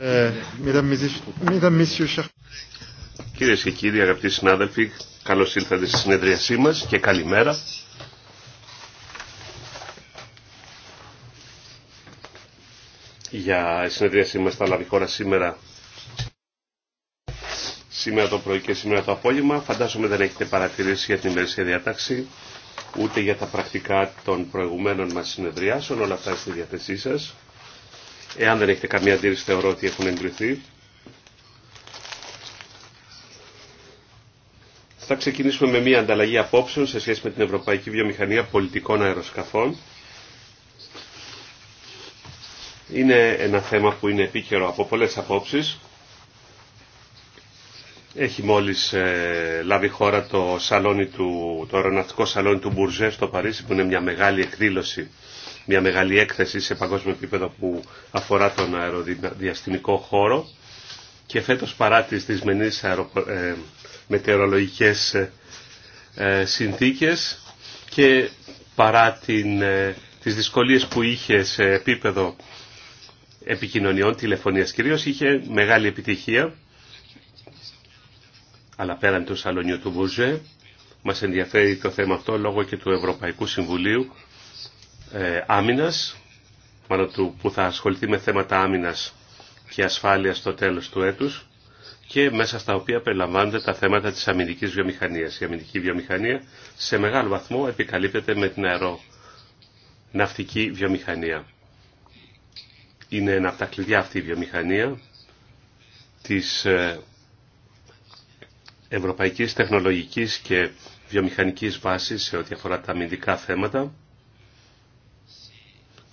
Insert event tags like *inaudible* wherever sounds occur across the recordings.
Ε, Κυρίε και κύριοι, αγαπητοί συνάδελφοι, καλώ ήλθατε στη συνεδρίασή μα και καλημέρα. Για τη συνεδρίασή μα θα λάβει χώρα σήμερα σήμερα το πρωί και σήμερα το απόγευμα. Φαντάζομαι δεν έχετε παρατηρήσει για την ημερήσια διάταξη ούτε για τα πρακτικά των προηγουμένων μας συνεδριάσεων. Όλα αυτά στη διάθεσή σας. Εάν δεν έχετε καμία αντίρρηση θεωρώ ότι έχουν εγκριθεί. Θα ξεκινήσουμε με μια ανταλλαγή απόψεων σε σχέση με την Ευρωπαϊκή Βιομηχανία Πολιτικών Αεροσκαφών. Είναι ένα θέμα που είναι επίκαιρο από πολλές απόψεις. Έχει μόλις ε, λάβει χώρα το, σαλόνι του, το αεροναυτικό σαλόνι του Μπουρζέ στο Παρίσι που είναι μια μεγάλη εκδήλωση μια μεγάλη έκθεση σε παγκόσμιο επίπεδο που αφορά τον αεροδιαστημικό χώρο και φέτος παρά τις δυσμενείς ε, μετεωρολογικές ε, ε, συνθήκες και παρά την, ε, τις δυσκολίες που είχε σε επίπεδο επικοινωνιών, τηλεφωνίας κυρίως, είχε μεγάλη επιτυχία. Αλλά πέραν του σαλονιού του Μπουζέ, μας ενδιαφέρει το θέμα αυτό λόγω και του Ευρωπαϊκού Συμβουλίου ε, μάλλον του που θα ασχοληθεί με θέματα άμυνας και ασφάλεια στο τέλος του έτους και μέσα στα οποία περιλαμβάνονται τα θέματα της αμυντικής βιομηχανίας. Η αμυντική βιομηχανία σε μεγάλο βαθμό επικαλύπτεται με την αεροναυτική βιομηχανία. Είναι ένα από τα κλειδιά αυτή η βιομηχανία της ε, ευρωπαϊκής τεχνολογικής και βιομηχανικής βάσης σε ό,τι αφορά τα αμυντικά θέματα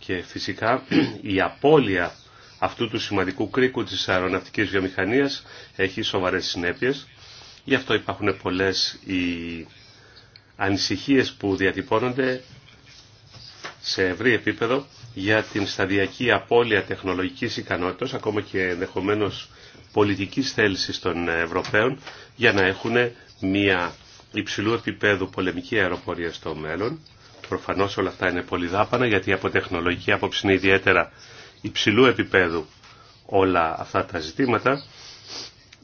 και φυσικά η απώλεια αυτού του σημαντικού κρίκου της αεροναυτικής βιομηχανίας έχει σοβαρές συνέπειες. Γι' αυτό υπάρχουν πολλές οι ανησυχίες που διατυπώνονται σε ευρύ επίπεδο για την σταδιακή απώλεια τεχνολογικής ικανότητας, ακόμα και ενδεχομένω πολιτικής θέλησης των Ευρωπαίων, για να έχουν μια υψηλού επίπεδου πολεμική αεροπορία στο μέλλον. Προφανώς όλα αυτά είναι πολύ γιατί από τεχνολογική άποψη είναι ιδιαίτερα υψηλού επίπεδου όλα αυτά τα ζητήματα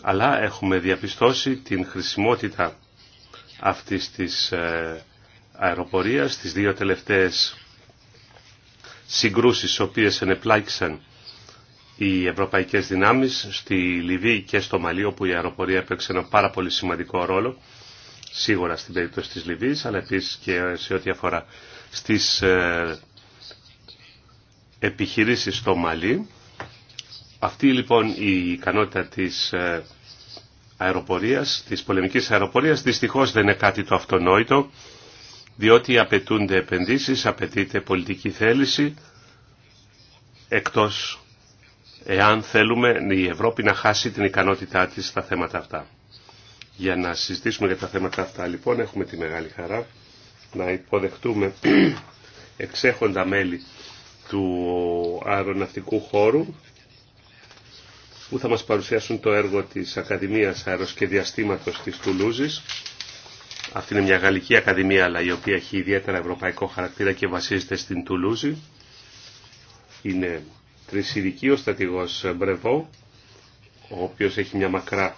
αλλά έχουμε διαπιστώσει την χρησιμότητα αυτής της ε, αεροπορίας τις δύο τελευταίες συγκρούσεις οποίες ενεπλάκησαν οι ευρωπαϊκές δυνάμεις στη Λιβύη και στο Μαλί όπου η αεροπορία έπαιξε ένα πάρα πολύ σημαντικό ρόλο σίγουρα στην περίπτωση της Λιβύης, αλλά επίσης και σε ό,τι αφορά στις ε, επιχειρήσεις στο Μαλί. Αυτή λοιπόν η ικανότητα της ε, αεροπορίας, της πολεμικής αεροπορίας, δυστυχώς δεν είναι κάτι το αυτονόητο, διότι απαιτούνται επενδύσεις, απαιτείται πολιτική θέληση, εκτός εάν θέλουμε η Ευρώπη να χάσει την ικανότητά της στα θέματα αυτά. Για να συζητήσουμε για τα θέματα αυτά λοιπόν έχουμε τη μεγάλη χαρά να υποδεχτούμε *clears throat* εξέχοντα μέλη του αεροναυτικού χώρου που θα μας παρουσιάσουν το έργο της Ακαδημίας Αεροσκεδιαστήματος της Τουλούζης. Αυτή είναι μια γαλλική ακαδημία αλλά η οποία έχει ιδιαίτερα ευρωπαϊκό χαρακτήρα και βασίζεται στην Τουλούζη. Είναι τρισιδική ο στρατηγός Μπρεβό ο οποίος έχει μια μακρά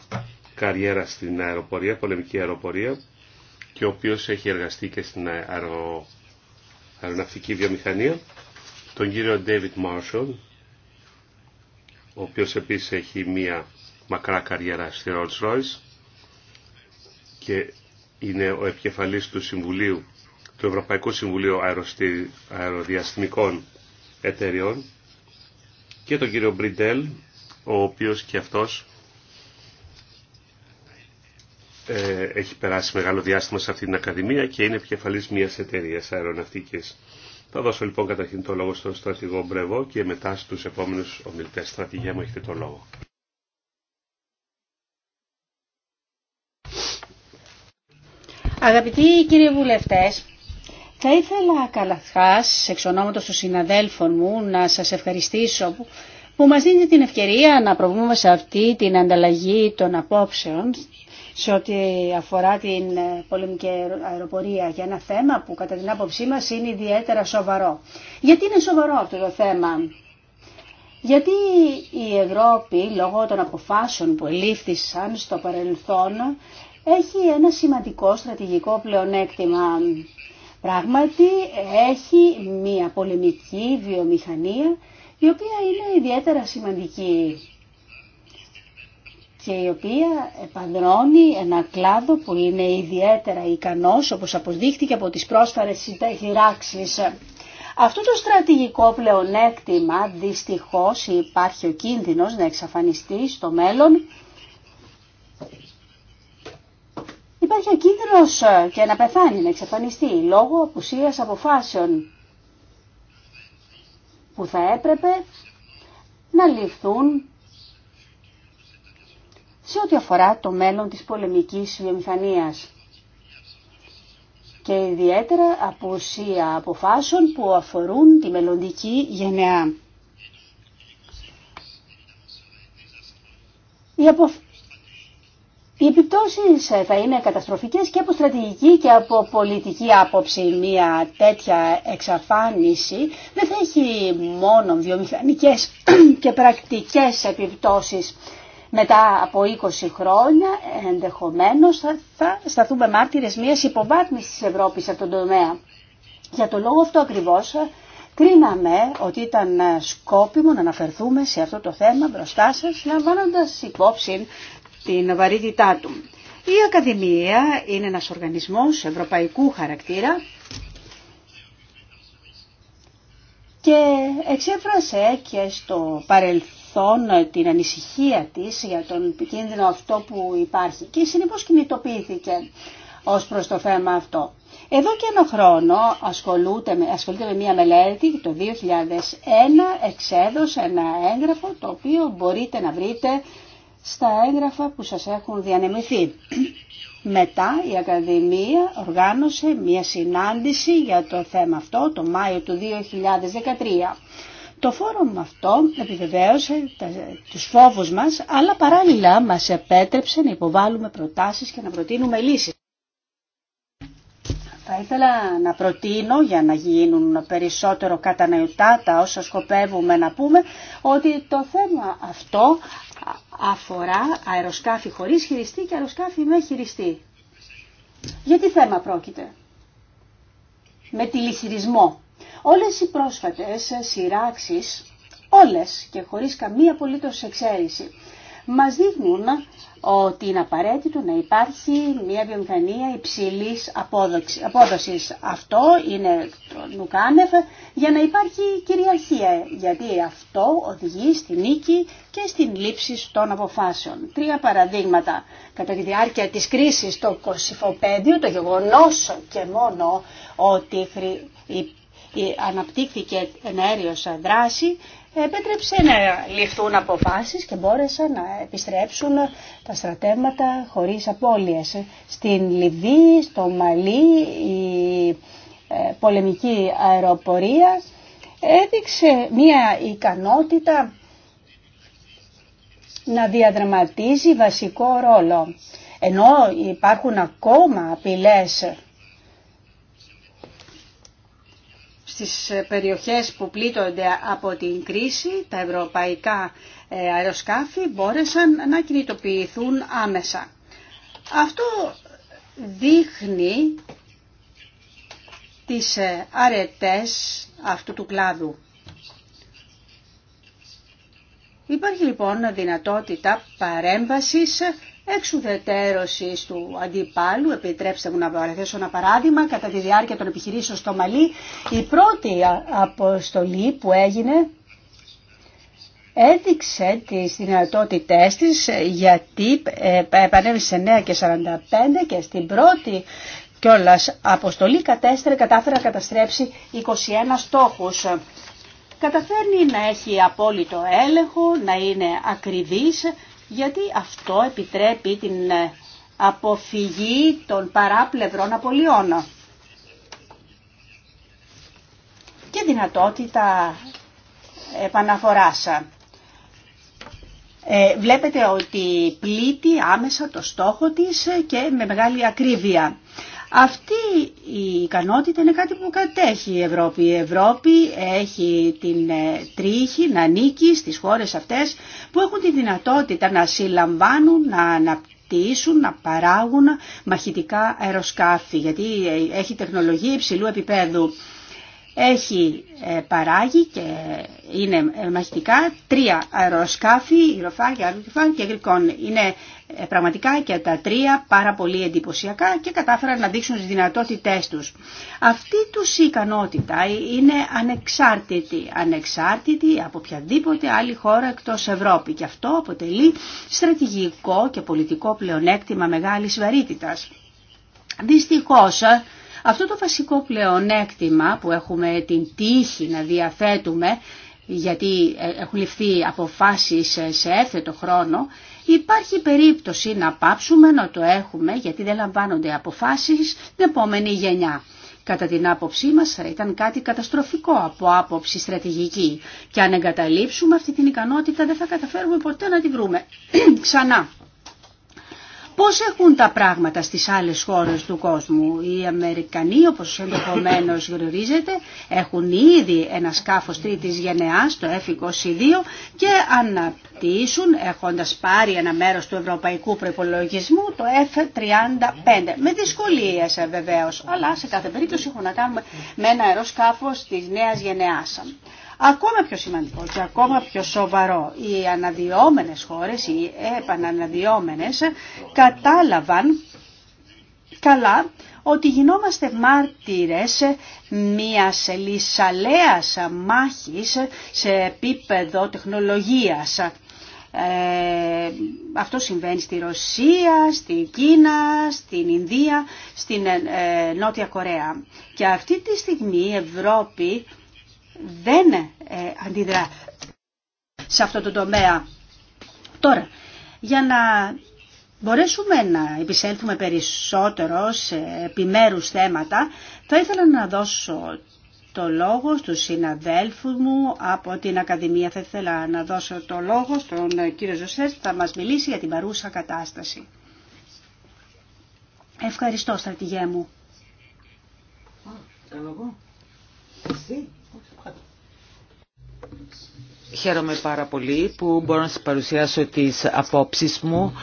καριέρα στην αεροπορία, πολεμική αεροπορία και ο οποίος έχει εργαστεί και στην αερο... αεροναυτική βιομηχανία, τον κύριο David Marshall, ο οποίος επίσης έχει μία μακρά καριέρα στη Rolls Royce και είναι ο επικεφαλής του Συμβουλίου, του Ευρωπαϊκού Συμβουλίου Αεροστη... Αεροδιαστημικών Εταιριών και τον κύριο Μπριντέλ, ο οποίος και αυτός ε, έχει περάσει μεγάλο διάστημα σε αυτή την Ακαδημία και είναι επικεφαλής μιας εταιρείας αεροναυτικής. Θα δώσω λοιπόν καταρχήν το λόγο στον στρατηγό Μπρεβό και μετά στους επόμενους ομιλητές. Στρατηγέ μου έχετε το λόγο. Αγαπητοί κύριοι βουλευτές, θα ήθελα καλαθάς εξ ονόματος των συναδέλφων μου να σας ευχαριστήσω που μας δίνετε την ευκαιρία να προβούμε σε αυτή την ανταλλαγή των απόψεων σε ό,τι αφορά την ε, πολεμική αεροπορία για ένα θέμα που κατά την άποψή μας είναι ιδιαίτερα σοβαρό. Γιατί είναι σοβαρό αυτό το θέμα. Γιατί η Ευρώπη, λόγω των αποφάσεων που ελήφθησαν στο παρελθόν, έχει ένα σημαντικό στρατηγικό πλεονέκτημα. Πράγματι έχει μια πολεμική βιομηχανία η οποία είναι ιδιαίτερα σημαντική και η οποία επανδρώνει ένα κλάδο που είναι ιδιαίτερα ικανός όπως αποδείχτηκε από τις πρόσφαρες συνταγηράξεις. Αυτό το στρατηγικό πλεονέκτημα δυστυχώς υπάρχει ο κίνδυνος να εξαφανιστεί στο μέλλον. Υπάρχει ο κίνδυνος και να πεθάνει, να εξαφανιστεί λόγω απουσίας αποφάσεων που θα έπρεπε να ληφθούν σε ό,τι αφορά το μέλλον της πολεμικής βιομηχανίας και ιδιαίτερα από ουσία αποφάσεων που αφορούν τη μελλοντική γενεά. Οι, απο... Οι επιπτώσεις θα είναι καταστροφικές και από στρατηγική και από πολιτική άποψη. Μια τέτοια εξαφάνιση δεν θα έχει μόνο βιομηχανικές *clears throat* και πρακτικές επιπτώσεις μετά από 20 χρόνια ενδεχομένως θα, σταθούμε μάρτυρες μιας υποβάθμισης της Ευρώπης σε αυτόν τον τομέα. Για τον λόγο αυτό ακριβώς κρίναμε ότι ήταν σκόπιμο να αναφερθούμε σε αυτό το θέμα μπροστά σας, λαμβάνοντας υπόψη την βαρύτητά του. Η Ακαδημία είναι ένας οργανισμός ευρωπαϊκού χαρακτήρα και εξέφρασε και στο παρελθόν ε, την ανησυχία της για τον κίνδυνο αυτό που υπάρχει και συνεπώς κινητοποιήθηκε ως προς το θέμα αυτό. Εδώ και ένα χρόνο ασχολούται με, ασχολείται με μία μελέτη, το 2001 εξέδωσε ένα έγγραφο το οποίο μπορείτε να βρείτε στα έγγραφα που σας έχουν διανεμηθεί. Μετά η Ακαδημία οργάνωσε μία συνάντηση για το θέμα αυτό το Μάιο του 2013. Το φόρουμ αυτό επιβεβαίωσε τους φόβους μας, αλλά παράλληλα μας επέτρεψε να υποβάλουμε προτάσεις και να προτείνουμε λύσεις. Θα ήθελα να προτείνω για να γίνουν περισσότερο κατανοητά τα όσα σκοπεύουμε να πούμε ότι το θέμα αυτό αφορά αεροσκάφη χωρίς χειριστή και αεροσκάφη με χειριστή. Για τι θέμα πρόκειται. Με τη Όλες οι πρόσφατες σειράξεις, όλες και χωρίς καμία απολύτως εξαίρεση, μας δείχνουν ότι είναι απαραίτητο να υπάρχει μια βιομηχανία υψηλής απόδοσης. Αυτό είναι το νουκάνευ για να υπάρχει κυριαρχία, γιατί αυτό οδηγεί στη νίκη και στην λήψη των αποφάσεων. Τρία παραδείγματα. Κατά τη διάρκεια της κρίσης στο κοσυφοπέδιο, το γεγονός και μόνο ότι ε, αναπτύχθηκε σαν δράση, επέτρεψε να ληφθούν αποφάσεις και μπόρεσαν να επιστρέψουν τα στρατεύματα χωρίς απώλειες. Στην Λιβύη, στο Μαλί, η ε, πολεμική αεροπορία έδειξε μία ικανότητα να διαδραματίζει βασικό ρόλο. Ενώ υπάρχουν ακόμα απειλές στις ε, περιοχές που πλήττονται από την κρίση, τα ευρωπαϊκά ε, αεροσκάφη μπόρεσαν να κινητοποιηθούν άμεσα. Αυτό δείχνει τις ε, αρετές αυτού του κλάδου. Υπάρχει λοιπόν δυνατότητα παρέμβασης εξουδετερώσης του αντιπάλου. Επιτρέψτε μου να παραθέσω ένα παράδειγμα. Κατά τη διάρκεια των επιχειρήσεων στο Μαλί, η πρώτη αποστολή που έγινε έδειξε τις δυνατότητές της γιατί ε, επανέβησε σε 9 και 45 και στην πρώτη κιόλας αποστολή κατέστρε, κατάφερε να καταστρέψει 21 στόχους. Καταφέρνει να έχει απόλυτο έλεγχο, να είναι ακριβής γιατί αυτό επιτρέπει την ε, αποφυγή των παράπλευρων απολειών και δυνατότητα επαναφοράς. Ε, βλέπετε ότι πλήττει άμεσα το στόχο της και με μεγάλη ακρίβεια. Αυτή η ικανότητα είναι κάτι που κατέχει η Ευρώπη. Η Ευρώπη έχει την ε, τρίχη να νίκει στις χώρες αυτές που έχουν τη δυνατότητα να συλλαμβάνουν, να αναπτύσσουν, να παράγουν μαχητικά αεροσκάφη, γιατί ε, έχει τεχνολογία υψηλού επίπεδου έχει ε, παράγει και είναι ε, μαχητικά τρία αεροσκάφη, Ιροφάν και Αεροφάν και Είναι ε, πραγματικά και τα τρία πάρα πολύ εντυπωσιακά και κατάφεραν να δείξουν τις δυνατότητές τους. Αυτή τους η ικανότητα είναι ανεξάρτητη, ανεξάρτητη από οποιαδήποτε άλλη χώρα εκτός Ευρώπη και αυτό αποτελεί στρατηγικό και πολιτικό πλεονέκτημα μεγάλης βαρύτητας. Δυστυχώς, αυτό το βασικό πλεονέκτημα που έχουμε την τύχη να διαθέτουμε γιατί ε, έχουν ληφθεί αποφάσεις σε έθετο χρόνο, υπάρχει περίπτωση να πάψουμε να το έχουμε γιατί δεν λαμβάνονται αποφάσεις την επόμενη γενιά. Κατά την άποψή μας ήταν κάτι καταστροφικό από άποψη στρατηγική και αν εγκαταλείψουμε αυτή την ικανότητα δεν θα καταφέρουμε ποτέ να τη βρούμε *clears throat* ξανά. Πώς έχουν τα πράγματα στις άλλες χώρες του κόσμου. Οι Αμερικανοί, όπως ενδεχομένω γνωρίζετε, έχουν ήδη ένα σκάφος τρίτης γενεάς, το F-22, και αναπτύσσουν, έχοντας πάρει ένα μέρος του ευρωπαϊκού προπολογισμού, το F-35. Με δυσκολίες ε, βεβαίως, αλλά σε κάθε περίπτωση έχουν να κάνουμε με ένα αεροσκάφος της νέας γενεάς. Ακόμα πιο σημαντικό και ακόμα πιο σοβαρό, οι αναδυόμενες χώρες, οι επαναναδυόμενες, κατάλαβαν καλά ότι γινόμαστε μάρτυρες μιας λυσαλέας μάχης σε επίπεδο τεχνολογίας. Ε, αυτό συμβαίνει στη Ρωσία, στην Κίνα, στην Ινδία, στην ε, ε, Νότια Κορέα. Και αυτή τη στιγμή η Ευρώπη δεν ε, αντιδρά σε αυτό το τομέα. Τώρα, για να μπορέσουμε να επισέλθουμε περισσότερο σε επιμέρους θέματα, θα ήθελα να δώσω το λόγο στους συναδέλφους μου από την Ακαδημία. Θα ήθελα να δώσω το λόγο στον κύριο Ζωσέ που θα μας μιλήσει για την παρούσα κατάσταση. Ευχαριστώ, στρατηγέ μου. Α, Χαίρομαι πάρα πολύ που μπορώ να σας παρουσιάσω τις απόψεις μου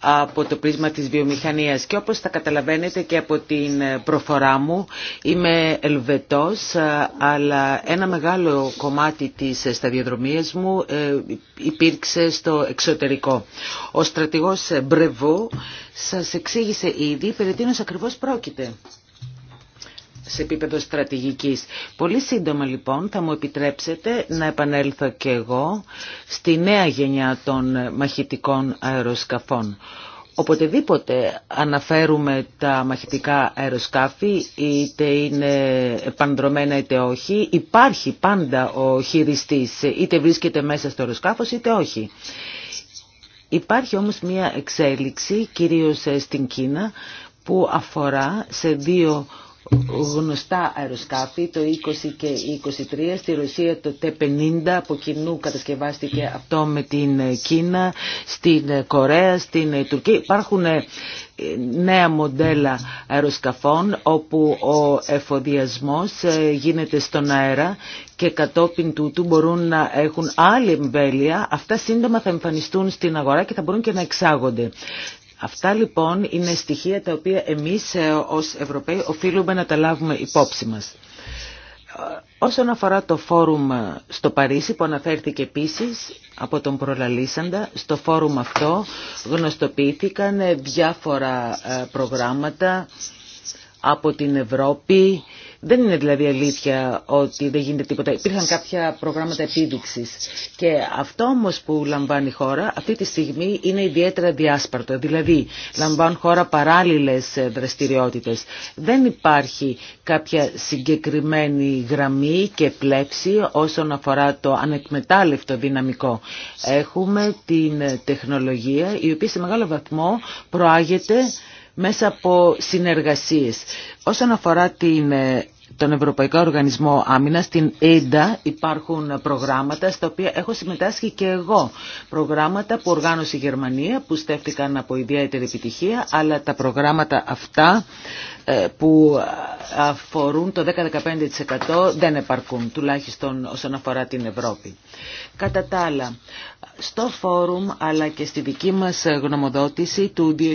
από το πρίσμα της βιομηχανίας και όπως τα καταλαβαίνετε και από την προφορά μου είμαι Ελβετός αλλά ένα μεγάλο κομμάτι της σταδιοδρομίας μου ε, υπήρξε στο εξωτερικό. Ο στρατηγός Μπρεβού σας εξήγησε ήδη περί τίνος ακριβώς πρόκειται σε επίπεδο στρατηγικής. Πολύ σύντομα λοιπόν θα μου επιτρέψετε να επανέλθω και εγώ στη νέα γενιά των μαχητικών αεροσκαφών. Οποτεδήποτε αναφέρουμε τα μαχητικά αεροσκάφη, είτε είναι πανδρομένα είτε όχι, υπάρχει πάντα ο χειριστής, είτε βρίσκεται μέσα στο αεροσκάφος είτε όχι. Υπάρχει όμως μια εξέλιξη, κυρίως ε, στην Κίνα, που αφορά σε δύο γνωστά αεροσκάφη, το 20 και 23, στη Ρωσία το T50, από κοινού κατασκευάστηκε αυτό με την ε, Κίνα, στην ε, Κορέα, στην ε, Τουρκία. Υπάρχουν νέα μοντέλα αεροσκαφών όπου ο εφοδιασμός γίνεται στον αέρα και κατόπιν τούτου μπορούν να έχουν άλλη εμβέλεια. Αυτά σύντομα θα εμφανιστούν στην αγορά και θα μπορούν και να εξάγονται. Αυτά λοιπόν είναι στοιχεία τα οποία εμείς ε, ως Ευρωπαίοι οφείλουμε να τα λάβουμε υπόψη μας. Ε, όσον αφορά το φόρουμ ε, στο Παρίσι που αναφέρθηκε επίσης από τον προλαλήσαντα, στο φόρουμ αυτό γνωστοποιήθηκαν διάφορα προγράμματα από την Ευρώπη δεν είναι δηλαδή αλήθεια ότι δεν γίνεται τίποτα. Υπήρχαν κάποια προγράμματα επίδειξη. και αυτό όμω που λαμβάνει η χώρα αυτή τη στιγμή είναι ιδιαίτερα διάσπαρτο. Δηλαδή λαμβάνουν χώρα παράλληλες ε, δραστηριότητε. Δεν υπάρχει κάποια συγκεκριμένη γραμμή και πλέψη όσον αφορά το ανεκμετάλλευτο δυναμικό. Έχουμε την τεχνολογία η οποία σε μεγάλο βαθμό προάγεται μέσα από συνεργασίες. Όσον αφορά την ε, τον Ευρωπαϊκό Οργανισμό Άμυνα, στην ΕΝΤΑ υπάρχουν προγράμματα στα οποία έχω συμμετάσχει και εγώ. Προγράμματα που οργάνωσε η Γερμανία που στέφτηκαν από ιδιαίτερη επιτυχία, αλλά τα προγράμματα αυτά ε, που αφορούν το 10-15% δεν επαρκούν, τουλάχιστον όσον αφορά την Ευρώπη. Κατά τα άλλα, στο φόρουμ αλλά και στη δική μας γνωμοδότηση του 2011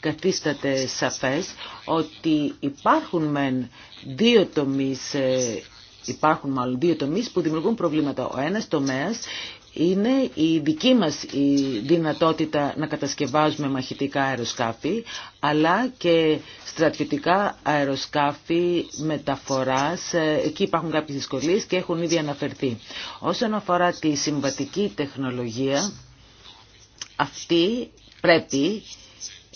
καθίσταται σαφές ότι υπάρχουν μεν δύο τομείς ε, Υπάρχουν μάλλον δύο τομείς που δημιουργούν προβλήματα. Ο ένας τομέας είναι η δική μας η δυνατότητα να κατασκευάζουμε μαχητικά αεροσκάφη, αλλά και στρατιωτικά αεροσκάφη μεταφοράς. Ε, εκεί υπάρχουν κάποιες δυσκολίες και έχουν ήδη αναφερθεί. Όσον αφορά τη συμβατική τεχνολογία, αυτή πρέπει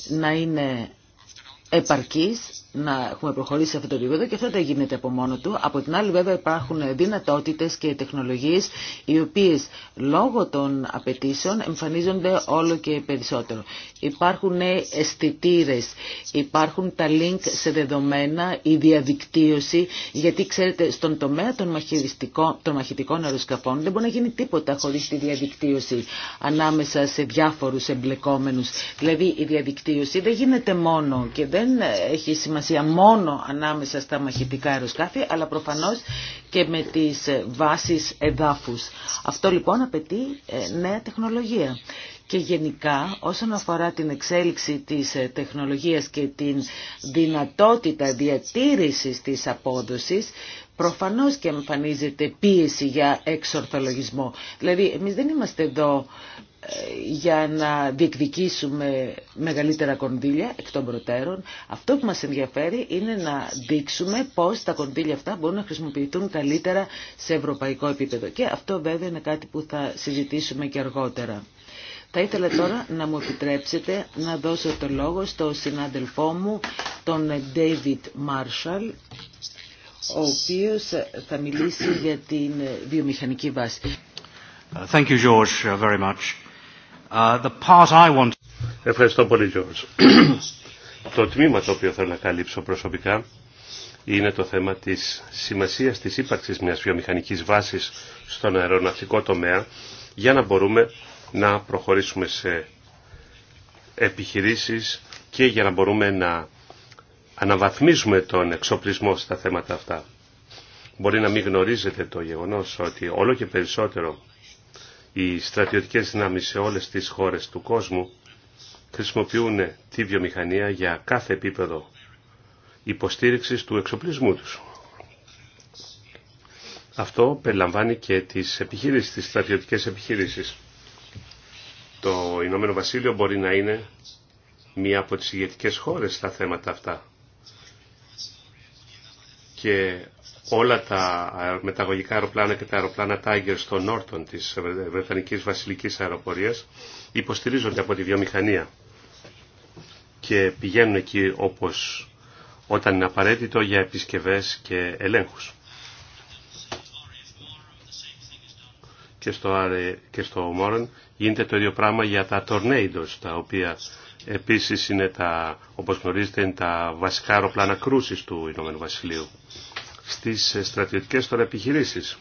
να είναι επαρκής να έχουμε προχωρήσει σε αυτό το επίπεδο και αυτό δεν γίνεται από μόνο του. Από την άλλη βέβαια υπάρχουν δυνατότητες και τεχνολογίες οι οποίες λόγω των απαιτήσεων εμφανίζονται όλο και περισσότερο. Υπάρχουν αισθητήρε, υπάρχουν τα link σε δεδομένα, η διαδικτύωση, γιατί ξέρετε στον τομέα των, των μαχητικών αεροσκαφών δεν μπορεί να γίνει τίποτα χωρίς τη διαδικτύωση ανάμεσα σε διάφορους εμπλεκόμενους. Δηλαδή η διαδικτύωση δεν γίνεται μόνο και δεν έχει σημασία σημασία μόνο ανάμεσα στα μαχητικά αεροσκάφη, αλλά προφανώς και με τις βάσεις εδάφους. Αυτό λοιπόν απαιτεί ε, νέα τεχνολογία. Και γενικά όσον αφορά την εξέλιξη της ε, τεχνολογίας και την δυνατότητα διατήρησης της απόδοσης, προφανώς και εμφανίζεται πίεση για εξορθολογισμό. Δηλαδή εμείς δεν είμαστε εδώ για να διεκδικήσουμε μεγαλύτερα κονδύλια εκ των προτέρων. Αυτό που μας ενδιαφέρει είναι να δείξουμε πώς τα κονδύλια αυτά μπορούν να χρησιμοποιηθούν καλύτερα σε ευρωπαϊκό επίπεδο. Και αυτό βέβαια είναι κάτι που θα συζητήσουμε και αργότερα. Θα ήθελα τώρα να μου επιτρέψετε να δώσω το λόγο στο συνάδελφό μου, τον David Marshall, ο οποίος θα μιλήσει για την βιομηχανική βάση. Thank you, George, Uh, Ευχαριστώ πολύ, *coughs* το τμήμα το οποίο θέλω να καλύψω προσωπικά είναι το θέμα της σημασίας της ύπαρξης μιας βιομηχανικής βάσης στον αεροναυτικό τομέα για να μπορούμε να προχωρήσουμε σε επιχειρήσεις και για να μπορούμε να αναβαθμίσουμε τον εξοπλισμό στα θέματα αυτά. Μπορεί να μην γνωρίζετε το γεγονός ότι όλο και περισσότερο οι στρατιωτικές δυνάμεις σε όλες τις χώρες του κόσμου χρησιμοποιούν τη βιομηχανία για κάθε επίπεδο υποστήριξης του εξοπλισμού τους. Αυτό περιλαμβάνει και τις επιχείρησεις, τις στρατιωτικές επιχείρησεις. Το Ηνωμένο Βασίλειο μπορεί να είναι μία από τις ηγετικές χώρες στα θέματα αυτά. Και όλα τα μεταγωγικά αεροπλάνα και τα αεροπλάνα Tiger στο Νόρτον της Βρετανικής Βασιλικής Αεροπορίας υποστηρίζονται από τη βιομηχανία και πηγαίνουν εκεί όπως όταν είναι απαραίτητο για επισκευές και ελέγχους. Και στο, και στο Μόρον γίνεται το ίδιο πράγμα για τα Tornadoes, τα οποία επίσης είναι τα, όπως γνωρίζετε, είναι τα βασικά αεροπλάνα κρούσης του Ηνωμένου Βασιλείου στις στρατιωτικές τώρα επιχειρήσεις.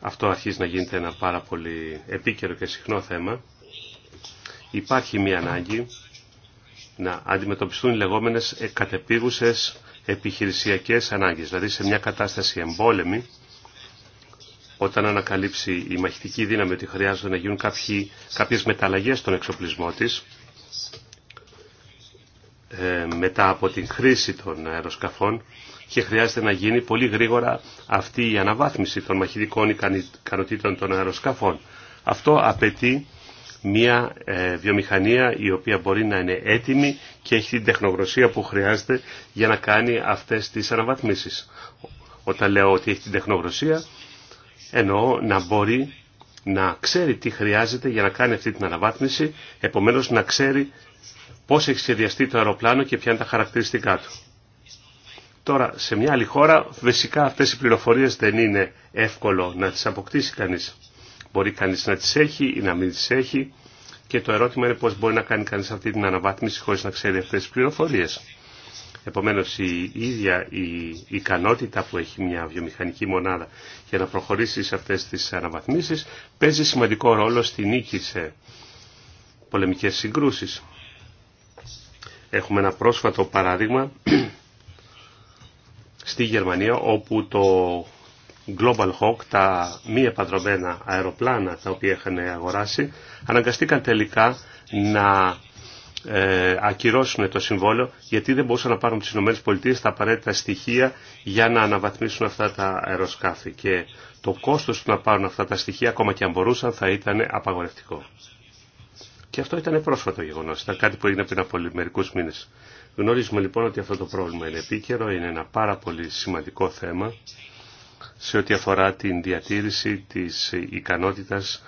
Αυτό αρχίζει να γίνεται ένα πάρα πολύ επίκαιρο και συχνό θέμα. Υπάρχει μια ανάγκη να αντιμετωπιστούν οι λεγόμενες κατεπίγουσες επιχειρησιακές ανάγκες. Δηλαδή σε μια κατάσταση εμπόλεμη, όταν ανακαλύψει η μαχητική δύναμη ότι χρειάζονται να γίνουν κάποιοι, κάποιες μεταλλαγές στον εξοπλισμό της, ε, μετά από την χρήση των αεροσκαφών, και χρειάζεται να γίνει πολύ γρήγορα αυτή η αναβάθμιση των μαχητικών ικανοτήτων των αεροσκαφών. Αυτό απαιτεί μια ε, βιομηχανία η οποία μπορεί να είναι έτοιμη και έχει την τεχνογνωσία που χρειάζεται για να κάνει αυτές τις αναβαθμίσεις. Όταν λέω ότι έχει την τεχνογνωσία εννοώ να μπορεί να ξέρει τι χρειάζεται για να κάνει αυτή την αναβάθμιση, επομένως να ξέρει πώς έχει σχεδιαστεί το αεροπλάνο και ποια είναι τα χαρακτηριστικά του. Τώρα, σε μια άλλη χώρα, φυσικά αυτές οι πληροφορίες δεν είναι εύκολο να τις αποκτήσει κανείς. Μπορεί κανείς να τις έχει ή να μην τις έχει και το ερώτημα είναι πώς μπορεί να κάνει κανείς αυτή την αναβάθμιση χωρίς να ξέρει αυτές τις πληροφορίες. Επομένως η ίδια η ικανότητα που έχει μια βιομηχανική μονάδα για να προχωρήσει σε αυτές τις αναβαθμίσεις παίζει σημαντικό ρόλο στη νίκη σε πολεμικές συγκρούσεις. Έχουμε ένα πρόσφατο παράδειγμα στη Γερμανία όπου το Global Hawk, τα μη επαντρωμένα αεροπλάνα τα οποία είχαν αγοράσει, αναγκαστήκαν τελικά να ε, ακυρώσουν το συμβόλαιο γιατί δεν μπορούσαν να πάρουν τις ΗΠΑ τα απαραίτητα στοιχεία για να αναβαθμίσουν αυτά τα αεροσκάφη και το κόστος του να πάρουν αυτά τα στοιχεία ακόμα και αν μπορούσαν θα ήταν απαγορευτικό. Και αυτό ήταν πρόσφατο γεγονός, ήταν κάτι που έγινε πριν από μερικούς μήνες. Γνωρίζουμε λοιπόν ότι αυτό το πρόβλημα είναι επίκαιρο, είναι ένα πάρα πολύ σημαντικό θέμα σε ό,τι αφορά την διατήρηση της ικανότητας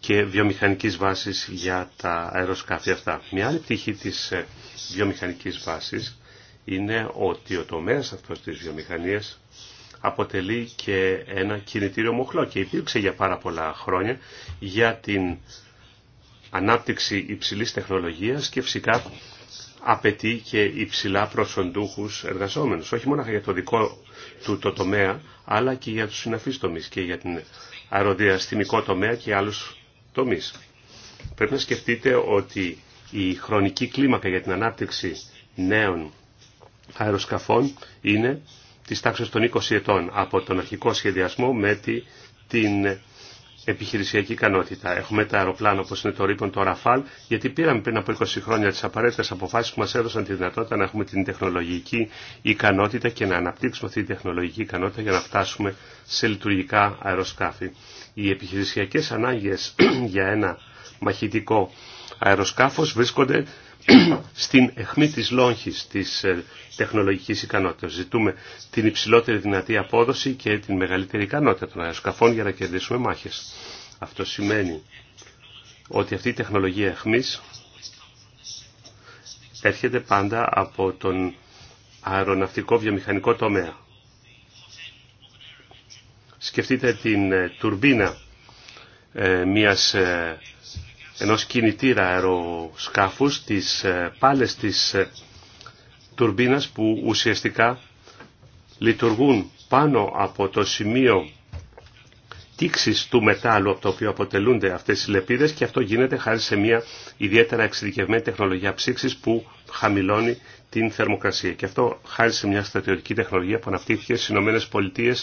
και βιομηχανικής βάσης για τα αεροσκάφη αυτά. Μια άλλη πτυχή της ε, βιομηχανικής βάσης είναι ότι ο τομέας αυτός της βιομηχανίας αποτελεί και ένα κινητήριο μοχλό και υπήρξε για πάρα πολλά χρόνια για την ανάπτυξη υψηλής τεχνολογίας και φυσικά απαιτεί και υψηλά προσοντούχους εργαζόμενους, όχι μόνο για το δικό του το τομέα, αλλά και για τους συναφείς τομείς και για την αεροδιαστημικό τομέα και άλλους τομείς. Πρέπει να σκεφτείτε ότι η χρονική κλίμακα για την ανάπτυξη νέων αεροσκαφών είναι της τάξης των 20 ετών από τον αρχικό σχεδιασμό με την επιχειρησιακή ικανότητα. Έχουμε τα αεροπλάνα όπως είναι το Ρήπον, το Ραφάλ, γιατί πήραμε πριν από 20 χρόνια τις απαραίτητες αποφάσεις που μας έδωσαν τη δυνατότητα να έχουμε την τεχνολογική ικανότητα και να αναπτύξουμε αυτή την τεχνολογική ικανότητα για να φτάσουμε σε λειτουργικά αεροσκάφη. Οι επιχειρησιακές ανάγκες *clears throat* για ένα μαχητικό αεροσκάφος βρίσκονται *clears throat* στην αιχμή της λόγχης της ε, τεχνολογικής ικανότητας. Ζητούμε την υψηλότερη δυνατή απόδοση και την μεγαλύτερη ικανότητα των αεροσκαφών για να κερδίσουμε μάχες. Αυτό σημαίνει ότι αυτή η τεχνολογία αιχμής έρχεται πάντα από τον αεροναυτικό βιομηχανικό τομέα. Σκεφτείτε την ε, τουρμπίνα ε, μιας ενός κινητήρα αεροσκάφους, τις ε, πάλες της ε, τουρμπίνας που ουσιαστικά λειτουργούν πάνω από το σημείο τήξης του μετάλλου από το οποίο αποτελούνται αυτές οι λεπίδες και αυτό γίνεται χάρη σε μια ιδιαίτερα εξειδικευμένη τεχνολογία ψήξης που χαμηλώνει την θερμοκρασία. Και αυτό χάρη σε μια στρατιωτική τεχνολογία που αναπτύχθηκε στις ΗΠΑ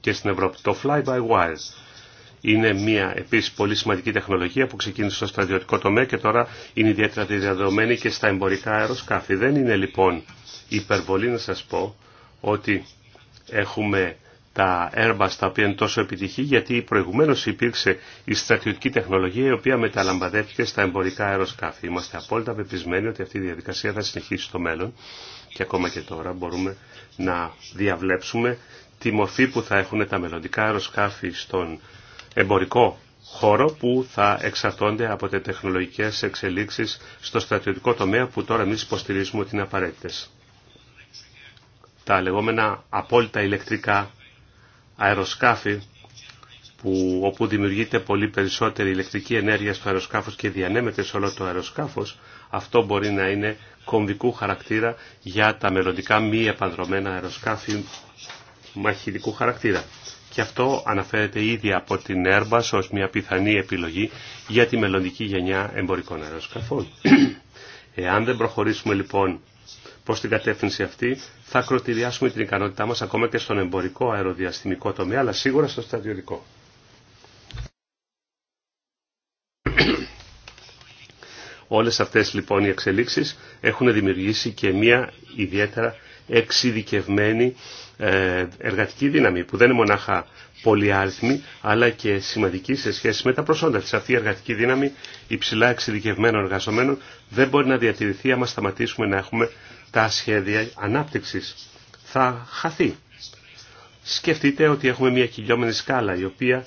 και στην Ευρώπη. Το fly-by-wire είναι μια επίση πολύ σημαντική τεχνολογία που ξεκίνησε στο στρατιωτικό τομέα και τώρα είναι ιδιαίτερα διαδεδομένη και στα εμπορικά αεροσκάφη. Δεν είναι λοιπόν υπερβολή να σα πω ότι έχουμε τα έρμπα στα οποία είναι τόσο επιτυχή γιατί προηγουμένως υπήρξε η στρατιωτική τεχνολογία η οποία μεταλαμπαδεύτηκε στα εμπορικά αεροσκάφη. Είμαστε απόλυτα πεπισμένοι ότι αυτή η διαδικασία θα συνεχίσει στο μέλλον και ακόμα και τώρα μπορούμε να διαβλέψουμε τη μορφή που θα έχουν τα μελλοντικά αεροσκάφη στον εμπορικό χώρο που θα εξαρτώνται από τις τεχνολογικές εξελίξεις στο στρατιωτικό τομέα που τώρα εμείς υποστηρίζουμε ότι είναι απαραίτητες. Τα λεγόμενα απόλυτα ηλεκτρικά αεροσκάφη που, όπου δημιουργείται πολύ περισσότερη ηλεκτρική ενέργεια στο αεροσκάφος και διανέμεται σε όλο το αεροσκάφος, αυτό μπορεί να είναι κομβικού χαρακτήρα για τα μελλοντικά μη επανδρομένα αεροσκάφη μαχητικού χαρακτήρα και αυτό αναφέρεται ήδη από την Airbus ως μια πιθανή επιλογή για τη μελλοντική γενιά εμπορικών αεροσκαφών. Εάν δεν προχωρήσουμε λοιπόν προς την κατεύθυνση αυτή, θα κροτηριάσουμε την ικανότητά μας ακόμα και στον εμπορικό αεροδιαστημικό τομέα, αλλά σίγουρα στο στρατιωτικό. Όλες αυτές λοιπόν οι εξελίξεις έχουν δημιουργήσει και μια ιδιαίτερα εξειδικευμένη ε, εργατική δύναμη που δεν είναι μονάχα πολυάριθμη αλλά και σημαντική σε σχέση με τα προσόντα της. Αυτή η εργατική δύναμη υψηλά εξειδικευμένων εργαζομένων δεν μπορεί να διατηρηθεί άμα σταματήσουμε να έχουμε τα σχέδια ανάπτυξης. Θα χαθεί. Σκεφτείτε ότι έχουμε μια κυλιόμενη σκάλα η οποία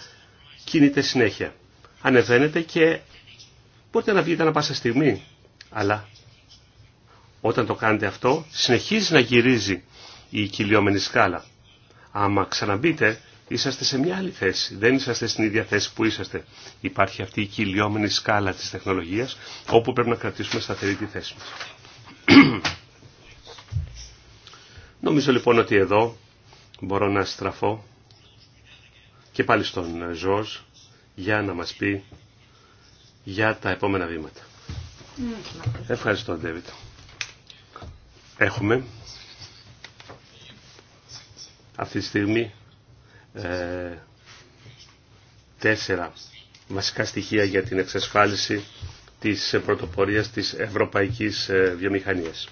κινείται συνέχεια. Ανεβαίνεται και μπορείτε να βγείτε ανα πάσα στιγμή. Αλλά όταν το κάνετε αυτό, συνεχίζει να γυρίζει η κυλιόμενη σκάλα. Άμα ξαναμπείτε, είσαστε σε μια άλλη θέση. Δεν είσαστε στην ίδια θέση που είσαστε. Υπάρχει αυτή η κυλιόμενη σκάλα της τεχνολογίας, όπου πρέπει να κρατήσουμε σταθερή τη θέση μας. *clears throat* Νομίζω λοιπόν ότι εδώ μπορώ να στραφώ και πάλι στον Ζωζ για να μας πει για τα επόμενα βήματα. Ναι, ναι. Ευχαριστώ, Ντέβιτ. Έχουμε αυτή τη στιγμή ε, τέσσερα βασικά στοιχεία για την εξασφάλιση της πρωτοπορίας της ευρωπαϊκής ε, βιομηχανίας.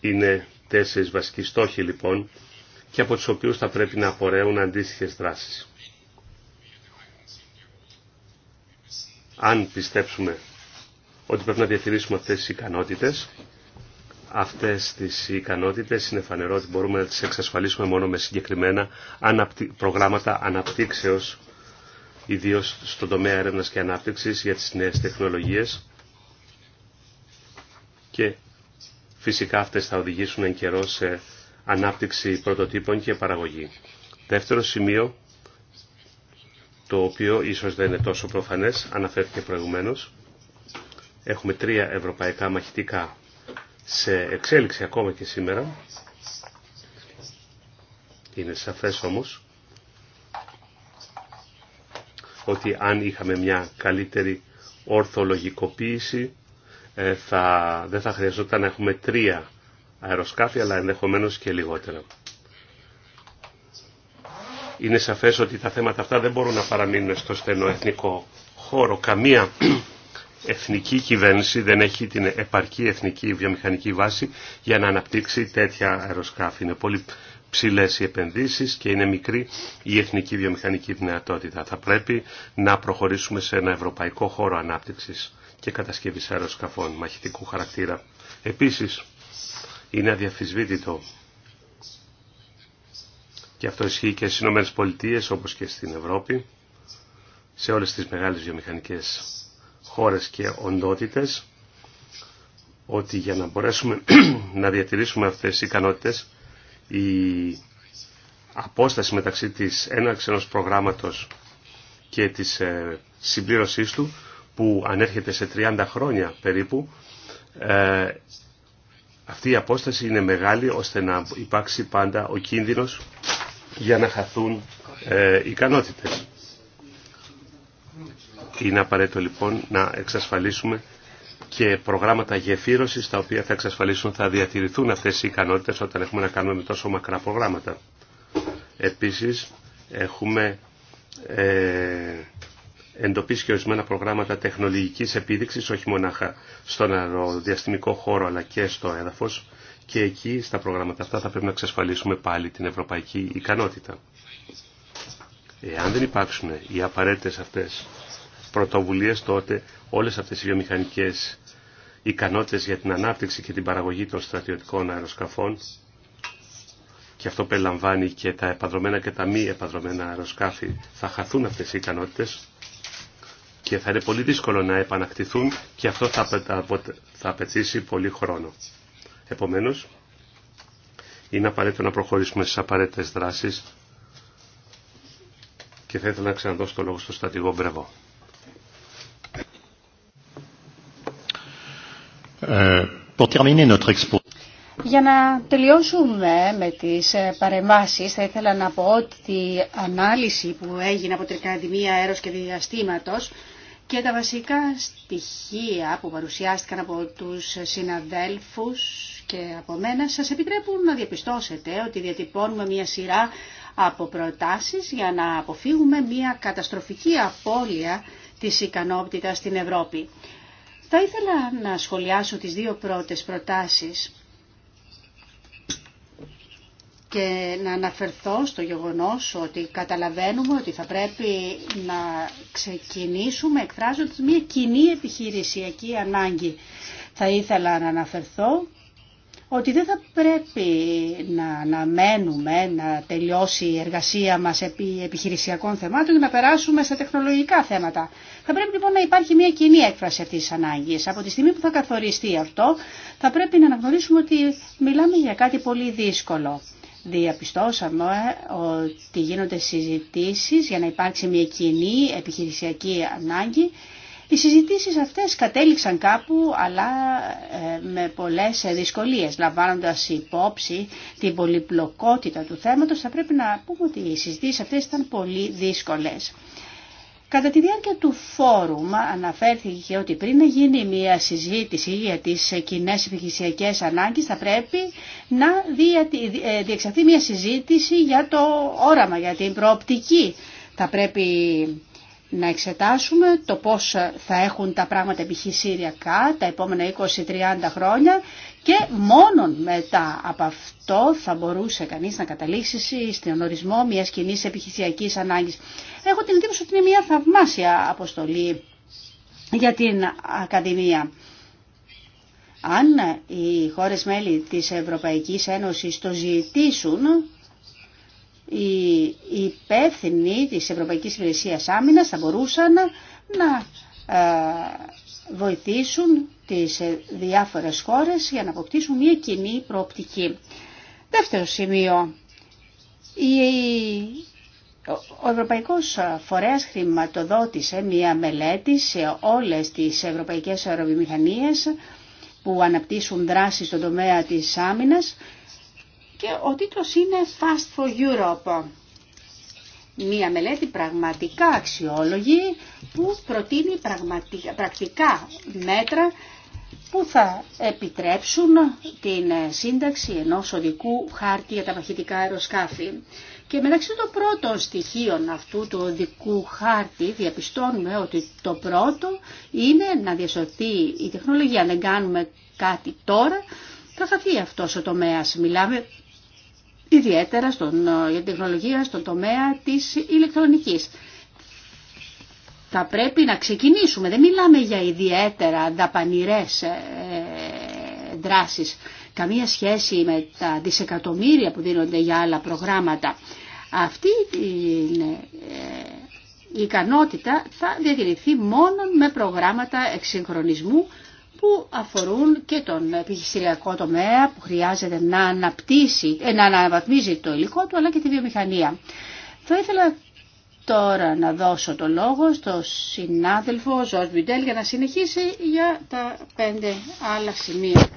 Είναι τέσσερις βασικοί στόχοι λοιπόν και από τους οποίους θα πρέπει να απορρέουν αντίστοιχες δράσεις. Αν πιστέψουμε ότι πρέπει να διατηρήσουμε αυτές τις ικανότητες. Αυτές τις ικανότητες είναι φανερό ότι μπορούμε να τις εξασφαλίσουμε μόνο με συγκεκριμένα προγράμματα αναπτύξεως, ιδίως στον τομέα έρευνας και ανάπτυξης για τις νέες τεχνολογίες. Και φυσικά αυτές θα οδηγήσουν εν καιρό σε ανάπτυξη πρωτοτύπων και παραγωγή. Δεύτερο σημείο, το οποίο ίσως δεν είναι τόσο προφανές, αναφέρθηκε προηγουμένως, Έχουμε τρία ευρωπαϊκά μαχητικά σε εξέλιξη ακόμα και σήμερα. Είναι σαφές όμως ότι αν είχαμε μια καλύτερη ορθολογικοποίηση ε, θα, δεν θα χρειαζόταν να έχουμε τρία αεροσκάφη αλλά ενδεχομένως και λιγότερα. Είναι σαφές ότι τα θέματα αυτά δεν μπορούν να παραμείνουν στο στενοεθνικό χώρο. Καμία εθνική κυβέρνηση δεν έχει την επαρκή εθνική βιομηχανική βάση για να αναπτύξει τέτοια αεροσκάφη. Είναι πολύ ψηλές οι επενδύσεις και είναι μικρή η εθνική βιομηχανική δυνατότητα. Θα πρέπει να προχωρήσουμε σε ένα ευρωπαϊκό χώρο ανάπτυξης και κατασκευής αεροσκαφών μαχητικού χαρακτήρα. Επίσης, είναι αδιαφυσβήτητο και αυτό ισχύει και στις ΗΠΑ όπως και στην Ευρώπη, σε όλες τις μεγάλες βιομηχανικές χώρες και οντότητες ότι για να μπορέσουμε *clears throat* να διατηρήσουμε αυτές τις ικανότητες η απόσταση μεταξύ της έναρξης ενός προγράμματος και της ε, συμπλήρωσής του που ανέρχεται σε 30 χρόνια περίπου ε, αυτή η απόσταση είναι μεγάλη ώστε να υπάρξει πάντα ο κίνδυνος για να χαθούν ε, ικανότητες. Είναι απαραίτητο λοιπόν να εξασφαλίσουμε και προγράμματα γεφύρωσης τα οποία θα εξασφαλίσουν θα διατηρηθούν αυτές οι ικανότητες όταν έχουμε να κάνουμε τόσο μακρά προγράμματα. Επίσης έχουμε ε, εντοπίσει και ορισμένα προγράμματα τεχνολογικής επίδειξης όχι μονάχα στον αεροδιαστημικό χώρο αλλά και στο έδαφος και εκεί στα προγράμματα αυτά θα πρέπει να εξασφαλίσουμε πάλι την ευρωπαϊκή ικανότητα. Εάν δεν υπάρξουν οι απαραίτητες αυτές πρωτοβουλίες τότε όλες αυτές οι βιομηχανικές ικανότητες για την ανάπτυξη και την παραγωγή των στρατιωτικών αεροσκαφών και αυτό περιλαμβάνει και τα επαδρομένα και τα μη επαδρομένα αεροσκάφη θα χαθούν αυτές οι ικανότητες και θα είναι πολύ δύσκολο να επανακτηθούν και αυτό θα απαιτήσει πολύ χρόνο. Επομένως, είναι απαραίτητο να προχωρήσουμε στις απαραίτητες δράσεις και θα ήθελα να ξαναδώσω το λόγο στον στρατηγό Μπρεβό. Ε, για να τελειώσουμε με τις ε, παρεμβάσεις, θα ήθελα να πω ότι η ανάλυση που έγινε από την Ακαδημία Αέρος και Διαστήματος και τα βασικά στοιχεία που παρουσιάστηκαν από τους συναδέλφους και από μένα σας επιτρέπουν να διαπιστώσετε ότι διατυπώνουμε μια σειρά από προτάσεις για να αποφύγουμε μια καταστροφική απώλεια της ικανότητας στην Ευρώπη. Θα ήθελα να σχολιάσω τις δύο πρώτες προτάσεις και να αναφερθώ στο γεγονός ότι καταλαβαίνουμε ότι θα πρέπει να ξεκινήσουμε εκφράζοντας μια κοινή επιχειρησιακή ανάγκη. Θα ήθελα να αναφερθώ ότι δεν θα πρέπει να αναμένουμε να τελειώσει η εργασία μας επί επιχειρησιακών θεμάτων και να περάσουμε στα τεχνολογικά θέματα. Θα πρέπει λοιπόν να υπάρχει μια κοινή έκφραση αυτής της ανάγκης. Από τη στιγμή που θα καθοριστεί αυτό θα πρέπει να αναγνωρίσουμε ότι μιλάμε για κάτι πολύ δύσκολο. Διαπιστώσαμε ε, ότι γίνονται συζητήσεις για να υπάρξει μια κοινή επιχειρησιακή ανάγκη οι συζητήσεις αυτές κατέληξαν κάπου, αλλά ε, με πολλές δυσκολίες. Λαμβάνοντας υπόψη την πολυπλοκότητα του θέματος, θα πρέπει να πούμε ότι οι συζητήσεις αυτές ήταν πολύ δύσκολες. Κατά τη διάρκεια του φόρουμ αναφέρθηκε ότι πριν να γίνει μια συζήτηση για τις κοινέ επιχειρησιακές ανάγκες θα πρέπει να ε, διεξαχθεί μια συζήτηση για το όραμα, για την προοπτική. Θα πρέπει να εξετάσουμε το πώς θα έχουν τα πράγματα επιχειρησιακά τα επόμενα 20-30 χρόνια και μόνον μετά από αυτό θα μπορούσε κανείς να καταλήξει στον ορισμό μιας κοινή επιχειρησιακής ανάγκης. Έχω την εντύπωση ότι είναι μια θαυμάσια αποστολή για την Ακαδημία. Αν οι χώρες μέλη της Ευρωπαϊκής Ένωσης το ζητήσουν, οι υπεύθυνοι της Ευρωπαϊκής Υπηρεσίας Άμυνας θα μπορούσαν να ε, βοηθήσουν τις ε, διάφορες χώρες για να αποκτήσουν μια κοινή προοπτική. Δεύτερο σημείο, ο Ευρωπαϊκός Φορέας χρηματοδότησε μια μελέτη σε όλες τις ευρωπαϊκές αεροβιομηχανίες που αναπτύσσουν δράσεις στον τομέα της άμυνας και ο τίτλος είναι Fast for Europe. Μία μελέτη πραγματικά αξιόλογη που προτείνει πραγματικά, πρακτικά μέτρα που θα επιτρέψουν την σύνταξη ενός οδικού χάρτη για τα μαχητικά αεροσκάφη. Και μεταξύ των πρώτων στοιχείων αυτού του οδικού χάρτη διαπιστώνουμε ότι το πρώτο είναι να διασωθεί η τεχνολογία. Αν δεν κάνουμε κάτι τώρα θα χαθεί αυτός ο τομέας. Μιλάμε ιδιαίτερα στον, ε, για την τεχνολογία στον τομέα της ηλεκτρονικής. Θα πρέπει να ξεκινήσουμε, δεν μιλάμε για ιδιαίτερα δαπανηρές ε, δράσεις, καμία σχέση με τα δισεκατομμύρια που δίνονται για άλλα προγράμματα. Αυτή η ε, ικανότητα θα διατηρηθεί μόνο με προγράμματα εξυγχρονισμού που αφορούν και τον επιχειρησιακό τομέα που χρειάζεται να, αναπτύσσει, ε, να αναβαθμίζει το υλικό του αλλά και τη βιομηχανία. Θα ήθελα τώρα να δώσω το λόγο στο συνάδελφο Ζορτ Μπιντέλ για να συνεχίσει για τα πέντε άλλα σημεία.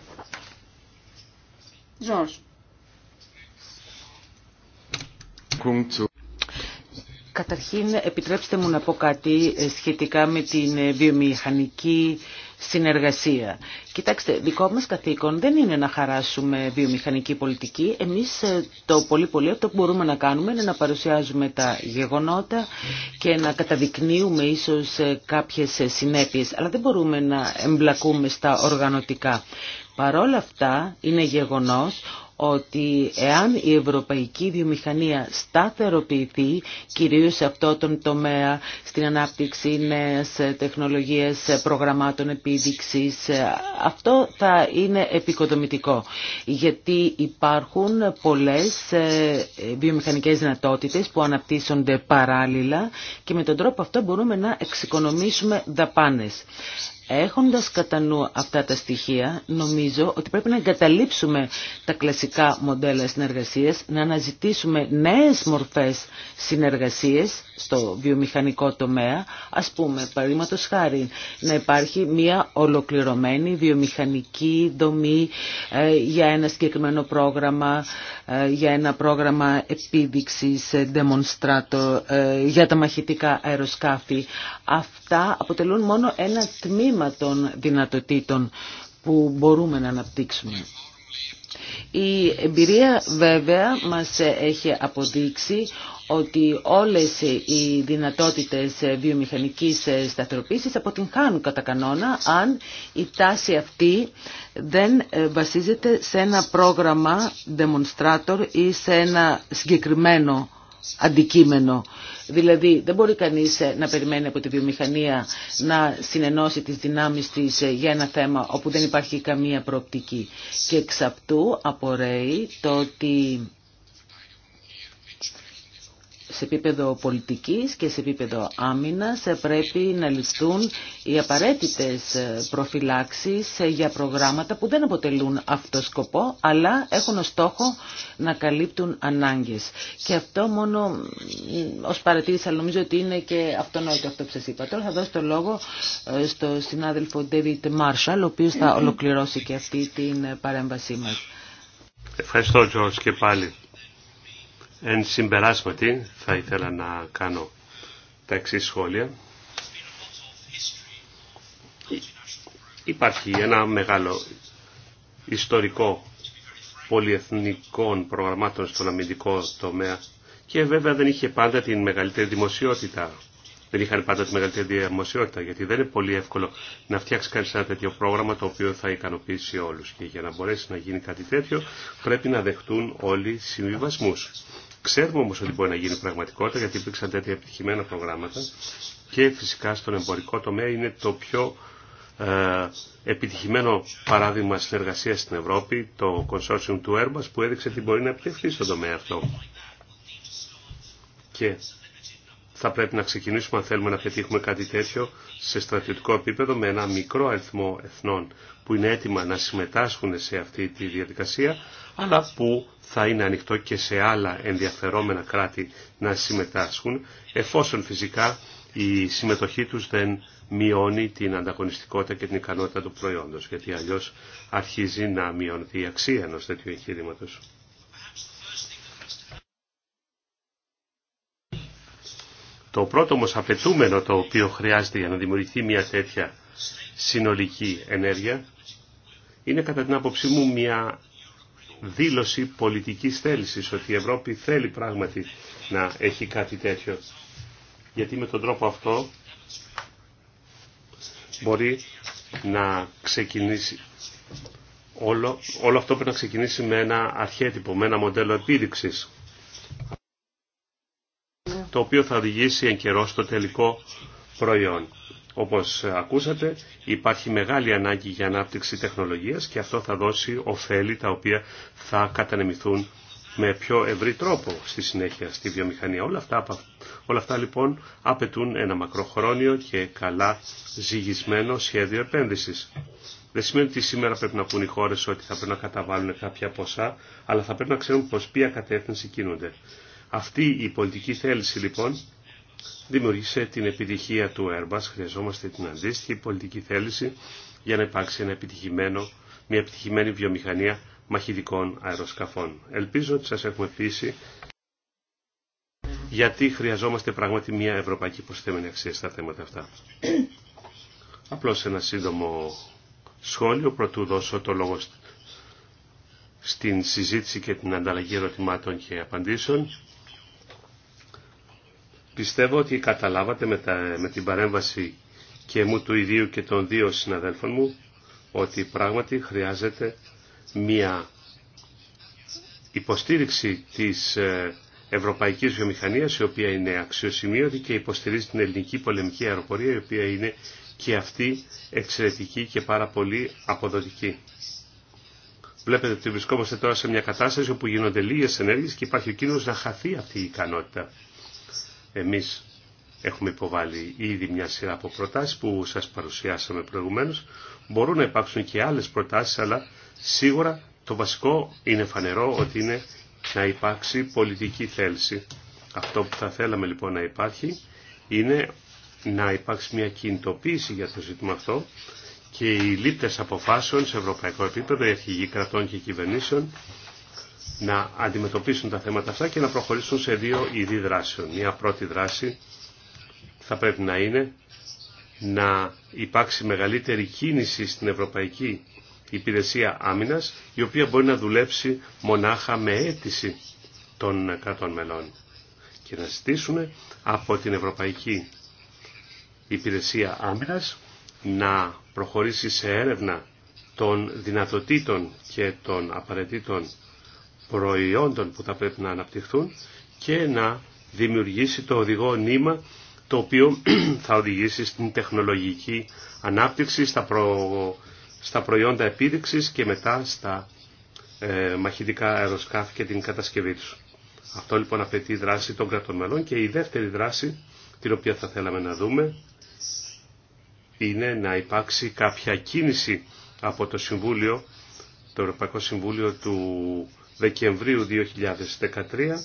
Καταρχήν επιτρέψτε μου να πω κάτι σχετικά με την βιομηχανική συνεργασία. Κοιτάξτε, δικό μας καθήκον δεν είναι να χαράσουμε βιομηχανική πολιτική. Εμείς ε, το πολύ πολύ αυτό που μπορούμε να κάνουμε είναι να παρουσιάζουμε τα γεγονότα και να καταδεικνύουμε ίσως ε, κάποιες ε, συνέπειες. Αλλά δεν μπορούμε να εμπλακούμε στα οργανωτικά. Παρόλα αυτά είναι γεγονός ότι εάν η ευρωπαϊκή βιομηχανία σταθεροποιηθεί, κυρίως σε αυτό τον τομέα, στην ανάπτυξη νέας τεχνολογίας, προγραμμάτων επίδειξης, αυτό θα είναι επικοδομητικό. Γιατί υπάρχουν πολλές ε, βιομηχανικές δυνατότητες που αναπτύσσονται παράλληλα και με τον τρόπο αυτό μπορούμε να εξοικονομήσουμε δαπάνες. Έχοντας κατά νου αυτά τα στοιχεία, νομίζω ότι πρέπει να εγκαταλείψουμε τα κλασικά μοντέλα συνεργασίας, να αναζητήσουμε νέες μορφές συνεργασίες στο βιομηχανικό τομέα, ας πούμε, παραδείγματο χάρη, να υπάρχει μια ολοκληρωμένη βιομηχανική δομή ε, για ένα συγκεκριμένο πρόγραμμα, ε, για ένα πρόγραμμα επίδειξης ε, ε για τα μαχητικά αεροσκάφη αυτά αποτελούν μόνο ένα τμήμα των δυνατοτήτων που μπορούμε να αναπτύξουμε. Η εμπειρία βέβαια μας έχει αποδείξει ότι όλες οι δυνατότητες βιομηχανικής σταθεροποίησης αποτυγχάνουν κατά κανόνα αν η τάση αυτή δεν βασίζεται σε ένα πρόγραμμα demonstrator ή σε ένα συγκεκριμένο αντικείμενο. Δηλαδή δεν μπορεί κανείς ε, να περιμένει από τη βιομηχανία να συνενώσει τις δυνάμεις της ε, για ένα θέμα όπου δεν υπάρχει καμία προοπτική. Και εξ αυτού απορρέει το ότι σε επίπεδο πολιτικής και σε επίπεδο άμυνας πρέπει να ληφθούν οι απαραίτητες προφυλάξεις για προγράμματα που δεν αποτελούν αυτό σκοπό αλλά έχουν ως στόχο να καλύπτουν ανάγκες. Και αυτό μόνο ως παρατήρηση αλλά νομίζω ότι είναι και αυτονόητο αυτό που σας είπα. Τώρα θα δώσω το λόγο ε, στο συνάδελφο David Marshall ο οποίος θα ολοκληρώσει και αυτή την παρέμβασή μας. Ευχαριστώ Τζος, και πάλι. Εν συμπεράσματι θα ήθελα να κάνω τα εξή σχόλια. Υπάρχει ένα μεγάλο ιστορικό πολυεθνικών προγραμμάτων στον αμυντικό τομέα και βέβαια δεν είχε πάντα την μεγαλύτερη δημοσιότητα. Δεν είχαν πάντα τη μεγαλύτερη δημοσιότητα γιατί δεν είναι πολύ εύκολο να φτιάξει κανεί ένα τέτοιο πρόγραμμα το οποίο θα ικανοποιήσει όλου. Και για να μπορέσει να γίνει κάτι τέτοιο πρέπει να δεχτούν όλοι συμβιβασμού. Ξέρουμε όμως ότι μπορεί να γίνει πραγματικότητα γιατί υπήρξαν τέτοια επιτυχημένα προγράμματα και φυσικά στον εμπορικό τομέα είναι το πιο ε, επιτυχημένο παράδειγμα συνεργασίας στην Ευρώπη, το consortium του Airbus που έδειξε τι μπορεί να επιτευχθεί στον τομέα αυτό. Και θα πρέπει να ξεκινήσουμε αν θέλουμε να πετύχουμε κάτι τέτοιο σε στρατιωτικό επίπεδο με ένα μικρό αριθμό εθνών που είναι έτοιμα να συμμετάσχουν σε αυτή τη διαδικασία αλλά που θα είναι ανοιχτό και σε άλλα ενδιαφερόμενα κράτη να συμμετάσχουν, εφόσον φυσικά η συμμετοχή τους δεν μειώνει την ανταγωνιστικότητα και την ικανότητα του προϊόντος, γιατί αλλιώς αρχίζει να μειώνεται η αξία ενός τέτοιου εγχείρηματο. Το πρώτο όμως απαιτούμενο το οποίο χρειάζεται για να δημιουργηθεί μια τέτοια συνολική ενέργεια είναι κατά την άποψή μου μια δήλωση πολιτικής θέλησης, ότι η Ευρώπη θέλει πράγματι να έχει κάτι τέτοιο. Γιατί με τον τρόπο αυτό μπορεί να ξεκινήσει. Όλο, όλο αυτό πρέπει να ξεκινήσει με ένα αρχέτυπο, με ένα μοντέλο επίδειξης το οποίο θα οδηγήσει εν καιρό στο τελικό προϊόν. Όπως ακούσατε υπάρχει μεγάλη ανάγκη για ανάπτυξη τεχνολογίας και αυτό θα δώσει ωφέλη τα οποία θα κατανεμηθούν με πιο ευρύ τρόπο στη συνέχεια στη βιομηχανία. Όλα αυτά, όλα αυτά λοιπόν απαιτούν ένα μακροχρόνιο και καλά ζυγισμένο σχέδιο επένδυσης. Δεν σημαίνει ότι σήμερα πρέπει να πούν οι χώρε ότι θα πρέπει να καταβάλουν κάποια ποσά, αλλά θα πρέπει να ξέρουν πω ποια κατεύθυνση κινούνται. Αυτή η πολιτική θέληση λοιπόν δημιούργησε την επιτυχία του Airbus. Χρειαζόμαστε την αντίστοιχη πολιτική θέληση για να υπάρξει ένα επιτυχημένο, μια επιτυχημένη βιομηχανία μαχητικών αεροσκαφών. Ελπίζω ότι σας έχουμε πείσει γιατί χρειαζόμαστε πράγματι μια ευρωπαϊκή προσθέμενη αξία στα θέματα αυτά. Απλώς ένα σύντομο σχόλιο πρωτού δώσω το λόγο στην συζήτηση και την ανταλλαγή ερωτημάτων και απαντήσεων. Πιστεύω ότι καταλάβατε με, τα, με την παρέμβαση και μου του ιδίου και των δύο συναδέλφων μου ότι πράγματι χρειάζεται μια υποστήριξη της ε, ευρωπαϊκής βιομηχανίας η οποία είναι αξιοσημείωτη και υποστηρίζει την ελληνική πολεμική αεροπορία η οποία είναι και αυτή εξαιρετική και πάρα πολύ αποδοτική. Βλέπετε ότι βρισκόμαστε τώρα σε μια κατάσταση όπου γίνονται λίγες ενέργειες και υπάρχει ο κίνδυνος να χαθεί αυτή η ικανότητα. Εμείς έχουμε υποβάλει ήδη μια σειρά από προτάσεις που σας παρουσιάσαμε προηγουμένως. Μπορούν να υπάρξουν και άλλες προτάσεις, αλλά σίγουρα το βασικό είναι φανερό ότι είναι να υπάρξει πολιτική θέληση. Αυτό που θα θέλαμε λοιπόν να υπάρχει είναι να υπάρξει μια κινητοποίηση για το ζήτημα αυτό και οι λήπτες αποφάσεων σε ευρωπαϊκό επίπεδο, οι αρχηγοί κρατών και κυβερνήσεων να αντιμετωπίσουν τα θέματα αυτά και να προχωρήσουν σε δύο είδη δράσεων. Μια πρώτη δράση θα πρέπει να είναι να υπάρξει μεγαλύτερη κίνηση στην Ευρωπαϊκή Υπηρεσία Άμυνας, η οποία μπορεί να δουλέψει μονάχα με αίτηση των κρατών μελών και να ζητήσουν από την Ευρωπαϊκή Υπηρεσία Άμυνας να προχωρήσει σε έρευνα των δυνατοτήτων και των απαραίτητων προϊόντων που θα πρέπει να αναπτυχθούν και να δημιουργήσει το οδηγό νήμα το οποίο *clears throat* θα οδηγήσει στην τεχνολογική ανάπτυξη, στα, στα προϊόντα επίδειξης και μετά στα ε, μαχητικά αεροσκάφη και την κατασκευή τους. Αυτό λοιπόν απαιτεί δράση των κρατών μελών και η δεύτερη δράση την οποία θα θέλαμε να δούμε είναι να υπάρξει κάποια κίνηση από το Συμβούλιο, το Ευρωπαϊκό Συμβούλιο του Δεκεμβρίου 2013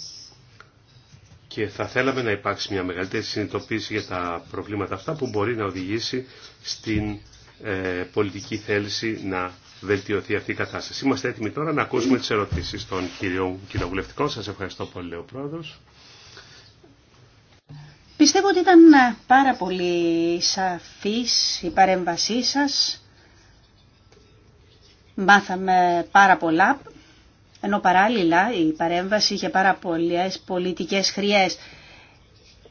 και θα θέλαμε να υπάρξει μια μεγαλύτερη συνειδητοποίηση για τα προβλήματα αυτά που μπορεί να οδηγήσει στην ε, πολιτική θέληση να βελτιωθεί αυτή η κατάσταση. Είμαστε έτοιμοι τώρα να ακούσουμε τις ερωτήσεις των κυρίων κοινοβουλευτικών. Σας ευχαριστώ πολύ, Λέω Πρόεδρος. Πιστεύω ότι ήταν ε, πάρα πολύ σαφής η παρέμβασή σας. Μάθαμε πάρα πολλά ενώ παράλληλα η παρέμβαση είχε πάρα πολλές πολιτικές χρειές.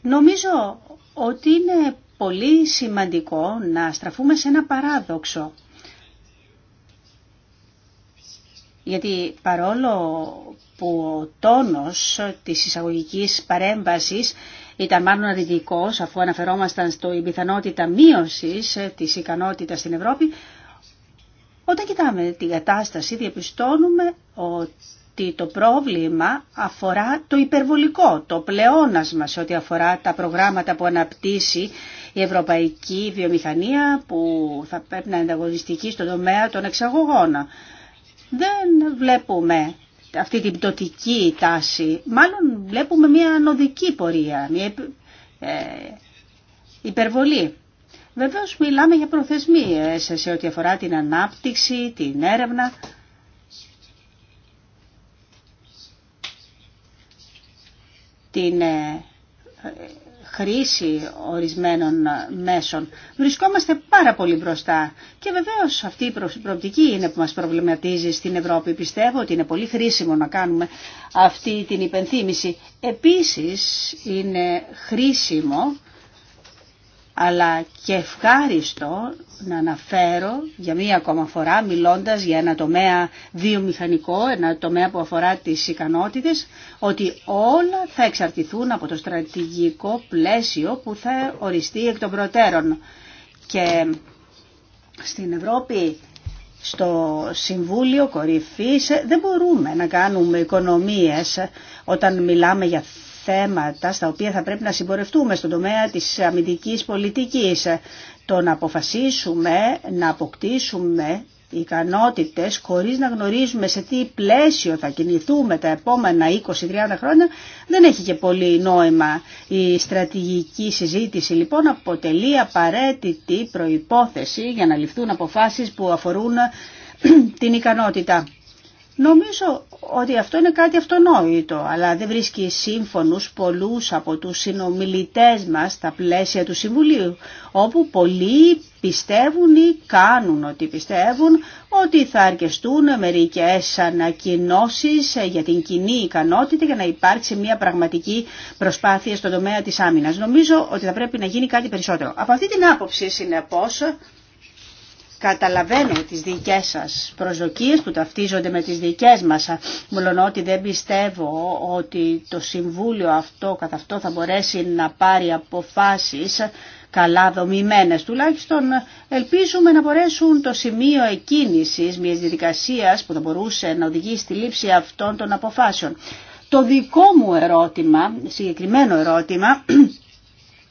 Νομίζω ότι είναι πολύ σημαντικό να στραφούμε σε ένα παράδοξο. Γιατί παρόλο που ο τόνος της εισαγωγικής παρέμβασης ήταν μάλλον αρνητικό αφού αναφερόμασταν στο η πιθανότητα μείωσης της ικανότητας στην Ευρώπη, όταν κοιτάμε την κατάσταση διαπιστώνουμε ότι το πρόβλημα αφορά το υπερβολικό, το πλεόνασμα σε ό,τι αφορά τα προγράμματα που αναπτύσσει η ευρωπαϊκή βιομηχανία που θα πρέπει να είναι ανταγωνιστική στον τομέα των εξαγωγών. Δεν βλέπουμε αυτή την πτωτική τάση, μάλλον βλέπουμε μια ανωδική πορεία, μια ε, υπερβολή. Βεβαίως μιλάμε για προθεσμίες σε ό,τι αφορά την ανάπτυξη, την έρευνα. την ε, χρήση ορισμένων μέσων. Βρισκόμαστε πάρα πολύ μπροστά και βεβαίως αυτή η προοπτική είναι που μας προβληματίζει στην Ευρώπη. Πιστεύω ότι είναι πολύ χρήσιμο να κάνουμε αυτή την υπενθύμηση. Επίσης είναι χρήσιμο αλλά και ευχάριστο να αναφέρω για μία ακόμα φορά μιλώντας για ένα τομέα βιομηχανικό, ένα τομέα που αφορά τις ικανότητες, ότι όλα θα εξαρτηθούν από το στρατηγικό πλαίσιο που θα οριστεί εκ των προτέρων. Και στην Ευρώπη στο Συμβούλιο Κορυφής δεν μπορούμε να κάνουμε οικονομίες όταν μιλάμε για θέματα στα οποία θα πρέπει να συμπορευτούμε στον τομέα της αμυντικής πολιτικής. Το να αποφασίσουμε να αποκτήσουμε ικανότητες χωρίς να γνωρίζουμε σε τι πλαίσιο θα κινηθούμε τα επόμενα 20-30 χρόνια δεν έχει και πολύ νόημα. Η στρατηγική συζήτηση λοιπόν αποτελεί απαραίτητη προϋπόθεση για να ληφθούν αποφάσεις που αφορούν *clears throat* την ικανότητα. Νομίζω ότι αυτό είναι κάτι αυτονόητο, αλλά δεν βρίσκει σύμφωνους πολλούς από τους συνομιλητές μας στα πλαίσια του Συμβουλίου, όπου πολλοί πιστεύουν ή κάνουν ότι πιστεύουν ότι θα αρκεστούν μερικές ανακοινώσεις για την κοινή ικανότητα για να υπάρξει μια πραγματική προσπάθεια στον τομέα της άμυνας. Νομίζω ότι θα πρέπει να γίνει κάτι περισσότερο. Από αυτή την άποψη, συνεπώς, Καταλαβαίνω τις δικές σας προσδοκίες που ταυτίζονται με τις δικές μας, ότι δεν πιστεύω ότι το Συμβούλιο αυτό καθ' αυτό θα μπορέσει να πάρει αποφάσεις καλά δομημένες. Τουλάχιστον ελπίζουμε να μπορέσουν το σημείο εκκίνησης μιας διαδικασίας που θα μπορούσε να οδηγήσει στη λήψη αυτών των αποφάσεων. Το δικό μου ερώτημα, συγκεκριμένο ερώτημα,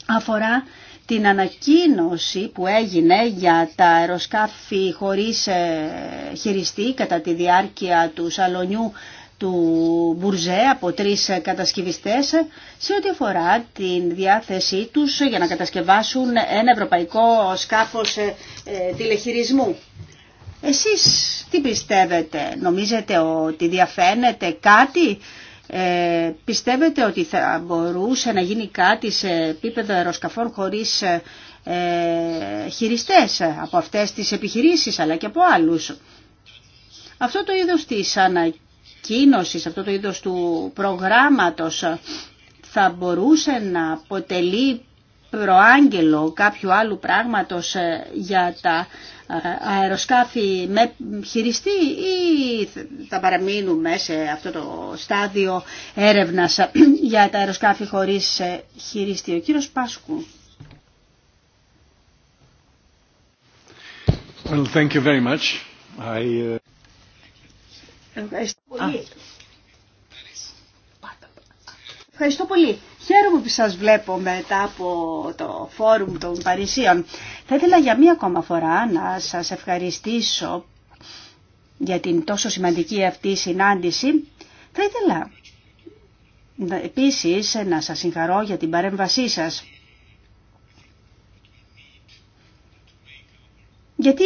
*clears throat* αφορά την ανακοίνωση που έγινε για τα αεροσκάφη χωρίς ε, χειριστή κατά τη διάρκεια του σαλονιού του Μπουρζέ από τρεις κατασκευιστές σε ό,τι αφορά την διάθεσή τους για να κατασκευάσουν ένα ευρωπαϊκό σκάφος ε, ε, τηλεχειρισμού. Εσείς τι πιστεύετε, νομίζετε ότι διαφαίνεται κάτι ε, πιστεύετε ότι θα μπορούσε να γίνει κάτι σε επίπεδο αεροσκαφών χωρίς ε, χειριστές από αυτές τις επιχειρήσεις αλλά και από άλλους. Αυτό το είδος της ανακοίνωσης, αυτό το είδος του προγράμματος θα μπορούσε να αποτελεί προάγγελο κάποιου άλλου πράγματος ε, για τα ε, αεροσκάφη με χειριστή ή θα παραμείνουμε σε αυτό το στάδιο έρευνας ε, για τα αεροσκάφη χωρίς χειριστή. Ο κύριος Πάσκου. Well, thank you very much. I... Ευχαριστώ πολύ. Ευχαριστώ πολύ. Χαίρομαι που σας βλέπω μετά από το φόρουμ των Παρισίων. Θα ήθελα για μία ακόμα φορά να σας ευχαριστήσω για την τόσο σημαντική αυτή συνάντηση. Θα ήθελα επίσης να σας συγχαρώ για την παρέμβασή σας. Γιατί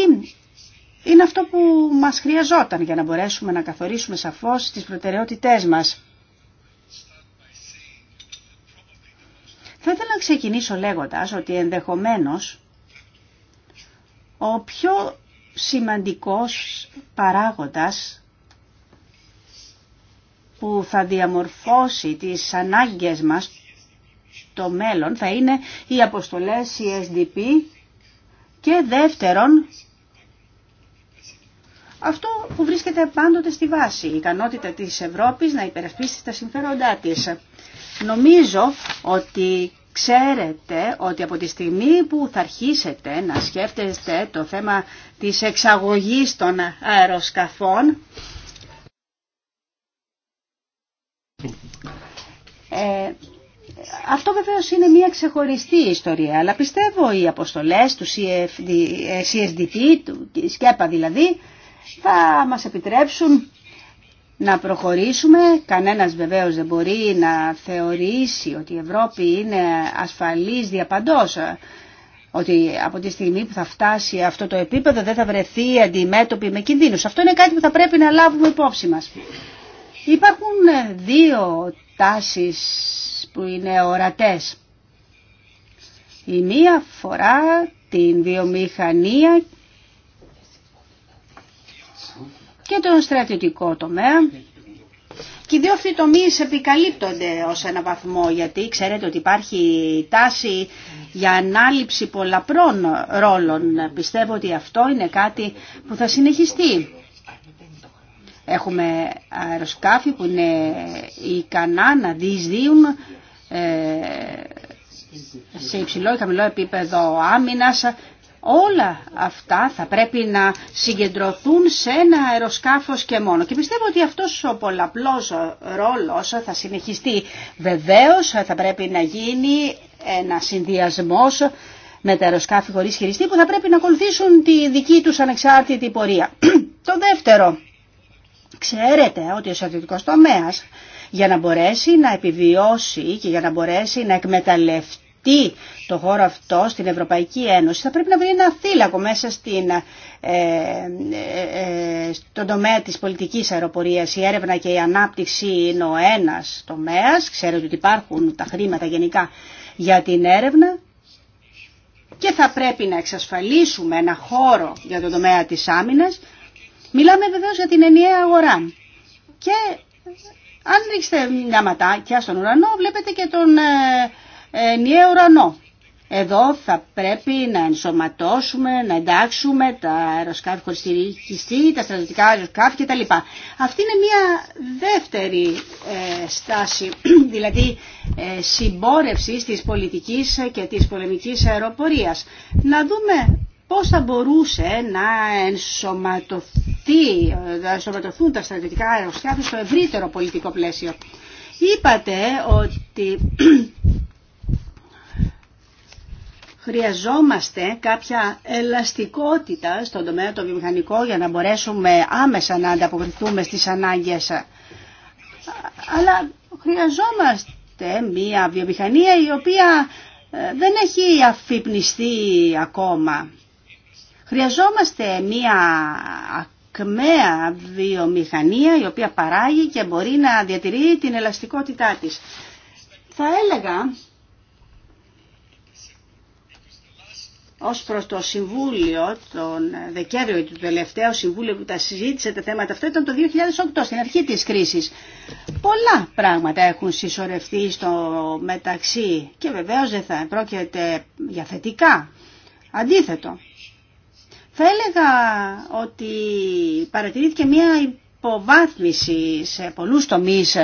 είναι αυτό που μας χρειαζόταν για να μπορέσουμε να καθορίσουμε σαφώς τις προτεραιότητές μας. Θα ήθελα να ξεκινήσω λέγοντας ότι ενδεχομένως ο πιο σημαντικός παράγοντας που θα διαμορφώσει τις ανάγκες μας το μέλλον θα είναι οι αποστολές CSDP και δεύτερον αυτό που βρίσκεται πάντοτε στη βάση, η ικανότητα της Ευρώπης να υπερασπίσει τα συμφέροντά της. Νομίζω ότι ξέρετε ότι από τη στιγμή που θα αρχίσετε να σκέφτεστε το θέμα της εξαγωγής των αεροσκαφών, ε, αυτό βεβαίως είναι μια ξεχωριστή ιστορία, αλλά πιστεύω οι αποστολές του CFD, ε, CSDT, του ΣΚΕΠΑ δηλαδή, θα μας επιτρέψουν να προχωρήσουμε. Κανένας βεβαίως δεν μπορεί να θεωρήσει ότι η Ευρώπη είναι ασφαλής διαπαντός ότι από τη στιγμή που θα φτάσει αυτό το επίπεδο δεν θα βρεθεί αντιμέτωπη με κινδύνους. Αυτό είναι κάτι που θα πρέπει να λάβουμε υπόψη μας. Υπάρχουν δύο τάσεις που είναι ορατές. Η μία φορά την βιομηχανία και τον στρατιωτικό τομέα. Και οι δύο αυτοί τομεί επικαλύπτονται ως ένα βαθμό γιατί ξέρετε ότι υπάρχει τάση για ανάληψη πολλαπρών ρόλων. Πιστεύω ότι αυτό είναι κάτι που θα συνεχιστεί. Έχουμε αεροσκάφη που είναι ικανά να διεισδύουν ε, σε υψηλό ή χαμηλό επίπεδο άμυνας Όλα αυτά θα πρέπει να συγκεντρωθούν σε ένα αεροσκάφος και μόνο. Και πιστεύω ότι αυτός ο πολλαπλός ρόλος θα συνεχιστεί. Βεβαίως θα πρέπει να γίνει ένα συνδυασμός με τα αεροσκάφη χωρίς χειριστή που θα πρέπει να ακολουθήσουν τη δική τους ανεξάρτητη πορεία. *clears throat* Το δεύτερο, ξέρετε ότι ο στρατιωτικός τομέας για να μπορέσει να επιβιώσει και για να μπορέσει να εκμεταλλευτεί το χώρο αυτό στην Ευρωπαϊκή Ένωση θα πρέπει να βρει ένα θύλακο μέσα στην, ε, ε, ε, ε, στον τομέα της πολιτικής αεροπορίας. Η έρευνα και η ανάπτυξη είναι ο ένας τομέας. Ξέρετε ότι υπάρχουν τα χρήματα γενικά για την έρευνα και θα πρέπει να εξασφαλίσουμε ένα χώρο για τον τομέα της άμυνας. Μιλάμε βεβαίως για την ενιαία αγορά. Και αν ρίξετε μια ματάκια στον ουρανό βλέπετε και τον ενιαίο ουρανό. Εδώ θα πρέπει να ενσωματώσουμε, να εντάξουμε τα αεροσκάφη χωριστηρίκηστη, τα στρατιωτικά αεροσκάφη κτλ. Αυτή είναι μια δεύτερη ε, στάση, *clears throat* δηλαδή ε, συμπόρευση της πολιτικής και της πολεμικής αεροπορίας. Να δούμε πώς θα μπορούσε να ενσωματωθεί, να ενσωματωθούν τα στρατιωτικά αεροσκάφη στο ευρύτερο πολιτικό πλαίσιο. Είπατε ότι *clears throat* χρειαζόμαστε κάποια ελαστικότητα στον τομέα το βιομηχανικό για να μπορέσουμε άμεσα να ανταποκριθούμε στις ανάγκες. Αλλά χρειαζόμαστε μια βιομηχανία η οποία ε, δεν έχει αφυπνιστεί ακόμα. Χρειαζόμαστε μια ακμαία βιομηχανία η οποία παράγει και μπορεί να διατηρεί την ελαστικότητά της. Θα έλεγα ως προς το Συμβούλιο, τον Δεκέμβριο του τελευταίου Συμβούλιο που τα συζήτησε τα θέματα αυτά ήταν το 2008, στην αρχή της κρίσης. Πολλά πράγματα έχουν συσσωρευτεί στο μεταξύ και βεβαίως δεν θα πρόκειται για θετικά. Αντίθετο, θα έλεγα ότι παρατηρήθηκε μια υποβάθμιση σε πολλούς τομείς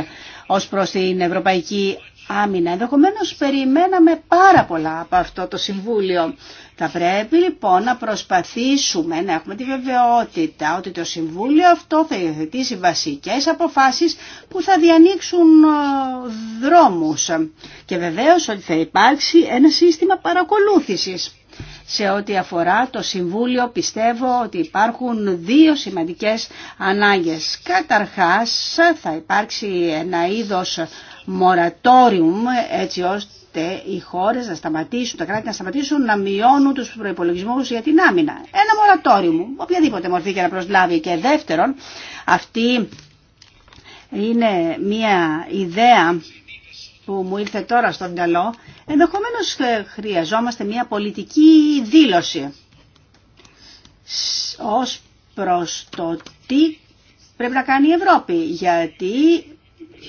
ως προς την ευρωπαϊκή άμυνα. Ενδεχομένω περιμέναμε πάρα πολλά από αυτό το Συμβούλιο. Θα πρέπει λοιπόν να προσπαθήσουμε να έχουμε τη βεβαιότητα ότι το Συμβούλιο αυτό θα υιοθετήσει βασικές αποφάσεις που θα διανοίξουν ε, δρόμους και βεβαίως ότι θα υπάρξει ένα σύστημα παρακολούθησης. Σε ό,τι αφορά το Συμβούλιο πιστεύω ότι υπάρχουν δύο σημαντικές ανάγκες. Καταρχάς θα υπάρξει ένα είδος moratorium έτσι ώστε οι χώρες να σταματήσουν, τα κράτη να σταματήσουν να μειώνουν τους προϋπολογισμούς για την άμυνα. Ένα moratorium, οποιαδήποτε μορφή και να προσλάβει. Και δεύτερον, αυτή είναι μια ιδέα που μου ήρθε τώρα στο μυαλό, ενδεχομένως ε, χρειαζόμαστε μια πολιτική δήλωση ως προς το τι πρέπει να κάνει η Ευρώπη. Γιατί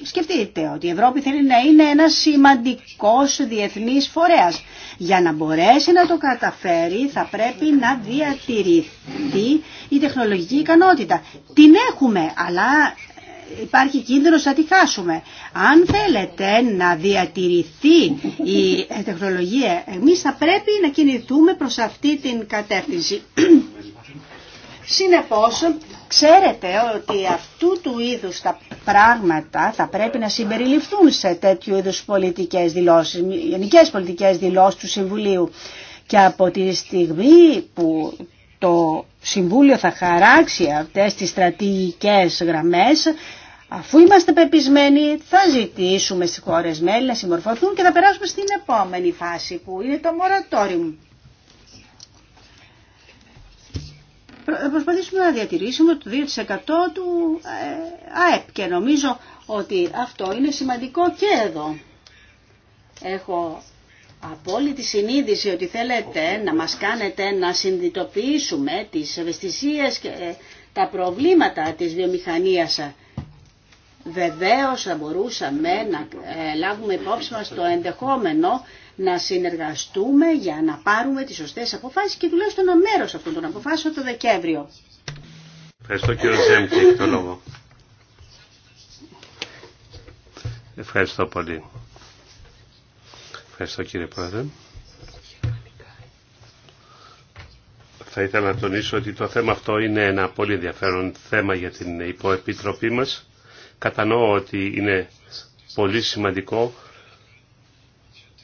σκεφτείτε ότι η Ευρώπη θέλει να είναι ένα σημαντικός διεθνής φορέας. Για να μπορέσει να το καταφέρει θα πρέπει να διατηρηθεί η τεχνολογική ικανότητα. Την έχουμε, αλλά ε, υπάρχει κίνδυνος να τη χάσουμε. Αν θέλετε να διατηρηθεί η ε, τεχνολογία, εμείς θα πρέπει να κινηθούμε προς αυτή την κατεύθυνση. Συνεπώς, Ξέρετε ότι αυτού του είδους τα πράγματα θα πρέπει να συμπεριληφθούν σε τέτοιου είδους πολιτικές δηλώσεις, γενικές πολιτικές δηλώσεις του Συμβουλίου. Και από τη στιγμή που το Συμβούλιο θα χαράξει αυτές τις στρατηγικές γραμμές, αφού είμαστε πεπισμένοι θα ζητήσουμε στις χώρες μέλη να συμμορφωθούν και θα περάσουμε στην επόμενη φάση που είναι το moratorium. Ε, προσπαθήσουμε να διατηρήσουμε το 2% του ε, ΑΕΠ και νομίζω ότι αυτό είναι σημαντικό και εδώ. Έχω απόλυτη συνείδηση ότι θέλετε να μας κάνετε να συνειδητοποιήσουμε τις ευαισθησίες και ε, τα προβλήματα της βιομηχανίας. Βεβαίως θα μπορούσαμε να λάβουμε υπόψη μας το ενδεχόμενο να συνεργαστούμε για να πάρουμε τις σωστές αποφάσεις και τουλάχιστον ένα μέρος αυτών των αποφάσεων το Δεκέμβριο. Ευχαριστώ κύριο το λόγο. Ευχαριστώ πολύ. Ευχαριστώ κύριε Πρόεδρε. Θα ήθελα να τονίσω ότι το θέμα αυτό είναι ένα πολύ ενδιαφέρον θέμα για την υποεπίτροπή μας. Κατανοώ ότι είναι πολύ σημαντικό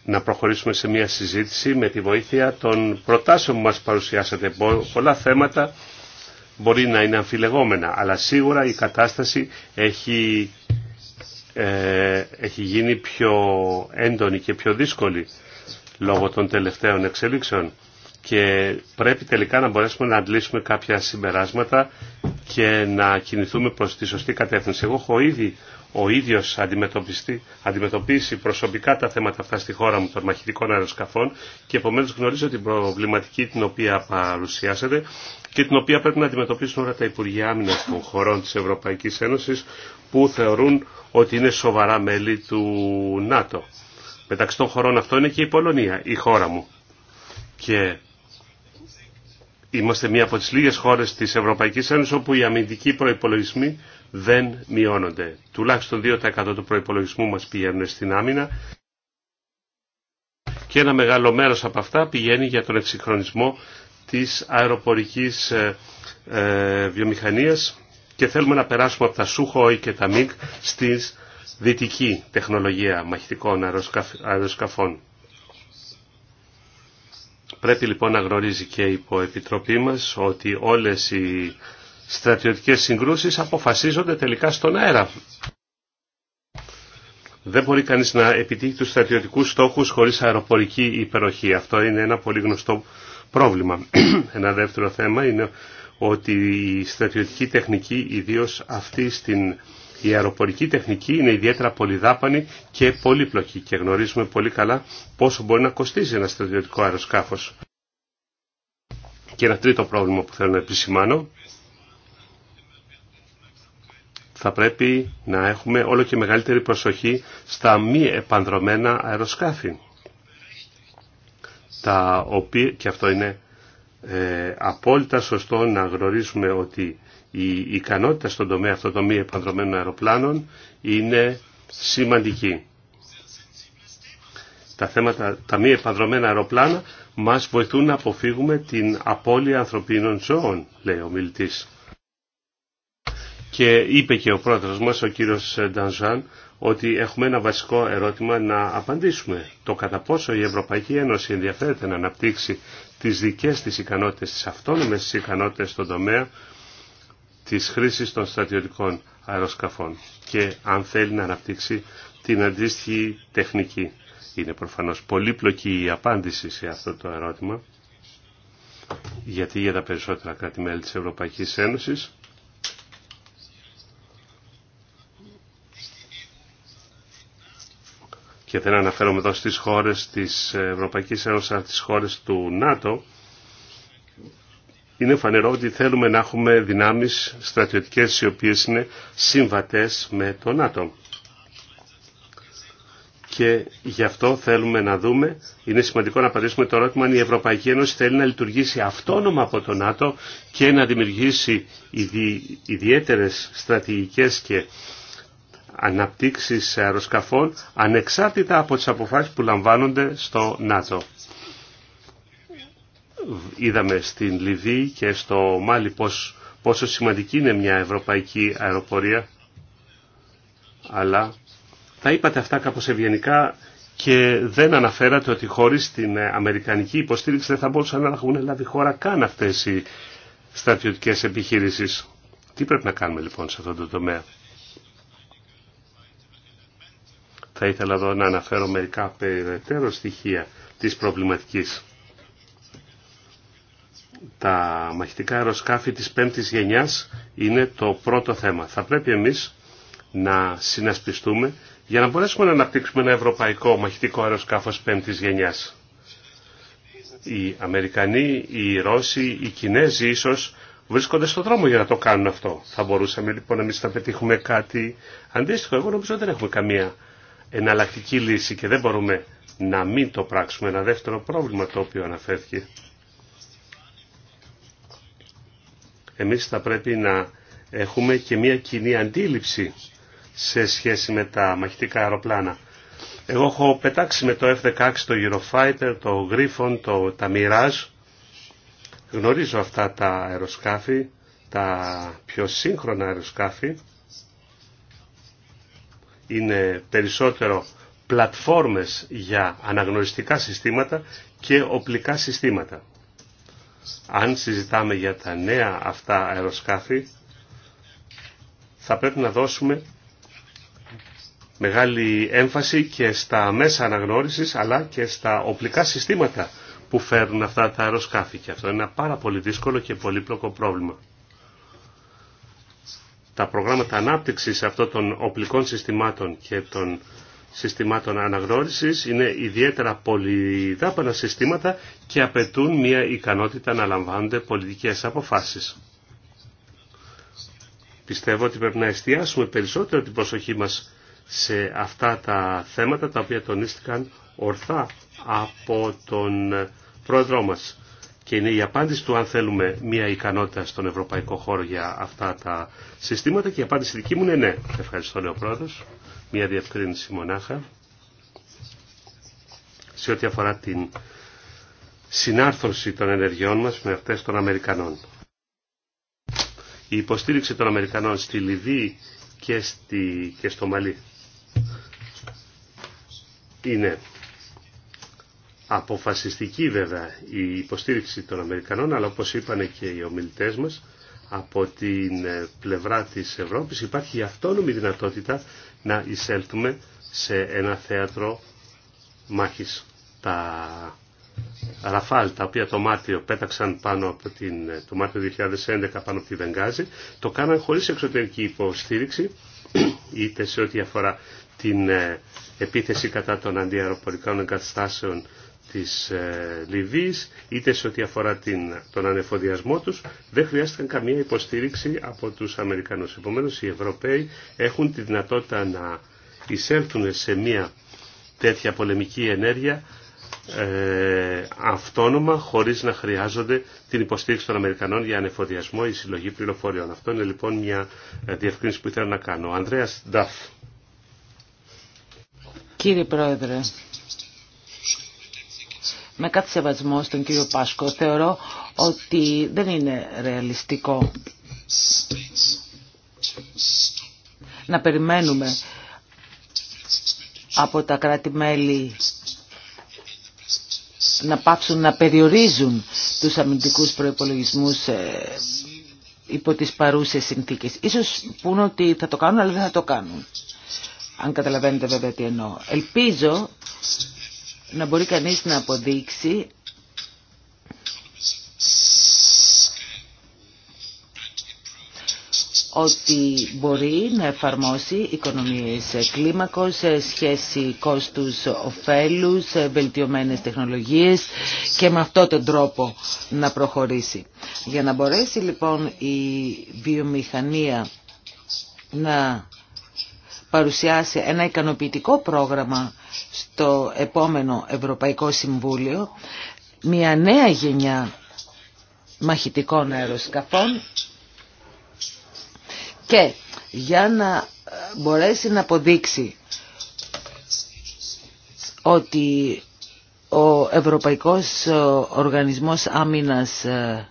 να προχωρήσουμε σε μια συζήτηση με τη βοήθεια των προτάσεων που μας παρουσιάσατε. Πολλά θέματα μπορεί να είναι αμφιλεγόμενα, αλλά σίγουρα η κατάσταση έχει, ε, έχει γίνει πιο έντονη και πιο δύσκολη λόγω των τελευταίων εξελίξεων και πρέπει τελικά να μπορέσουμε να αντλήσουμε κάποια συμπεράσματα και να κινηθούμε προς τη σωστή κατεύθυνση. Εγώ έχω ήδη ο ίδιος αντιμετωπίσει προσωπικά τα θέματα αυτά στη χώρα μου των μαχητικών αεροσκαφών και επομένως γνωρίζω την προβληματική την οποία παρουσιάσατε και την οποία πρέπει να αντιμετωπίσουν όλα τα Υπουργεία Άμυνας των χωρών της Ευρωπαϊκής Ένωσης που θεωρούν ότι είναι σοβαρά μέλη του ΝΑΤΟ. Μεταξύ των χωρών αυτών είναι και η Πολωνία, η χώρα μου. Και είμαστε μία από τις λίγες χώρες της Ευρωπαϊκής Ένωσης όπου οι αμυντικοί προπολογισμοί δεν μειώνονται. Τουλάχιστον 2% του προϋπολογισμού μας πηγαίνουν στην άμυνα και ένα μεγάλο μέρος από αυτά πηγαίνει για τον εξυγχρονισμό της αεροπορικής ε, ε, βιομηχανίας και θέλουμε να περάσουμε από τα Σούχοϊ και τα ΜΙΚ στη δυτική τεχνολογία μαχητικών αεροσκαφών. Πρέπει λοιπόν να γνωρίζει και η υποεπιτροπή μας ότι όλες οι στρατιωτικές συγκρούσεις αποφασίζονται τελικά στον αέρα. Δεν μπορεί κανείς να επιτύχει τους στρατιωτικούς στόχους χωρίς αεροπορική υπεροχή. Αυτό είναι ένα πολύ γνωστό πρόβλημα. *clears throat* ένα δεύτερο θέμα είναι ότι η στρατιωτική τεχνική, ιδίως αυτή στην η αεροπορική τεχνική είναι ιδιαίτερα πολυδάπανη και πολύπλοκη και γνωρίζουμε πολύ καλά πόσο μπορεί να κοστίζει ένα στρατιωτικό αεροσκάφος. Και ένα τρίτο πρόβλημα που θέλω να επισημάνω θα πρέπει να έχουμε όλο και μεγαλύτερη προσοχή στα μη επανδρομένα αεροσκάφη. Τα οποία, και αυτό είναι ε, απόλυτα σωστό να γνωρίζουμε ότι η ικανότητα στον τομέα αυτό των μη επανδρομένων αεροπλάνων είναι σημαντική. Τα, θέματα, τα μη επανδρομένα αεροπλάνα μας βοηθούν να αποφύγουμε την απώλεια ανθρωπίνων ζώων, λέει ο μιλητής. Και είπε και ο πρόεδρος μας, ο κύριος Ντανζάν, ότι έχουμε ένα βασικό ερώτημα να απαντήσουμε. Το κατά πόσο η Ευρωπαϊκή Ένωση ενδιαφέρεται να αναπτύξει τις δικές της ικανότητες, τις αυτόνομες της ικανότητες στον τομέα της χρήσης των στρατιωτικών αεροσκαφών και αν θέλει να αναπτύξει την αντίστοιχη τεχνική. Είναι προφανώς πολύπλοκη η απάντηση σε αυτό το ερώτημα, γιατί για τα περισσότερα κράτη-μέλη της Ευρωπαϊκής Ένωσης και δεν αναφέρομαι εδώ στις χώρες της Ευρωπαϊκής Ένωσης αλλά στις χώρες του ΝΑΤΟ είναι φανερό ότι θέλουμε να έχουμε δυνάμεις στρατιωτικές οι οποίες είναι συμβατές με το ΝΑΤΟ. Και γι' αυτό θέλουμε να δούμε, είναι σημαντικό να απαντήσουμε το ερώτημα αν η Ευρωπαϊκή Ένωση θέλει να λειτουργήσει αυτόνομα από το ΝΑΤΟ και να δημιουργήσει ιδιαίτερες στρατηγικές και αναπτύξεις αεροσκαφών ανεξάρτητα από τις αποφάσεις που λαμβάνονται στο ΝΑΤΟ. Είδαμε στην Λιβύη και στο Μάλι πώς, πόσο σημαντική είναι μια ευρωπαϊκή αεροπορία. Αλλά θα είπατε αυτά κάπως ευγενικά και δεν αναφέρατε ότι χωρίς την αμερικανική υποστήριξη δεν θα μπορούσαν να έχουν λάβει χώρα καν αυτές οι στρατιωτικές επιχείρησεις. Τι πρέπει να κάνουμε λοιπόν σε αυτό το τομέα. Θα ήθελα εδώ να αναφέρω μερικά περαιτέρω στοιχεία της προβληματικής. Τα μαχητικά αεροσκάφη της πέμπτης γενιάς είναι το πρώτο θέμα. Θα πρέπει εμείς να συνασπιστούμε για να μπορέσουμε να αναπτύξουμε ένα ευρωπαϊκό μαχητικό αεροσκάφος πέμπτης γενιάς. Οι Αμερικανοί, οι Ρώσοι, οι Κινέζοι ίσως βρίσκονται στον δρόμο για να το κάνουν αυτό. Θα μπορούσαμε λοιπόν εμείς να πετύχουμε κάτι αντίστοιχο. Εγώ νομίζω δεν έχουμε καμία εναλλακτική λύση και δεν μπορούμε να μην το πράξουμε. Ένα δεύτερο πρόβλημα το οποίο αναφέρθηκε. Εμείς θα πρέπει να έχουμε και μια κοινή αντίληψη σε σχέση με τα μαχητικά αεροπλάνα. Εγώ έχω πετάξει με το F-16, το Eurofighter, το Griffon, το, τα Mirage. Γνωρίζω αυτά τα αεροσκάφη, τα πιο σύγχρονα αεροσκάφη είναι περισσότερο πλατφόρμες για αναγνωριστικά συστήματα και οπλικά συστήματα. Αν συζητάμε για τα νέα αυτά αεροσκάφη, θα πρέπει να δώσουμε μεγάλη έμφαση και στα μέσα αναγνώρισης αλλά και στα οπλικά συστήματα που φέρουν αυτά τα αεροσκάφη και αυτό είναι ένα πάρα πολύ δύσκολο και πολύπλοκο πρόβλημα τα προγράμματα ανάπτυξης αυτών των οπλικών συστημάτων και των συστημάτων αναγνώρισης είναι ιδιαίτερα πολυδάπανα συστήματα και απαιτούν μια ικανότητα να λαμβάνονται πολιτικές αποφάσεις. Πιστεύω ότι πρέπει να εστιάσουμε περισσότερο την προσοχή μας σε αυτά τα θέματα τα οποία τονίστηκαν ορθά από τον πρόεδρό μας και είναι η απάντηση του αν θέλουμε μια ικανότητα στον ευρωπαϊκό χώρο για αυτά τα συστήματα και η απάντηση δική μου είναι ναι. Ευχαριστώ λέει πρόεδρος. Μια διευκρίνηση μονάχα σε ό,τι αφορά την συνάρθρωση των ενεργειών μας με αυτές των Αμερικανών. Η υποστήριξη των Αμερικανών στη Λιβύη και, στη, και στο Μαλί είναι αποφασιστική βέβαια η υποστήριξη των Αμερικανών, αλλά όπως είπαν και οι ομιλητές μας, από την ε, πλευρά της Ευρώπης υπάρχει η αυτόνομη δυνατότητα να εισέλθουμε σε ένα θέατρο μάχης. Τα Ραφάλ, τα οποία το Μάρτιο πέταξαν πάνω από την, ε, το Μάρτιο 2011 πάνω από τη Βενγάζη, το κάναν χωρίς εξωτερική υποστήριξη, *clears throat* είτε σε ό,τι αφορά την ε, επίθεση κατά των αντιαεροπορικών εγκαταστάσεων της ε, Λιβύης, είτε σε ό,τι αφορά την, τον ανεφοδιασμό τους, δεν χρειάστηκαν καμία υποστήριξη από τους Αμερικανούς. Επομένως, οι Ευρωπαίοι έχουν τη δυνατότητα να εισέλθουν σε μια τέτοια πολεμική ενέργεια ε, αυτόνομα, χωρίς να χρειάζονται την υποστήριξη των Αμερικανών για ανεφοδιασμό ή συλλογή πληροφοριών. Αυτό είναι λοιπόν μια ε, διευκρίνηση που ήθελα να κάνω. Ο Ανδρέας Νταφ. Κύριε Πρόεδρε, με κάθε σεβασμό στον κύριο Πάσκο, θεωρώ ότι δεν είναι ρεαλιστικό να περιμένουμε από τα κράτη-μέλη να πάψουν να περιορίζουν τους αμυντικούς προϋπολογισμούς ε, υπό τις παρούσες συνθήκες. Ίσως πουν ότι θα το κάνουν, αλλά δεν θα το κάνουν. Αν καταλαβαίνετε βέβαια τι εννοώ. Ελπίζω να μπορεί κανείς να αποδείξει ότι μπορεί να εφαρμόσει οικονομίες κλίμακος, σχέση κόστους ωφέλους, βελτιωμένες τεχνολογίες και με αυτόν τον τρόπο να προχωρήσει. Για να μπορέσει λοιπόν η βιομηχανία να παρουσιάσει ένα ικανοποιητικό πρόγραμμα στο επόμενο Ευρωπαϊκό Συμβούλιο μια νέα γενιά μαχητικών αεροσκαφών και για να μπορέσει να αποδείξει ότι ο Ευρωπαϊκός Οργανισμός Άμυνας ε,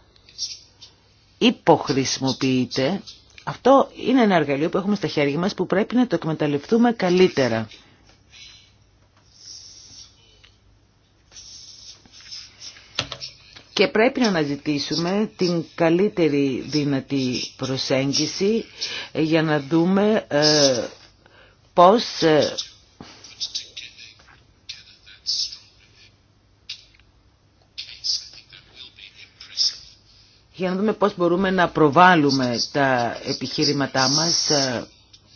υποχρησιμοποιείται, αυτό είναι ένα εργαλείο που έχουμε στα χέρια μας που πρέπει να το εκμεταλλευτούμε καλύτερα. και πρέπει να αναζητήσουμε την καλύτερη δυνατή προσέγγιση ε, για να δούμε ε, πώς ε, για να δούμε πώς μπορούμε να προβάλλουμε τα επιχείρηματά μας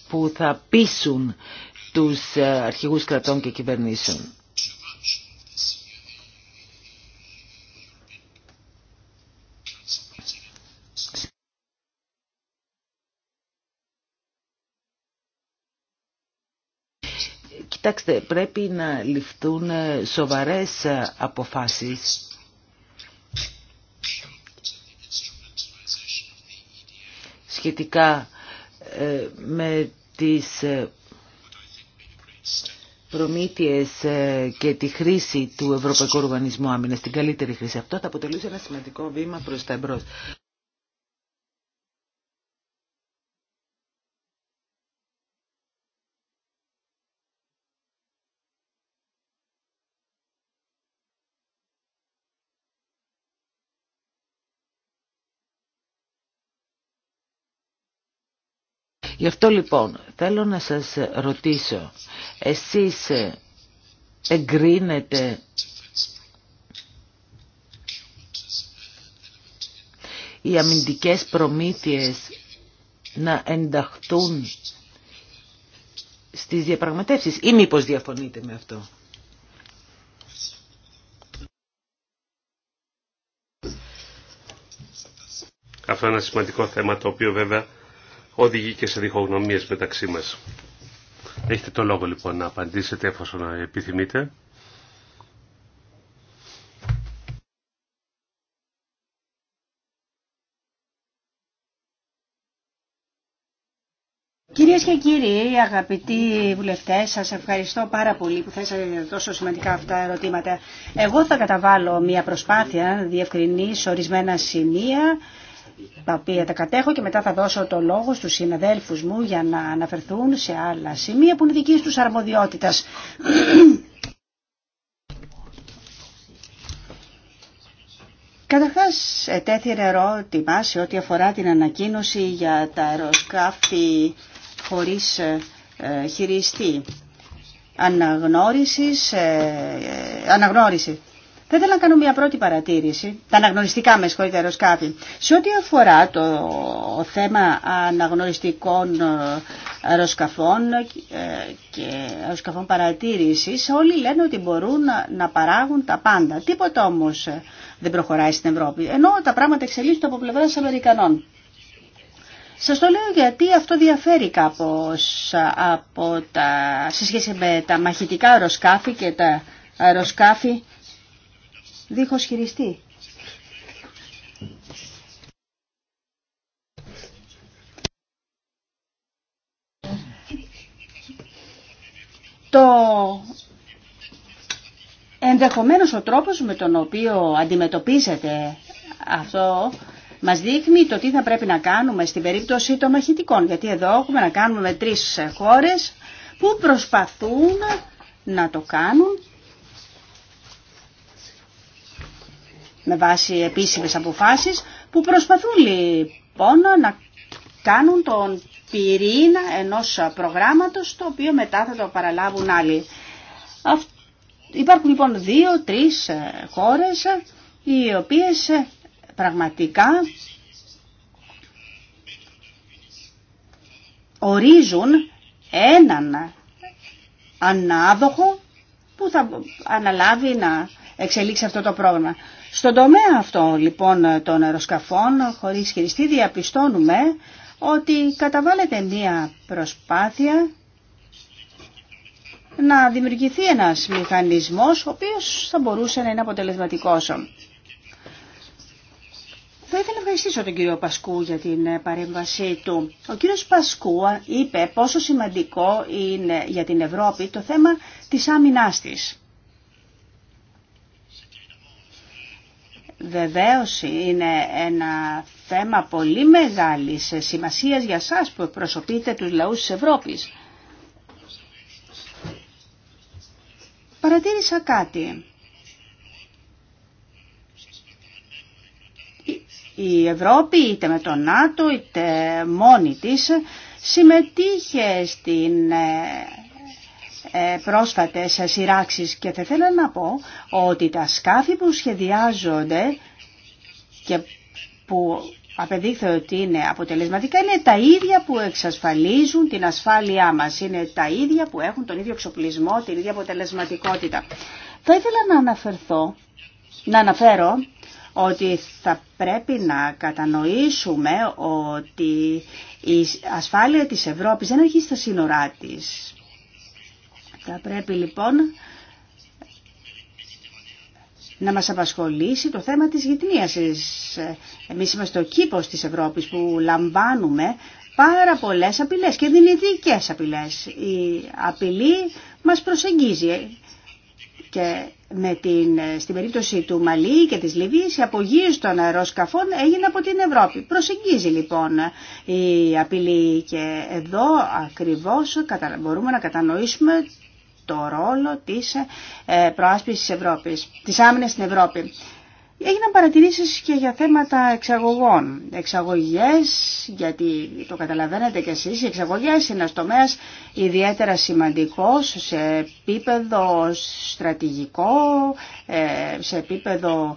που θα πείσουν τους αρχηγούς κρατών και κυβερνήσεων. Κοιτάξτε, πρέπει να ληφθούν ε, σοβαρές ε, αποφάσεις σχετικά ε, με τις προμήθειες και τη χρήση του Ευρωπαϊκού Οργανισμού Άμυνας, την καλύτερη χρήση. Αυτό θα αποτελούσε ένα σημαντικό βήμα προς τα εμπρός. Γι' αυτό λοιπόν θέλω να σας ρωτήσω, εσείς ε, εγκρίνετε οι αμυντικές προμήθειες να ενταχθούν στις διαπραγματεύσεις ή μήπως διαφωνείτε με αυτό. Αυτό είναι ένα σημαντικό θέμα το οποίο βέβαια οδηγεί και σε διχογνωμίες μεταξύ μας. Έχετε το λόγο λοιπόν να απαντήσετε εφόσον επιθυμείτε. Κυρίες και κύριοι, αγαπητοί βουλευτές, σας ευχαριστώ πάρα πολύ που θέσατε τόσο σημαντικά αυτά τα ερωτήματα. Εγώ θα καταβάλω μια προσπάθεια να διευκρινίσω ορισμένα σημεία τα οποία τα κατέχω και μετά θα δώσω το λόγο στους συναδέλφους μου για να αναφερθούν σε άλλα σημεία που είναι δική τους αρμοδιότητας. Καταρχάς ετέθη ερώτημα σε ό,τι αφορά την ανακοίνωση για τα αεροσκάφη χωρίς ε, ε, χειριστή αναγνώρισης, ε, αναγνώριση θα ήθελα να κάνω μια πρώτη παρατήρηση, τα αναγνωριστικά με συγχωρείτε αεροσκάφη. Σε ό,τι αφορά το θέμα αναγνωριστικών ε, αεροσκαφών ε, και αεροσκαφών παρατήρησης, όλοι λένε ότι μπορούν να παράγουν τα πάντα. Τίποτα όμως ε, δεν προχωράει στην Ευρώπη, ενώ τα πράγματα εξελίσσονται από πλευράς Αμερικανών. Σας το λέω γιατί αυτό διαφέρει κάπως από τα, σε σχέση με τα μαχητικά αεροσκάφη και τα αεροσκάφη δίχως χειριστή. Το ενδεχομένως ο τρόπος με τον οποίο αντιμετωπίζετε αυτό μας δείχνει το τι θα πρέπει να κάνουμε στην περίπτωση των μαχητικών. Γιατί εδώ έχουμε να κάνουμε με τρεις χώρες που προσπαθούν να το κάνουν με βάση επίσημες αποφάσεις που προσπαθούν λοιπόν να κάνουν τον πυρήνα ενός προγράμματος το οποίο μετά θα το παραλάβουν άλλοι. Υπάρχουν λοιπόν δύο-τρεις ε, χώρες ε, οι οποίες ε, πραγματικά ορίζουν έναν ανάδοχο που θα αναλάβει να εξελίξει αυτό το πρόγραμμα. Στον τομέα αυτό λοιπόν των αεροσκαφών χωρίς χειριστή διαπιστώνουμε ότι καταβάλλεται μία προσπάθεια να δημιουργηθεί ένας μηχανισμός ο οποίος θα μπορούσε να είναι αποτελεσματικός. Θα ήθελα να ευχαριστήσω τον κύριο Πασκού για την παρέμβασή του. Ο κύριος Πασκού είπε πόσο σημαντικό είναι για την Ευρώπη το θέμα της άμυνάς της. Βεβαίως είναι ένα θέμα πολύ μεγάλης σημασίας για σας που εκπροσωπείτε τους λαούς της Ευρώπης. Παρατήρησα κάτι. Η Ευρώπη είτε με το ΝΑΤΟ είτε μόνη της συμμετείχε στην ε, ε, πρόσφατες σειράξεις και θα ήθελα να πω ότι τα σκάφη που σχεδιάζονται και που απεδείχθη ότι είναι αποτελεσματικά είναι τα ίδια που εξασφαλίζουν την ασφάλειά μας, είναι τα ίδια που έχουν τον ίδιο εξοπλισμό, την ίδια αποτελεσματικότητα. Θα ήθελα να αναφερθώ, να αναφέρω ότι θα πρέπει να κατανοήσουμε ότι η ασφάλεια της Ευρώπης δεν αρχίζει στα σύνορά της. Θα πρέπει λοιπόν να μας απασχολήσει το θέμα της γυτνίασης. Εμείς είμαστε ο κήπος της Ευρώπης που λαμβάνουμε πάρα πολλές απειλές και δυνητικές απειλές. Η απειλή μας προσεγγίζει και με την, στην περίπτωση του Μαλή και της Λιβύης η απογείωση των αεροσκαφών έγινε από την Ευρώπη. Προσεγγίζει λοιπόν η απειλή και εδώ ακριβώς μπορούμε να κατανοήσουμε το ρόλο της ε, προάσπισης της Ευρώπης, της άμυνας στην Ευρώπη. Έγιναν παρατηρήσεις και για θέματα εξαγωγών. Εξαγωγές, γιατί το καταλαβαίνετε κι εσείς, οι εξαγωγές είναι ένας τομέας ιδιαίτερα σημαντικός σε επίπεδο στρατηγικό, ε, σε επίπεδο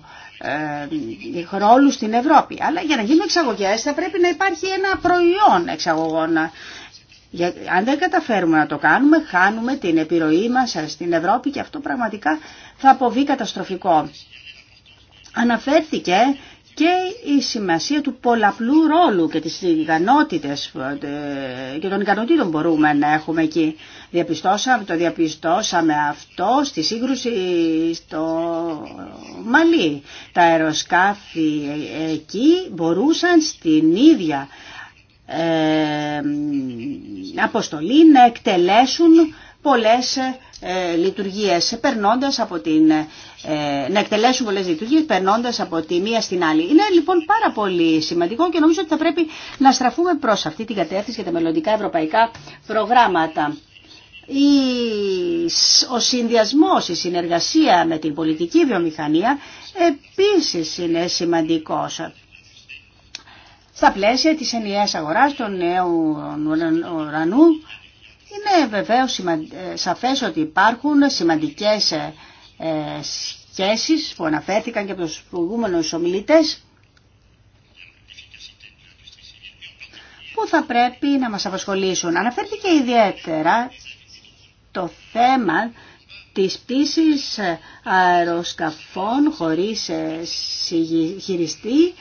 ε, ρόλου στην Ευρώπη. Αλλά για να γίνουν εξαγωγές θα πρέπει να υπάρχει ένα προϊόν εξαγωγών. Για, αν δεν καταφέρουμε να το κάνουμε, χάνουμε την επιρροή μας ε, στην Ευρώπη και αυτό πραγματικά θα αποβεί καταστροφικό. Αναφέρθηκε και η σημασία του πολλαπλού ρόλου και τις ικανότητες ε, και των ικανοτήτων μπορούμε να έχουμε εκεί. Διαπιστώσαμε, το διαπιστώσαμε αυτό στη σύγκρουση στο Μαλί. Τα αεροσκάφη ε, εκεί μπορούσαν στην ίδια ε, αποστολή να εκτελέσουν πολλές ε, λειτουργίες περνώντας από την, ε, να εκτελέσουν πολλές λειτουργίες περνώντας από τη μία στην άλλη. Είναι λοιπόν πάρα πολύ σημαντικό και νομίζω ότι θα πρέπει να στραφούμε προς αυτή την κατεύθυνση για τα μελλοντικά ευρωπαϊκά προγράμματα. Ο συνδυασμός, η συνεργασία με την πολιτική βιομηχανία επίσης είναι σημαντικός στα πλαίσια της ενιαίας αγοράς των νέου ουρανού. Είναι βεβαίως ε, σαφές ότι υπάρχουν σημαντικές ε, ε, σχέσεις που αναφέρθηκαν και από τους προηγούμενους ομιλητές που θα πρέπει να μας απασχολήσουν. Αναφέρθηκε ιδιαίτερα το θέμα της πτήσης αεροσκαφών χωρίς χειριστή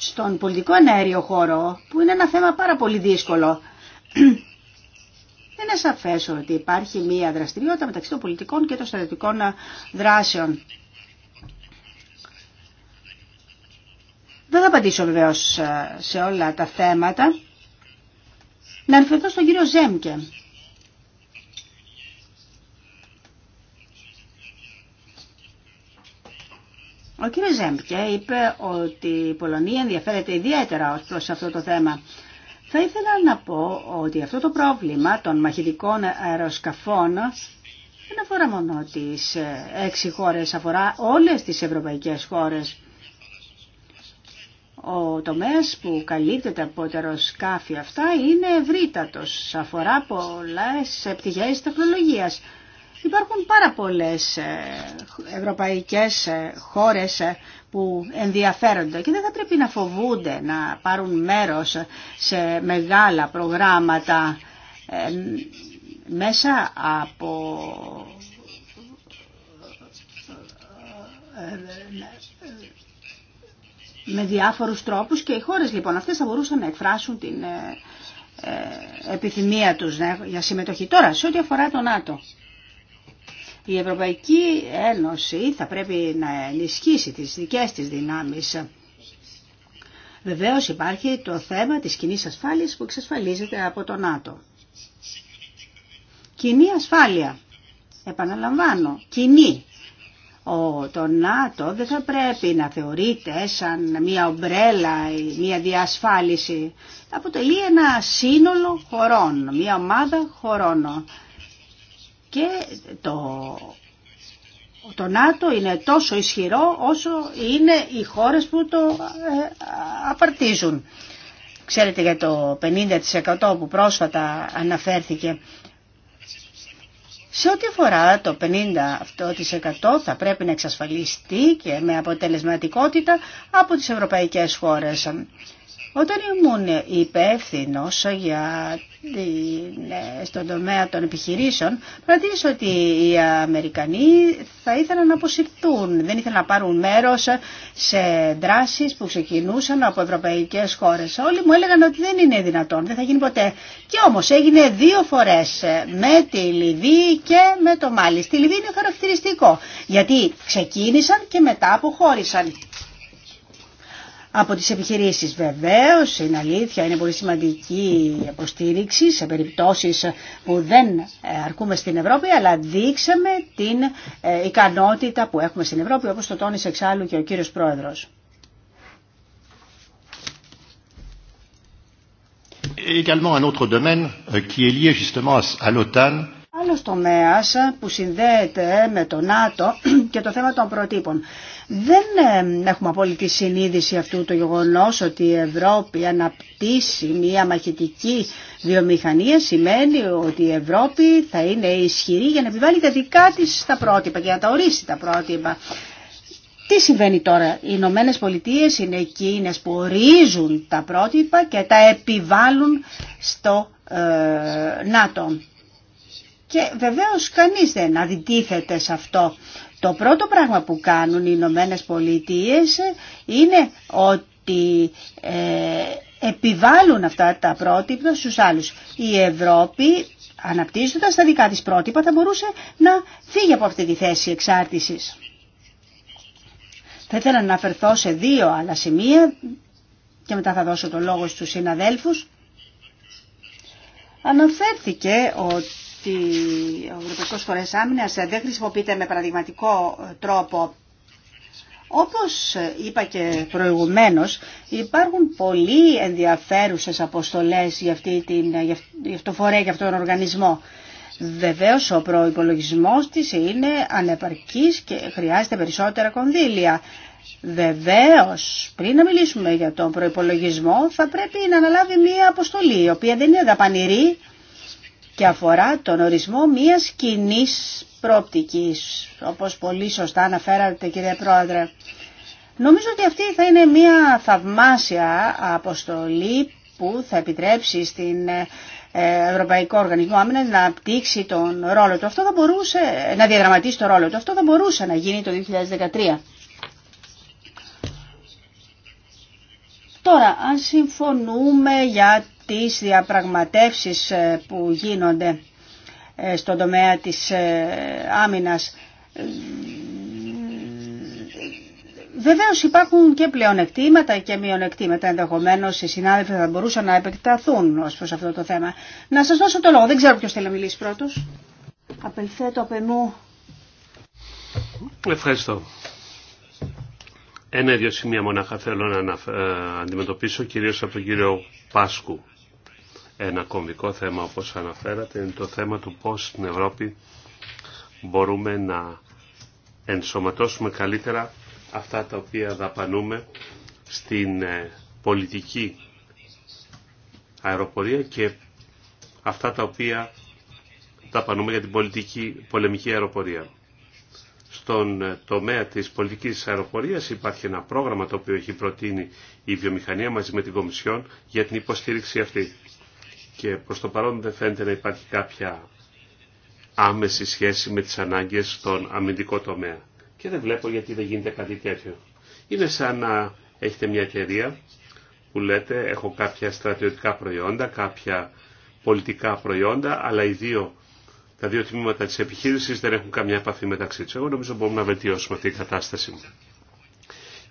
στον πολιτικό αέριο χώρο που είναι ένα θέμα πάρα πολύ δύσκολο. Είναι σαφές ότι υπάρχει μία δραστηριότητα μεταξύ των πολιτικών και των στρατιωτικών δράσεων. Δεν θα απαντήσω βεβαίω σε όλα τα θέματα. Να αναφερθώ στον κύριο Ζέμκε. Ο κύριος Ζέμπκε είπε ότι η Πολωνία ενδιαφέρεται ιδιαίτερα ως προς αυτό το θέμα. Θα ήθελα να πω ότι αυτό το πρόβλημα των μαχητικών αεροσκαφών δεν αφορά μόνο τις έξι χώρες, αφορά όλες τις ευρωπαϊκές χώρες. Ο τομέας που καλύπτεται από τα αεροσκάφη αυτά είναι ευρύτατος, αφορά πολλές πτυχές τεχνολογίας. Υπάρχουν πάρα πολλές ε, ευρωπαϊκές ε, χώρες ε, που ενδιαφέρονται και δεν θα πρέπει να φοβούνται να πάρουν μέρος σε μεγάλα προγράμματα μέσα από με διάφορους τρόπους και οι χώρες λοιπόν αυτές θα μπορούσαν να εκφράσουν την επιθυμία τους ναι, για συμμετοχή. Τώρα, σε ό,τι αφορά το ΝΑΤΟ, η Ευρωπαϊκή Ένωση θα πρέπει να ενισχύσει τις δικές της δυνάμεις. Βεβαίως υπάρχει το θέμα της κοινή ασφάλειας που εξασφαλίζεται από το ΝΑΤΟ. Κοινή ασφάλεια. Επαναλαμβάνω, κοινή. Ο, το ΝΑΤΟ δεν θα πρέπει να θεωρείται σαν μια ομπρέλα ή μια διασφάλιση. Αποτελεί ένα σύνολο χωρών, μια ομάδα χωρών και το, το ΝΑΤΟ είναι τόσο ισχυρό όσο είναι οι χώρες που το ε, απαρτίζουν. Ξέρετε για το 50% που πρόσφατα αναφέρθηκε. Σε ό,τι αφορά το 50% θα πρέπει να εξασφαλιστεί και με αποτελεσματικότητα από τις ευρωπαϊκές χώρες. Όταν ήμουν υπεύθυνο για στον τομέα των επιχειρήσεων, παρατήρησε ότι οι Αμερικανοί θα ήθελαν να αποσυρθούν. Δεν ήθελαν να πάρουν μέρος σε δράσεις που ξεκινούσαν από ευρωπαϊκές χώρες. Όλοι μου έλεγαν ότι δεν είναι δυνατόν, δεν θα γίνει ποτέ. Και όμως έγινε δύο φορές με τη Λιβύη και με το Μάλι. Στη Λιβύη είναι χαρακτηριστικό, γιατί ξεκίνησαν και μετά αποχώρησαν από τις επιχειρήσεις. Βεβαίως, είναι αλήθεια, είναι πολύ σημαντική η αποστήριξη σε περιπτώσεις που δεν ε, αρκούμε στην Ευρώπη, αλλά δείξαμε την ε, ικανότητα που έχουμε στην Ευρώπη, όπως το τόνισε εξάλλου και ο κύριος Πρόεδρος. Également un euh, Άλλο τομέα που συνδέεται με το ΝΑΤΟ *clears throat* και το θέμα των προτύπων. Δεν ε, έχουμε απόλυτη συνείδηση αυτού το γεγονός ότι η Ευρώπη αναπτύσσει μια μαχητική βιομηχανία σημαίνει ότι η Ευρώπη θα είναι ισχυρή για να επιβάλλει τα δικά της τα πρότυπα και να τα ορίσει τα πρότυπα. Τι συμβαίνει τώρα, οι Ηνωμένε Πολιτείε είναι εκείνε που ορίζουν τα πρότυπα και τα επιβάλλουν στο ε, ΝΑΤΟ. Και βεβαίως κανείς δεν αντιτίθεται σε αυτό. Το πρώτο πράγμα που κάνουν οι Ηνωμένε Πολιτείε είναι ότι ε, επιβάλλουν αυτά τα πρότυπα στους άλλους. Η Ευρώπη αναπτύσσοντας τα δικά της πρότυπα θα μπορούσε να φύγει από αυτή τη θέση εξάρτησης. Θα ήθελα να αναφερθώ σε δύο άλλα σημεία και μετά θα δώσω το λόγο στους συναδέλφους. Αναφέρθηκε ότι ότι ο Ευρωπαϊκός Φορές Άμυνας ε, δεν χρησιμοποιείται με παραδειγματικό ε, τρόπο όπως είπα και προηγουμένως, υπάρχουν πολύ ενδιαφέρουσες αποστολές για, αυτή την, ε, για αυτό και αυτόν τον οργανισμό. Βεβαίως ο προϋπολογισμός της είναι ανεπαρκής και χρειάζεται περισσότερα κονδύλια. Βεβαίως, πριν να μιλήσουμε για τον προϋπολογισμό, θα πρέπει να αναλάβει μία αποστολή, η οποία δεν είναι δαπανηρή, και αφορά τον ορισμό μιας κοινή πρόπτικης, όπως πολύ σωστά αναφέρατε κύριε Πρόεδρε. Νομίζω ότι αυτή θα είναι μια θαυμάσια αποστολή που θα επιτρέψει στην ε, Ευρωπαϊκό Οργανισμό Άμυνα να πτύξει τον ρόλο του. Αυτό θα μπορούσε να διαδραματίσει τον ρόλο του. Αυτό θα μπορούσε να γίνει το 2013. Τώρα, αν συμφωνούμε για τις διαπραγματεύσεις ε, που γίνονται ε, στον τομέα της ε, άμυνας. Βεβαίω υπάρχουν και πλεονεκτήματα και μειονεκτήματα. Ενδεχομένω οι συνάδελφοι θα μπορούσαν να επεκταθούν ω προ αυτό το θέμα. Να σα δώσω το λόγο. Δεν ξέρω ποιο θέλει να μιλήσει πρώτο. Απελθέτω απ' εμού. Ευχαριστώ. Ένα-δύο σημεία μονάχα θέλω να αντιμετωπίσω κυρίω από τον κύριο Πάσκου. Ένα κομβικό θέμα όπως αναφέρατε είναι το θέμα του πώς στην Ευρώπη μπορούμε να ενσωματώσουμε καλύτερα αυτά τα οποία δαπανούμε στην ε, πολιτική αεροπορία και αυτά τα οποία δαπανούμε για την πολιτική, πολεμική αεροπορία. Στον ε, τομέα της πολιτικής αεροπορίας υπάρχει ένα πρόγραμμα το οποίο έχει προτείνει η βιομηχανία μαζί με την Κομισιόν για την υποστήριξη αυτή και προς το παρόν δεν φαίνεται να υπάρχει κάποια άμεση σχέση με τις ανάγκες στον αμυντικό τομέα. Και δεν βλέπω γιατί δεν γίνεται κάτι τέτοιο. Είναι σαν να έχετε μια εταιρεία που λέτε έχω κάποια στρατιωτικά προϊόντα, κάποια πολιτικά προϊόντα, αλλά οι δύο, τα δύο τμήματα της επιχείρησης δεν έχουν καμιά επαφή μεταξύ τους. Εγώ νομίζω μπορούμε να βελτιώσουμε αυτή η κατάσταση.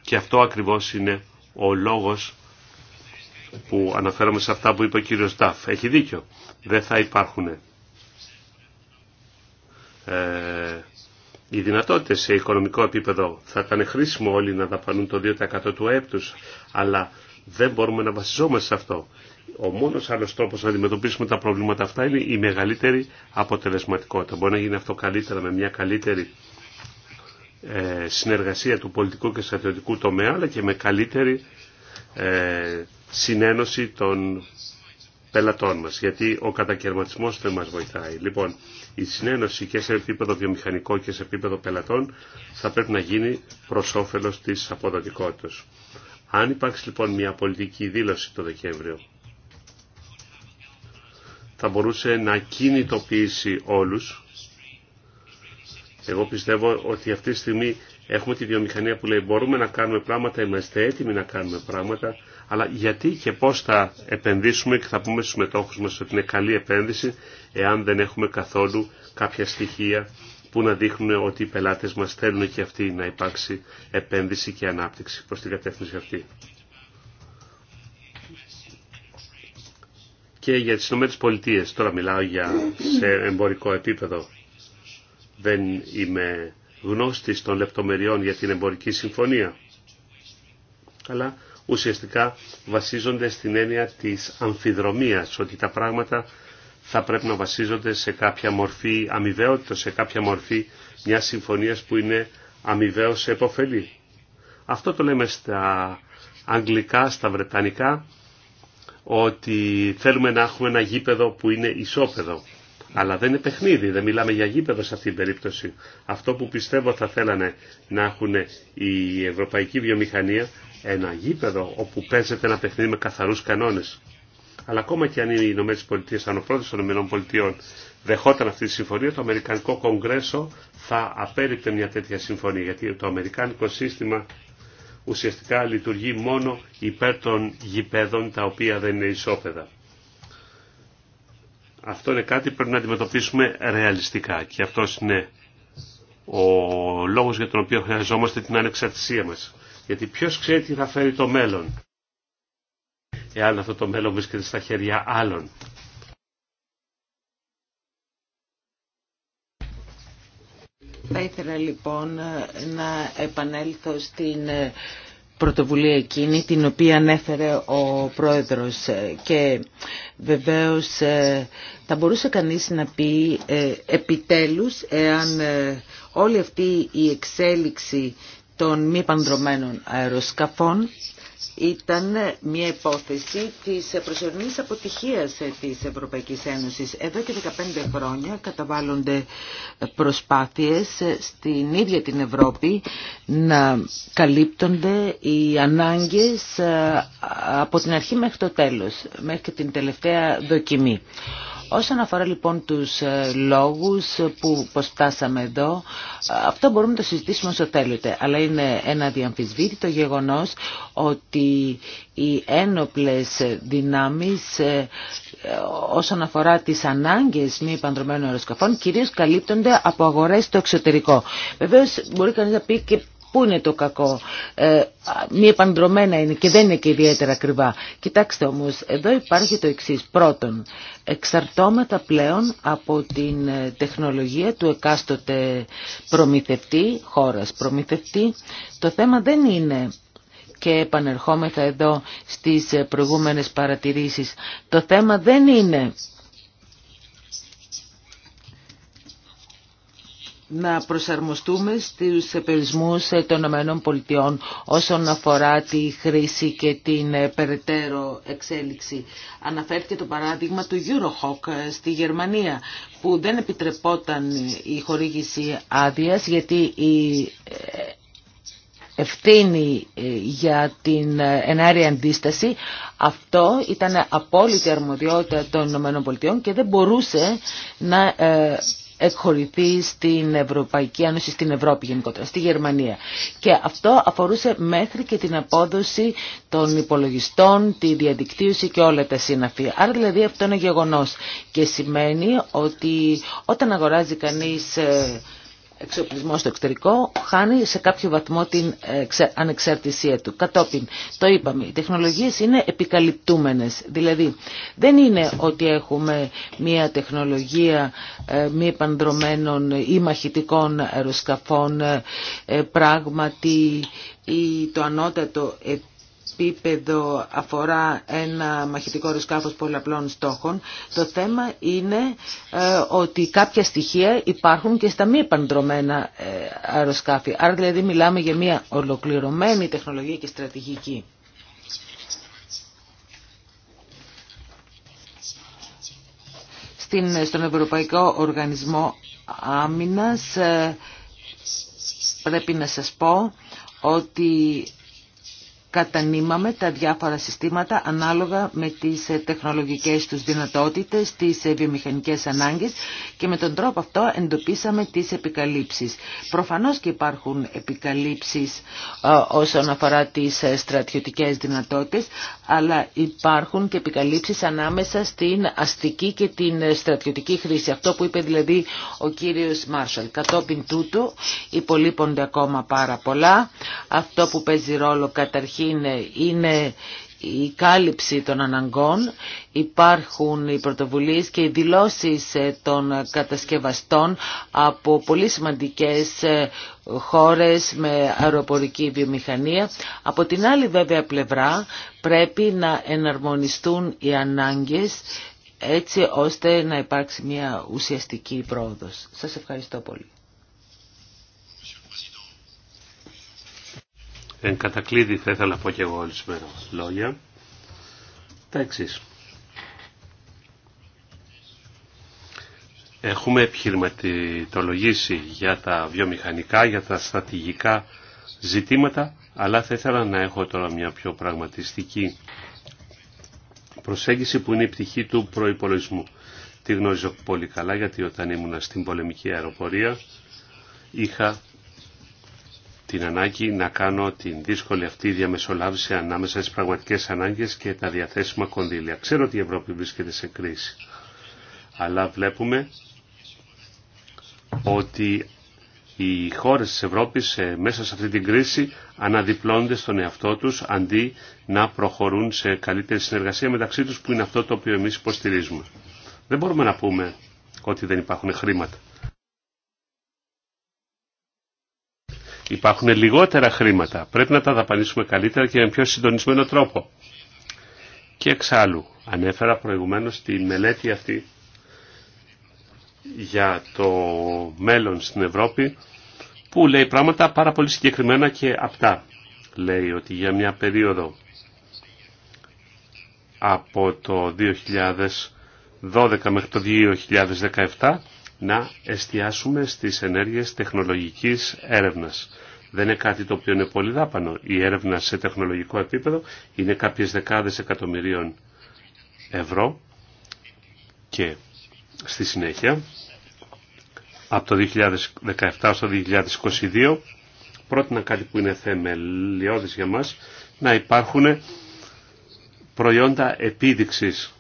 Και αυτό ακριβώς είναι ο λόγος που αναφέρομαι σε αυτά που είπε ο κύριος Νταφ. Έχει δίκιο. Δεν θα υπάρχουν ε, οι δυνατότητε σε οικονομικό επίπεδο. Θα ήταν χρήσιμο όλοι να δαπανούν το 2% του ΑΕΠ τους, αλλά δεν μπορούμε να βασιζόμαστε σε αυτό. Ο μόνος άλλος τρόπος να αντιμετωπίσουμε τα προβλήματα αυτά είναι η μεγαλύτερη αποτελεσματικότητα. Μπορεί να γίνει αυτό καλύτερα με μια καλύτερη ε, συνεργασία του πολιτικού και στρατιωτικού τομέα, αλλά και με καλύτερη ε, συνένωση των πελατών μας, γιατί ο κατακαιρματισμός δεν μας βοηθάει. Λοιπόν, η συνένωση και σε επίπεδο βιομηχανικό και σε επίπεδο πελατών θα πρέπει να γίνει προς όφελος της αποδοτικότητας. Αν υπάρξει λοιπόν μια πολιτική δήλωση το Δεκέμβριο, θα μπορούσε να κινητοποιήσει όλους. Εγώ πιστεύω ότι αυτή τη στιγμή έχουμε τη βιομηχανία που λέει μπορούμε να κάνουμε πράγματα, είμαστε έτοιμοι να κάνουμε πράγματα, αλλά γιατί και πώς θα επενδύσουμε και θα πούμε στους μετόχους μας ότι είναι καλή επένδυση εάν δεν έχουμε καθόλου κάποια στοιχεία που να δείχνουν ότι οι πελάτες μας θέλουν και αυτοί να υπάρξει επένδυση και ανάπτυξη προς την κατεύθυνση αυτή. Και για τις ΗΠΑ, τώρα μιλάω για σε εμπορικό επίπεδο, δεν είμαι γνώστης των λεπτομεριών για την εμπορική συμφωνία. Αλλά ουσιαστικά βασίζονται στην έννοια της αμφιδρομίας, ότι τα πράγματα θα πρέπει να βασίζονται σε κάποια μορφή αμοιβαιότητα, σε κάποια μορφή μια συμφωνίας που είναι αμοιβαίως επωφελή. Αυτό το λέμε στα αγγλικά, στα βρετανικά, ότι θέλουμε να έχουμε ένα γήπεδο που είναι ισόπεδο. Αλλά δεν είναι παιχνίδι, δεν μιλάμε για γήπεδο σε αυτήν την περίπτωση. Αυτό που πιστεύω θα θέλανε να έχουν η ευρωπαϊκή βιομηχανία ένα γήπεδο όπου παίζεται ένα παιχνίδι με καθαρούς κανόνες. Αλλά ακόμα και αν οι Ηνωμένε Πολιτείε, αν ο πρόεδρο των Ηνωμένων Πολιτείων δεχόταν αυτή τη συμφωνία, το Αμερικανικό Κογκρέσο θα απέριπτε μια τέτοια συμφωνία. Γιατί το Αμερικάνικο σύστημα ουσιαστικά λειτουργεί μόνο υπέρ των γηπέδων τα οποία δεν είναι ισόπεδα. Αυτό είναι κάτι που πρέπει να αντιμετωπίσουμε ρεαλιστικά και αυτό είναι ο λόγος για τον οποίο χρειαζόμαστε την ανεξαρτησία μας. Γιατί ποιος ξέρει τι θα φέρει το μέλλον, εάν αυτό το μέλλον βρίσκεται στα χέρια άλλων. Θα ήθελα λοιπόν να επανέλθω στην ε, πρωτοβουλία εκείνη την οποία ανέφερε ο πρόεδρος ε, και βεβαίως ε, θα μπορούσε κανείς να πει επιτέλους εάν όλη αυτή η εξέλιξη των μη πανδρομένων αεροσκαφών ήταν μια υπόθεση της προσωρινής αποτυχίας της Ευρωπαϊκής Ένωσης. Εδώ και 15 χρόνια καταβάλλονται προσπάθειες στην ίδια την Ευρώπη να καλύπτονται οι ανάγκες ε, από την αρχή μέχρι το τέλος, μέχρι και την τελευταία δοκιμή. Όσον αφορά λοιπόν τους ε, λόγους που πως εδώ, αυτό μπορούμε να το συζητήσουμε όσο θέλετε. Αλλά είναι ένα διαμφισβήτητο γεγονός ότι οι ένοπλες δυνάμεις ε, όσον αφορά τις ανάγκες μη επανδρομένων αεροσκαφών κυρίως καλύπτονται από αγορές στο εξωτερικό. Βεβαίως μπορεί κανείς να πει και Πού είναι το κακό. Ε, μη επανδρομένα είναι και δεν είναι και ιδιαίτερα ακριβά. Κοιτάξτε όμως, εδώ υπάρχει το εξής. Πρώτον, εξαρτώματα πλέον από την ε, τεχνολογία του εκάστοτε προμηθευτή χώρας. Προμηθευτή, το θέμα δεν είναι και επανερχόμεθα εδώ στις ε, προηγούμενες παρατηρήσεις. Το θέμα δεν είναι να προσαρμοστούμε στους επερισμούς των ΗΠΑ όσον αφορά τη χρήση και την ε, περαιτέρω εξέλιξη. Αναφέρθηκε το παράδειγμα του Eurohawk ε, στη Γερμανία που δεν επιτρεπόταν η χορήγηση άδεια γιατί η ε, ευθύνη για την ενάρια αντίσταση αυτό ήταν απόλυτη αρμοδιότητα των ΗΠΑ και δεν μπορούσε να εκχωρηθεί στην Ευρωπαϊκή Ένωση, στην Ευρώπη γενικότερα, στη Γερμανία. Και αυτό αφορούσε μέχρι και την απόδοση των υπολογιστών, τη διαδικτύωση και όλα τα σύναφη. Άρα δηλαδή αυτό είναι γεγονός και σημαίνει ότι όταν αγοράζει κανείς ε, εξοπλισμό στο εξωτερικό χάνει σε κάποιο βαθμό την ε, ανεξαρτησία του. Κατόπιν, το είπαμε, οι τεχνολογίες είναι επικαλυπτούμενες. Δηλαδή, δεν είναι ότι έχουμε μια τεχνολογία ε, μη επανδρομένων ή μαχητικών αεροσκαφών ε, πράγματι ή το ανώτατο επίπεδο επίπεδο αφορά ένα μαχητικό αεροσκάφος πολλαπλών στόχων. Το θέμα είναι ε, ότι κάποια στοιχεία υπάρχουν και στα μη επανδρομένα ε, αεροσκάφη. Άρα δηλαδή μιλάμε για μια ολοκληρωμένη τεχνολογία και στρατηγική. Στην, στον Ευρωπαϊκό Οργανισμό Άμυνας ε, πρέπει να σας πω ότι κατανείμαμε τα διάφορα συστήματα ανάλογα με τις ε, τεχνολογικές τους δυνατότητες, τις ε, βιομηχανικές ανάγκες και με τον τρόπο αυτό εντοπίσαμε τις επικαλύψεις. Προφανώς και υπάρχουν επικαλύψεις ε, όσον αφορά τις στρατιωτικές δυνατότητες, αλλά υπάρχουν και επικαλύψεις ανάμεσα στην αστική και την στρατιωτική χρήση. Αυτό που είπε δηλαδή ο κύριος Μάρσαλ. Κατόπιν τούτου υπολείπονται ακόμα πάρα πολλά. Αυτό που παίζει ρόλο είναι, είναι η κάλυψη των αναγκών, υπάρχουν οι πρωτοβουλίες και οι δηλώσεις ε, των κατασκευαστών από πολύ σημαντικές ε, χώρες με αεροπορική βιομηχανία. Από την άλλη βέβαια πλευρά πρέπει να εναρμονιστούν οι ανάγκες έτσι ώστε να υπάρξει μια ουσιαστική πρόοδος. Σας ευχαριστώ πολύ. Εν κατακλείδη θα ήθελα να πω και εγώ μέρα λόγια. Τα εξής. Έχουμε επιχειρηματολογήσει για τα βιομηχανικά, για τα στρατηγικά ζητήματα, αλλά θα ήθελα να έχω τώρα μια πιο πραγματιστική προσέγγιση που είναι η πτυχή του προϋπολογισμού. Τη γνωρίζω πολύ καλά γιατί όταν ήμουν στην πολεμική αεροπορία είχα την ανάγκη να κάνω την δύσκολη αυτή διαμεσολάβηση ανάμεσα στις πραγματικές ανάγκες και τα διαθέσιμα κονδύλια. Ξέρω ότι η Ευρώπη βρίσκεται σε κρίση, αλλά βλέπουμε ότι οι χώρες της Ευρώπης ε, μέσα σε αυτή την κρίση αναδιπλώνονται στον εαυτό τους αντί να προχωρούν σε καλύτερη συνεργασία μεταξύ τους που είναι αυτό το οποίο εμείς υποστηρίζουμε. Δεν μπορούμε να πούμε ότι δεν υπάρχουν χρήματα. υπάρχουν λιγότερα χρήματα. Πρέπει να τα δαπανίσουμε καλύτερα και με πιο συντονισμένο τρόπο. Και εξάλλου, ανέφερα προηγουμένως τη μελέτη αυτή για το μέλλον στην Ευρώπη που λέει πράγματα πάρα πολύ συγκεκριμένα και απτά. Λέει ότι για μια περίοδο από το 2012 μέχρι το 2017 να εστιάσουμε στις ενέργειες τεχνολογικής έρευνας. Δεν είναι κάτι το οποίο είναι πολύ δάπανο. Η έρευνα σε τεχνολογικό επίπεδο είναι κάποιες δεκάδες εκατομμυρίων ευρώ και στη συνέχεια από το 2017 στο 2022 πρότεινα κάτι που είναι θεμελιώδης για μας να υπάρχουν προϊόντα επίδειξης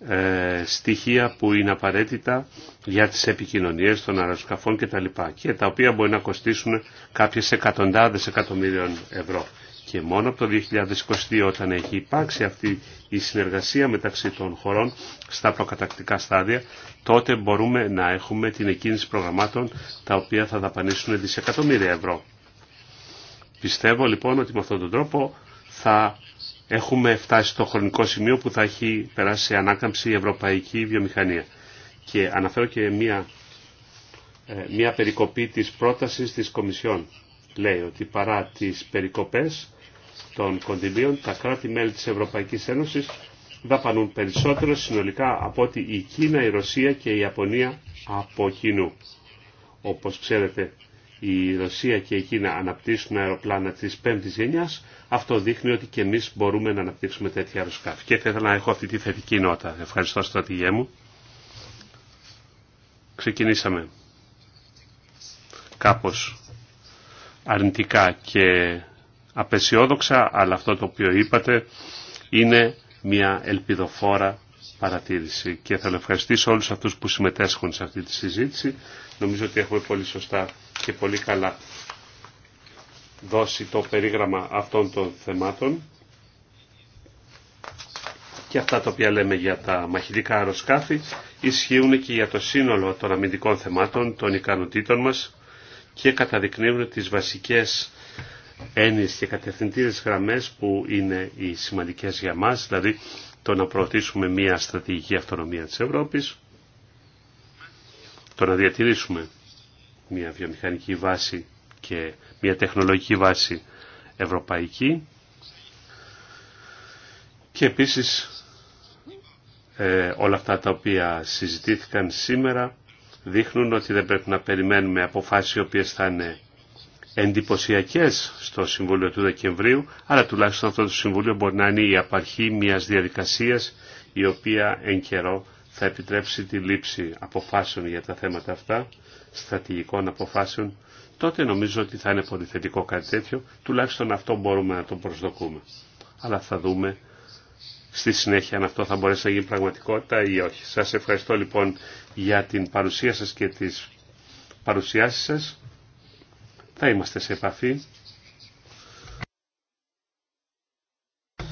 ε, στοιχεία που είναι απαραίτητα για τις επικοινωνίες των αεροσκαφών λοιπά, Και τα οποία μπορεί να κοστίσουν κάποιες εκατοντάδες εκατομμύριων ευρώ. Και μόνο από το 2022 όταν έχει υπάρξει αυτή η συνεργασία μεταξύ των χωρών στα προκατακτικά στάδια, τότε μπορούμε να έχουμε την εκκίνηση προγραμμάτων τα οποία θα δαπανίσουν δισεκατομμύρια ευρώ. Πιστεύω λοιπόν ότι με αυτόν τον τρόπο θα έχουμε φτάσει στο χρονικό σημείο που θα έχει περάσει ανάκαμψη η ευρωπαϊκή βιομηχανία. Και αναφέρω και μία, ε, μία περικοπή της πρότασης της Κομισιόν. Λέει ότι παρά τις περικοπές των κονδυλίων, τα κράτη-μέλη της Ευρωπαϊκής Ένωσης δαπανούν περισσότερο συνολικά από ότι η Κίνα, η Ρωσία και η Ιαπωνία από κοινού. Όπως ξέρετε, η Ρωσία και η Κίνα αναπτύσσουν αεροπλάνα της πέμπτης γενιάς, αυτό δείχνει ότι και εμείς μπορούμε να αναπτύξουμε τέτοια αεροσκάφη. Και θα ήθελα να έχω αυτή τη θετική νότα. Ευχαριστώ στρατηγέ μου. Ξεκινήσαμε κάπως αρνητικά και απεσιόδοξα, αλλά αυτό το οποίο είπατε είναι μια ελπιδοφόρα παρατήρηση και θα ευχαριστήσω όλους αυτούς που συμμετέσχουν σε αυτή τη συζήτηση. Νομίζω ότι έχουμε πολύ σωστά και πολύ καλά δώσει το περίγραμμα αυτών των θεμάτων και αυτά τα οποία λέμε για τα μαχητικά αεροσκάφη ισχύουν και για το σύνολο των αμυντικών θεμάτων, των ικανοτήτων μας και καταδεικνύουν τις βασικές έννοιες και κατευθυντήρες γραμμές που είναι οι σημαντικές για μας, δηλαδή το να προωθήσουμε μια στρατηγική αυτονομία της Ευρώπης, το να διατηρήσουμε μια βιομηχανική βάση και μια τεχνολογική βάση ευρωπαϊκή και επίσης ε, όλα αυτά τα οποία συζητήθηκαν σήμερα δείχνουν ότι δεν πρέπει να περιμένουμε αποφάσεις οι οποίες θα είναι εντυπωσιακέ στο Συμβούλιο του Δεκεμβρίου, αλλά τουλάχιστον αυτό το Συμβούλιο μπορεί να είναι η απαρχή μιας διαδικασίας η οποία εν καιρό θα επιτρέψει τη λήψη αποφάσεων για τα θέματα αυτά στρατηγικών αποφάσεων, τότε νομίζω ότι θα είναι πολύ θετικό κάτι τέτοιο. Τουλάχιστον αυτό μπορούμε να το προσδοκούμε. Αλλά θα δούμε στη συνέχεια αν αυτό θα μπορέσει να γίνει πραγματικότητα ή όχι. Σας ευχαριστώ λοιπόν για την παρουσία σας και τις παρουσιάσεις σας. Θα είμαστε σε επαφή.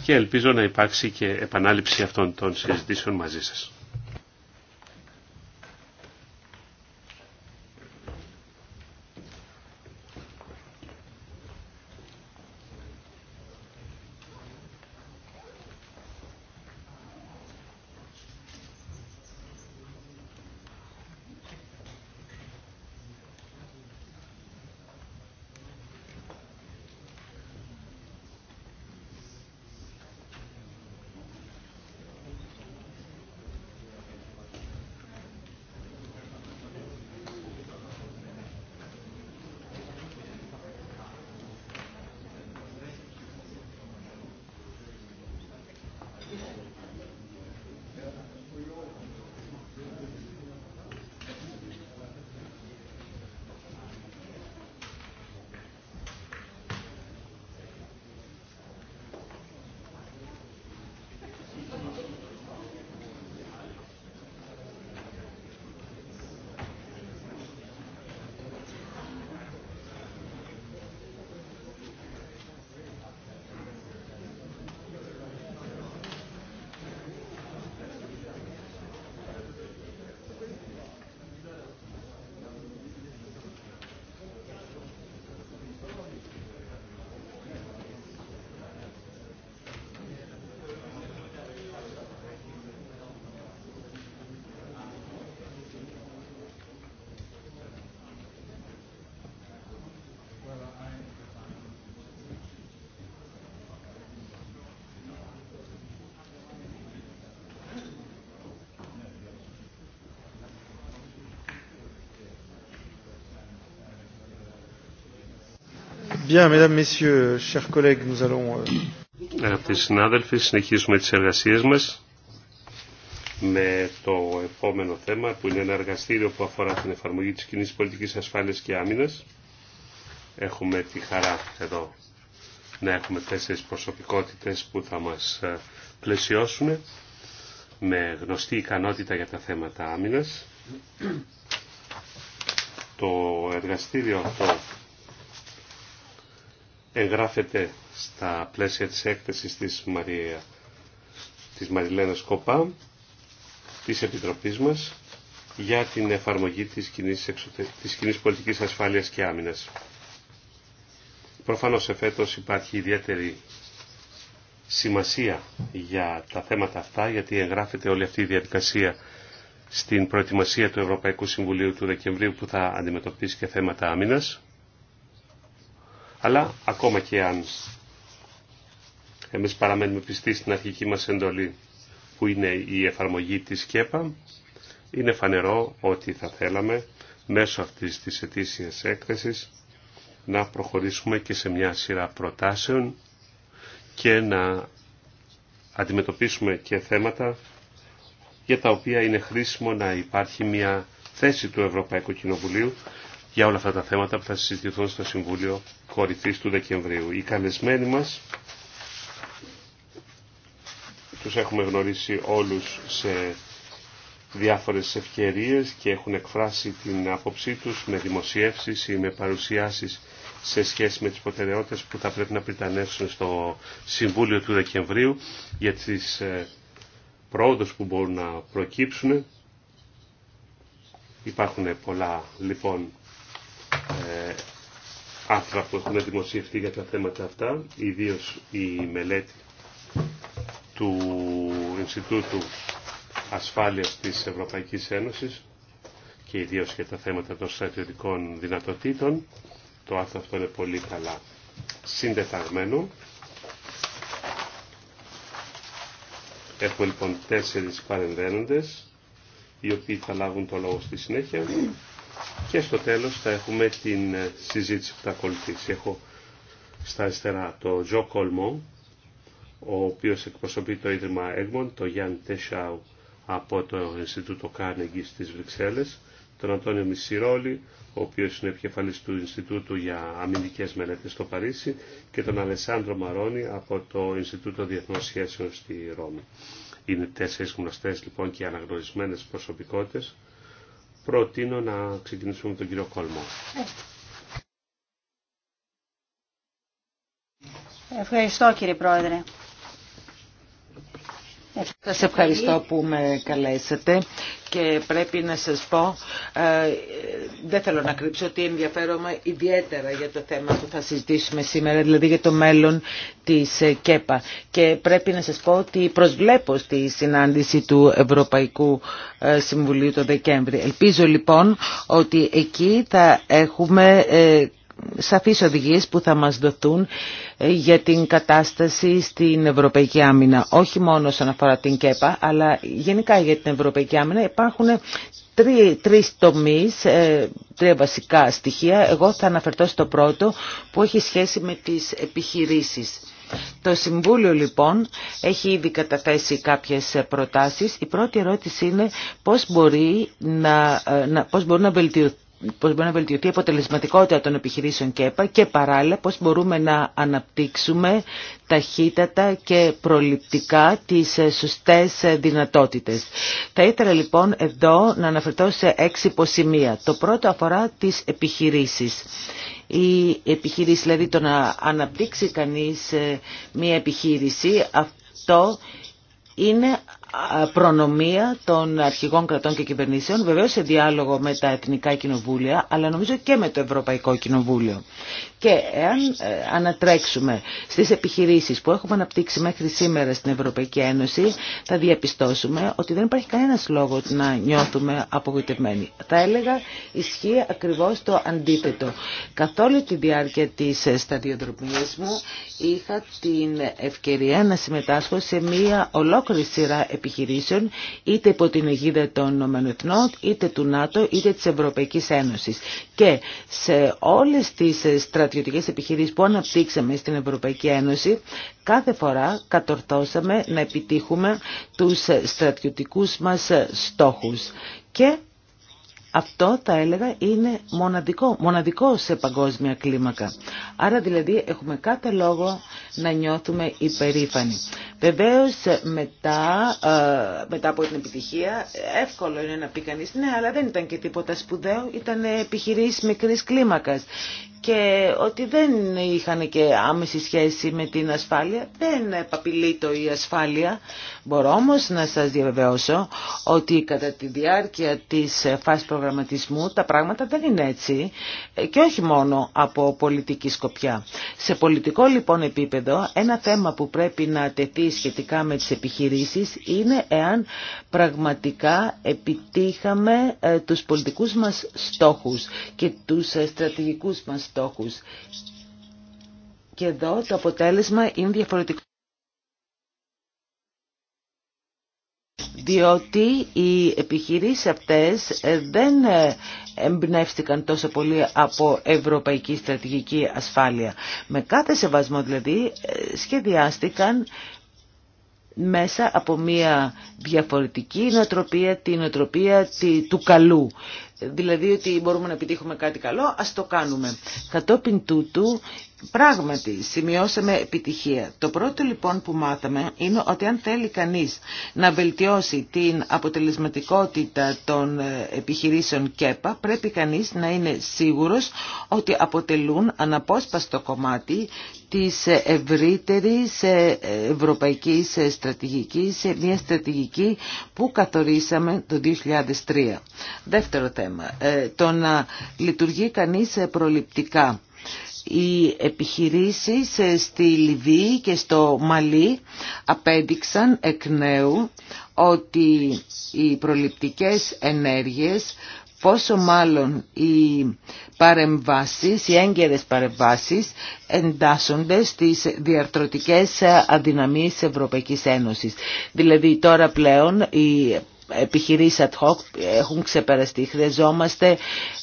Και ελπίζω να υπάρξει και επανάληψη αυτών των συζητήσεων μαζί σας. Bien, mesdames, messieurs, chers euh, Αγαπητοί συνάδελφοι, συνεχίζουμε τις εργασίες μας με το επόμενο θέμα που είναι ένα εργαστήριο που αφορά την εφαρμογή της κοινή πολιτικής ασφάλειας και άμυνας. Έχουμε τη χαρά εδώ να έχουμε τέσσερις προσωπικότητες που θα μας ε, πλαισιώσουν με γνωστή ικανότητα για τα θέματα άμυνας. Το εργαστήριο αυτό εγγράφεται στα πλαίσια της έκθεσης της, Μαρία, της Μαριλένας Κοπά, της Επιτροπής μας, για την εφαρμογή της κοινής, εξωτε... της κοινής πολιτικής ασφάλειας και άμυνας. Προφανώς εφέτος υπάρχει ιδιαίτερη σημασία για τα θέματα αυτά, γιατί εγγράφεται όλη αυτή η διαδικασία στην προετοιμασία του Ευρωπαϊκού Συμβουλίου του Δεκεμβρίου που θα αντιμετωπίσει και θέματα άμυνας. Αλλά ακόμα και αν εμείς παραμένουμε πιστοί στην αρχική μας εντολή που είναι η εφαρμογή της ΚΕΠΑ, είναι φανερό ότι θα θέλαμε μέσω αυτής της ετήσιας έκθεσης να προχωρήσουμε και σε μια σειρά προτάσεων και να αντιμετωπίσουμε και θέματα για τα οποία είναι χρήσιμο να υπάρχει μια θέση του Ευρωπαϊκού Κοινοβουλίου για όλα αυτά τα θέματα που θα συζητηθούν στο Συμβούλιο Κορυφής του Δεκεμβρίου. Οι καλεσμένοι μας τους έχουμε γνωρίσει όλους σε διάφορες ευκαιρίες και έχουν εκφράσει την άποψή τους με δημοσιεύσεις ή με παρουσιάσεις σε σχέση με τις προτεραιότητες που θα πρέπει να πριτανεύσουν στο Συμβούλιο του Δεκεμβρίου για τις ε, πρόοδους που μπορούν να προκύψουν. Υπάρχουν πολλά λοιπόν άρθρα που έχουν δημοσιευτεί για τα θέματα αυτά, ιδίω η μελέτη του Ινστιτούτου Ασφάλειας της Ευρωπαϊκής Ένωσης και ιδίως για τα θέματα των στρατιωτικών δυνατοτήτων. Το άρθρο αυτό είναι πολύ καλά συντεταγμένο. Έχουμε λοιπόν τέσσερις παρεμβαίνοντες, οι οποίοι θα λάβουν το λόγο στη συνέχεια και στο τέλος θα έχουμε την ε, συζήτηση που θα ακολουθήσει. Έχω στα αριστερά το Τζο Κολμό, ο οποίος εκπροσωπεί το Ίδρυμα Έγμον, το Γιάννη Τέσσαου από το Ινστιτούτο Κάνεγκη στις Βρυξέλλες, τον Αντώνιο Μισιρόλη, ο οποίος είναι επικεφαλής του Ινστιτούτου για Αμυντικές Μελέτες στο Παρίσι και τον Αλεσάνδρο Μαρόνι από το Ινστιτούτο Διεθνών Σχέσεων στη Ρώμη. Είναι τέσσερις γνωστές λοιπόν και αναγνωρισμένες προσωπικότητες προτείνω να ξεκινήσουμε με τον κύριο Κόλμο. Ε. Ευχαριστώ κύριε Πρόεδρε. Σας ευχαριστώ που με καλέσατε και πρέπει να σας πω, ε, δεν θέλω να κρύψω ότι ενδιαφέρομαι ιδιαίτερα για το θέμα που θα συζητήσουμε σήμερα, δηλαδή για το μέλλον της ε, ΚΕΠΑ. Και πρέπει να σας πω ότι προσβλέπω στη συνάντηση του Ευρωπαϊκού ε, Συμβουλίου το Δεκέμβρη. Ελπίζω λοιπόν ότι εκεί θα έχουμε σαφείς οδηγίες που θα μας δοθούν ε, για την κατάσταση στην Ευρωπαϊκή Άμυνα. Όχι μόνο όσον αφορά την ΚΕΠΑ, αλλά γενικά για την Ευρωπαϊκή Άμυνα υπάρχουν τρει τρεις τομείς, ε, τρία βασικά στοιχεία. Εγώ θα αναφερθώ στο πρώτο που έχει σχέση με τις επιχειρήσεις. Το Συμβούλιο λοιπόν έχει ήδη καταθέσει κάποιες προτάσεις. Η πρώτη ερώτηση είναι πώς, μπορεί να, ε, πώς να πώς μπορεί να βελτιωθεί η αποτελεσματικότητα των επιχειρήσεων ΚΕΠΑ και παράλληλα πώς μπορούμε να αναπτύξουμε ταχύτατα και προληπτικά τις ε, σωστές ε, δυνατότητες. Θα ήθελα λοιπόν εδώ να αναφερθώ σε έξι υποσημεία. Το πρώτο αφορά τις επιχειρήσεις. Η επιχειρήση, δηλαδή το να αναπτύξει κανείς ε, μία επιχείρηση, αυτό είναι προνομία των αρχηγών κρατών και κυβερνήσεων, βεβαίως σε διάλογο με τα Εθνικά Κοινοβούλια, αλλά νομίζω και με το Ευρωπαϊκό Κοινοβούλιο. Και εάν ε, ανατρέξουμε στις επιχειρήσεις που έχουμε αναπτύξει μέχρι σήμερα στην Ευρωπαϊκή Ένωση, θα διαπιστώσουμε ότι δεν υπάρχει κανένας λόγο να νιώθουμε απογοητευμένοι. Θα έλεγα ισχύει ακριβώς το αντίθετο. Καθ' όλη τη διάρκεια της ε, σταδιοδρομίας μου είχα την ευκαιρία να συμμετάσχω σε μία ολόκληρη σειρά επιχειρήσεων είτε υπό την αιγίδα των ΗΠΑ, είτε του ΝΑΤΟ, είτε της Ευρωπαϊκής Ένωσης. Και σε όλες τις ε, στρατιωτικές επιχειρήσεις που αναπτύξαμε στην Ευρωπαϊκή Ένωση, κάθε φορά κατορθώσαμε να επιτύχουμε τους ε, στρατιωτικούς μας ε, στόχους. Και αυτό θα έλεγα είναι μοναδικό, μοναδικό σε παγκόσμια κλίμακα. Άρα δηλαδή έχουμε κάθε λόγο να νιώθουμε υπερήφανοι. Βεβαίως μετά, ε, μετά από την επιτυχία εύκολο είναι να πει κανείς ναι αλλά δεν ήταν και τίποτα σπουδαίο, ήταν επιχειρήσεις μικρής κλίμακας και ότι δεν είχαν και άμεση σχέση με την ασφάλεια. Δεν επαπειλεί η ασφάλεια. Μπορώ όμως να σας διαβεβαιώσω ότι κατά τη διάρκεια της φάσης προγραμματισμού τα πράγματα δεν είναι έτσι και όχι μόνο από πολιτική σκοπιά. Σε πολιτικό λοιπόν επίπεδο ένα θέμα που πρέπει να τεθεί σχετικά με τις επιχειρήσεις είναι εάν πραγματικά επιτύχαμε ε, τους πολιτικούς μας στόχους και τους ε, στρατηγικούς μας και εδώ το αποτέλεσμα είναι διαφορετικό. διότι οι επιχειρήσεις αυτές ε, δεν ε, εμπνεύστηκαν τόσο πολύ από ευρωπαϊκή στρατηγική ασφάλεια. Με κάθε σεβασμό δηλαδή ε, σχεδιάστηκαν μέσα από μια διαφορετική νοοτροπία, την νοοτροπία του καλού. Δηλαδή ότι μπορούμε να επιτύχουμε κάτι καλό, ας το κάνουμε. Κατόπιν τούτου Πράγματι, σημειώσαμε επιτυχία. Το πρώτο λοιπόν που μάθαμε είναι ότι αν θέλει κανείς να βελτιώσει την αποτελεσματικότητα των ε, επιχειρήσεων ΚΕΠΑ, πρέπει κανείς να είναι σίγουρος ότι αποτελούν αναπόσπαστο κομμάτι της ευρύτερης ε, ευρωπαϊκής στρατηγικής, ε, μια στρατηγική που καθορίσαμε το 2003. Δεύτερο θέμα, το να λειτουργεί κανείς προληπτικά οι επιχειρήσεις ε, στη Λιβύη και στο Μαλί απέδειξαν εκ νέου ότι οι προληπτικές ενέργειες πόσο μάλλον οι παρεμβάσεις, οι έγκαιρες παρεμβάσεις εντάσσονται στις διαρτρωτικές αδυναμίες της Ευρωπαϊκής Ένωσης. Δηλαδή τώρα πλέον οι επιχειρήσεις ad hoc έχουν ξεπεραστεί. Χρειαζόμαστε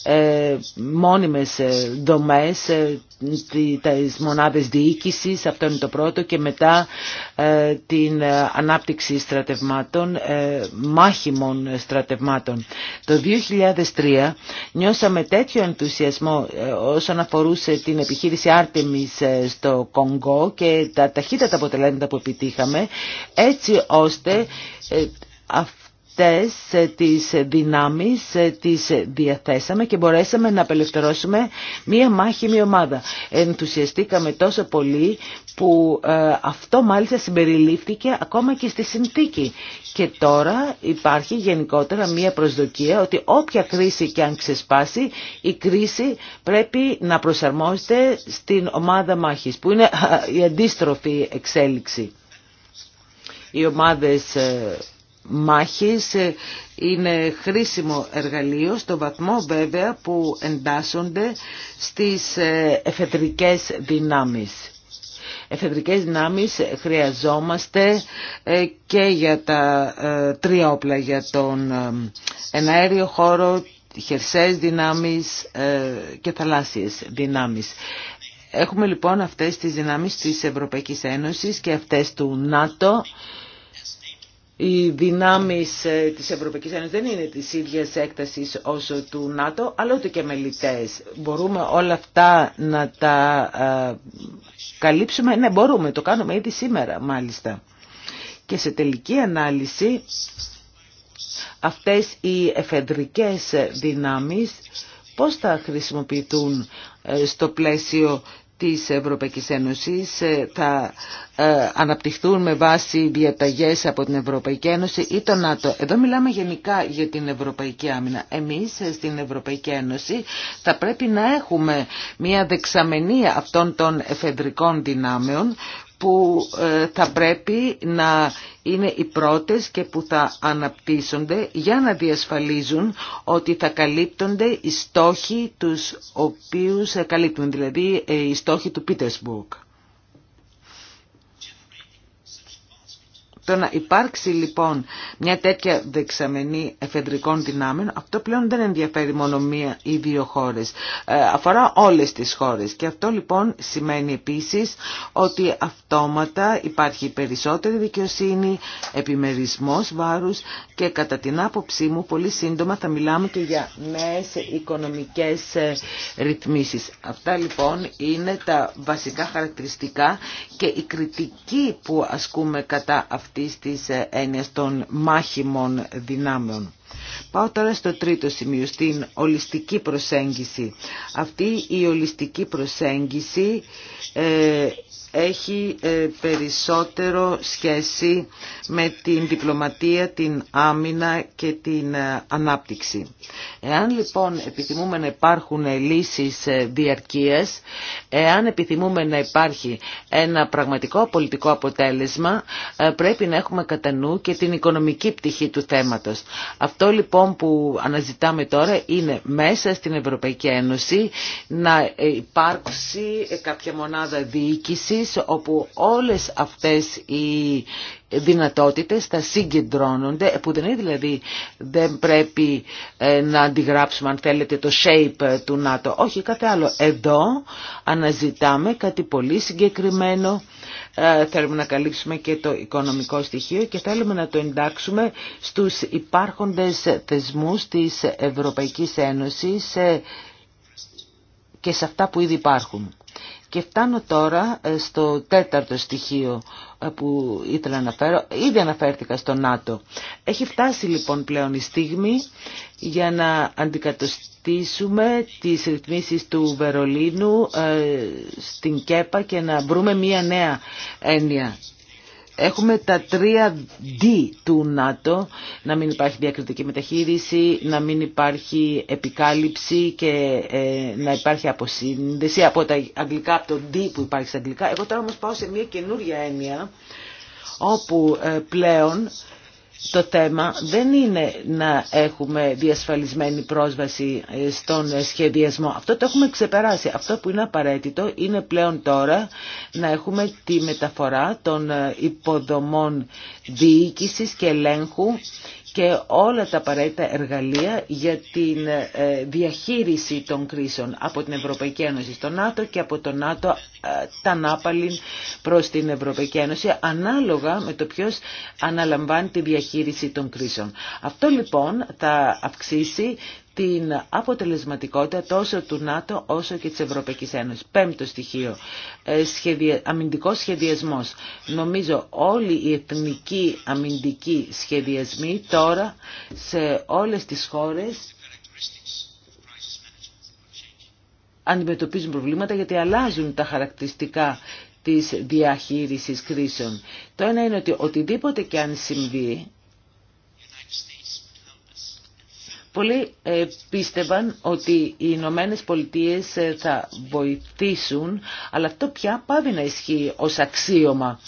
ε, μόνιμες ε, δομές, ε, τις μονάδες διοίκησης, αυτό είναι το πρώτο, και μετά ε, την ε, ανάπτυξη στρατευμάτων, μάχημων στρατευμάτων. Το 2003 νιώσαμε τέτοιο ενθουσιασμό όσον αφορούσε την επιχείρηση Άρτεμις στο Κονγκό και τα ταχύτατα αποτελέσματα που επιτύχαμε, έτσι ώστε αυτές τις δυνάμεις τις διαθέσαμε και μπορέσαμε να απελευθερώσουμε μία μάχη, μία ομάδα. Ενθουσιαστήκαμε τόσο πολύ που ε, αυτό μάλιστα συμπεριλήφθηκε ακόμα και στη συνθήκη. Και τώρα υπάρχει γενικότερα μία προσδοκία ότι όποια κρίση και αν ξεσπάσει η κρίση πρέπει να προσαρμόζεται στην ομάδα μάχης που είναι ε, η αντίστροφη εξέλιξη. Οι ομάδες ε, μάχης ε, είναι χρήσιμο εργαλείο στο βαθμό βέβαια που εντάσσονται στις ε, εφετρικές δυνάμεις. Εφεδρικές δυνάμεις χρειαζόμαστε ε, και για τα τρία όπλα, για τον εναέριο χώρο, χερσαίες δυνάμεις και θαλάσσιες δυνάμεις. Έχουμε λοιπόν αυτές τις δυνάμεις της Ευρωπαϊκής Ένωσης και αυτές του ΝΑΤΟ οι δυνάμεις ε, της Ευρωπαϊκής Ένωσης δεν είναι της ίδιας έκτασης όσο του ΝΑΤΟ, αλλά ούτε και μελιτές. Μπορούμε όλα αυτά να τα ε, καλύψουμε. Ναι, μπορούμε, το κάνουμε ήδη σήμερα μάλιστα. Και σε τελική ανάλυση αυτές οι εφεδρικές δυνάμεις πώς θα χρησιμοποιηθούν ε, στο πλαίσιο της Ευρωπαϊκής Ένωσης ε, θα ε, αναπτυχθούν με βάση διαταγές από την Ευρωπαϊκή Ένωση ή το ΝΑΤΟ. Εδώ μιλάμε γενικά για την Ευρωπαϊκή Άμυνα. Εμείς ε, στην Ευρωπαϊκή Ένωση θα πρέπει να έχουμε μια δεξαμενία αυτών των εφεδρικών δυνάμεων που ε, θα πρέπει να είναι οι πρώτες και που θα αναπτύσσονται για να διασφαλίζουν ότι θα καλύπτονται οι στόχοι τους οποίους ε, καλύπτουν, δηλαδή ε, οι στόχοι του Πίτερσμπουργκ. Το να υπάρξει λοιπόν μια τέτοια δεξαμενή εφεδρικών δυνάμεων, αυτό πλέον δεν ενδιαφέρει μόνο μία ή δύο χώρες. Ε, αφορά όλες τις χώρες και αυτό λοιπόν σημαίνει επίσης ότι αυτόματα υπάρχει περισσότερη δικαιοσύνη, επιμερισμός βάρους και κατά την άποψή μου πολύ σύντομα θα μιλάμε και για νέες οικονομικές ε, ρυθμίσεις. Αυτά λοιπόν είναι τα βασικά χαρακτηριστικά και η κριτική που ασκούμε κατά αυτό αυτής της ε, έννοιας των μάχημων δυνάμεων. Πάω τώρα στο τρίτο σημείο, στην ολιστική προσέγγιση. Αυτή η ολιστική προσέγγιση ε, έχει ε, περισσότερο σχέση με την διπλωματία, την άμυνα και την ε, ανάπτυξη. Εάν λοιπόν επιθυμούμε να υπάρχουν λύσεις διαρκείας, εάν επιθυμούμε να υπάρχει ένα πραγματικό πολιτικό αποτέλεσμα, πρέπει να έχουμε κατά νου και την οικονομική πτυχή του θέματος. Το λοιπόν που αναζητάμε τώρα είναι μέσα στην Ευρωπαϊκή Ένωση να υπάρξει κάποια μονάδα διοίκησης όπου όλες αυτές οι δυνατότητες θα συγκεντρώνονται που δεν είναι δηλαδή δεν πρέπει ε, να αντιγράψουμε αν θέλετε το shape του ΝΑΤΟ όχι κάτι άλλο εδώ αναζητάμε κάτι πολύ συγκεκριμένο ε, θέλουμε να καλύψουμε και το οικονομικό στοιχείο και θέλουμε να το εντάξουμε στους υπάρχοντες θεσμούς της Ευρωπαϊκής Ένωσης ε, και σε αυτά που ήδη υπάρχουν. Και φτάνω τώρα ε, στο τέταρτο στοιχείο ε, που ήθελα να αναφέρω. Ήδη αναφέρθηκα στο ΝΑΤΟ. Έχει φτάσει λοιπόν πλέον η στιγμή για να αντικατοστήσουμε τις ρυθμίσεις του Βερολίνου ε, στην ΚΕΠΑ και να βρούμε μία νέα έννοια Έχουμε τα τρία D του ΝΑΤΟ, να μην υπάρχει διακριτική μεταχείριση, να μην υπάρχει επικάλυψη και ε, να υπάρχει αποσύνδεση από τα αγγλικά, από το D που υπάρχει στα αγγλικά. Εγώ τώρα όμως πάω σε μια καινούρια έννοια, όπου ε, πλέον το θέμα δεν είναι να έχουμε διασφαλισμένη πρόσβαση ε, στον ε, σχεδιασμό. Αυτό το έχουμε ξεπεράσει. Αυτό που είναι απαραίτητο είναι πλέον τώρα να έχουμε τη μεταφορά των ε, υποδομών διοίκησης και ελέγχου και όλα τα απαραίτητα εργαλεία για την ε, διαχείριση των κρίσεων από την Ευρωπαϊκή Ένωση στο ΝΑΤΟ και από το ΝΑΤΟ ε, τα ΝΑΠΑΛΗ προς την Ευρωπαϊκή Ένωση ανάλογα με το ποιος αναλαμβάνει τη διαχείριση των κρίσεων. Αυτό λοιπόν θα αυξήσει την αποτελεσματικότητα τόσο του ΝΑΤΟ όσο και της Ευρωπαϊκής Ένωσης. Πέμπτο στοιχείο, ε, σχεδια... αμυντικός σχεδιασμός. Νομίζω όλοι οι εθνικοί αμυντικοί σχεδιασμοί τώρα σε όλες τις χώρες αντιμετωπίζουν προβλήματα γιατί αλλάζουν τα χαρακτηριστικά της διαχείρισης κρίσεων. Το ένα είναι ότι οτιδήποτε και αν συμβεί Πολλοί ε, πίστευαν ότι οι Ηνωμένε Πολιτείε ε, θα βοηθήσουν, αλλά αυτό πια πάβει να ισχύει ως αξίωμα.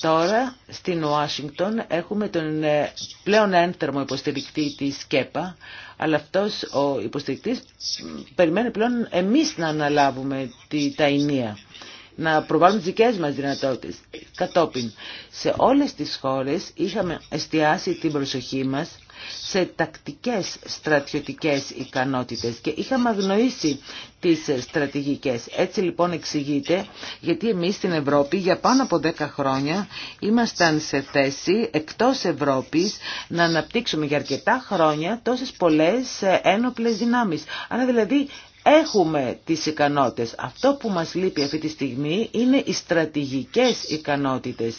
Τώρα στην Ουάσιγκτον έχουμε τον ε, πλέον ένθερμο υποστηρικτή της ΚΕΠΑ, αλλά αυτός ο υποστηρικτής περιμένει πλέον εμείς να αναλάβουμε τη, ταϊνία. να προβάλλουμε τις δικές μας δυνατότητες. Κατόπιν, σε όλες τις χώρες είχαμε εστιάσει την προσοχή μας σε τακτικές στρατιωτικές ικανότητες και είχαμε αγνοήσει τις στρατηγικές. Έτσι λοιπόν εξηγείται γιατί εμείς στην Ευρώπη για πάνω από 10 χρόνια ήμασταν σε θέση εκτός Ευρώπης να αναπτύξουμε για αρκετά χρόνια τόσες πολλές ένοπλες δυνάμεις. Άρα δηλαδή Έχουμε τις ικανότητες. Αυτό που μας λείπει αυτή τη στιγμή είναι οι στρατηγικές ικανότητες.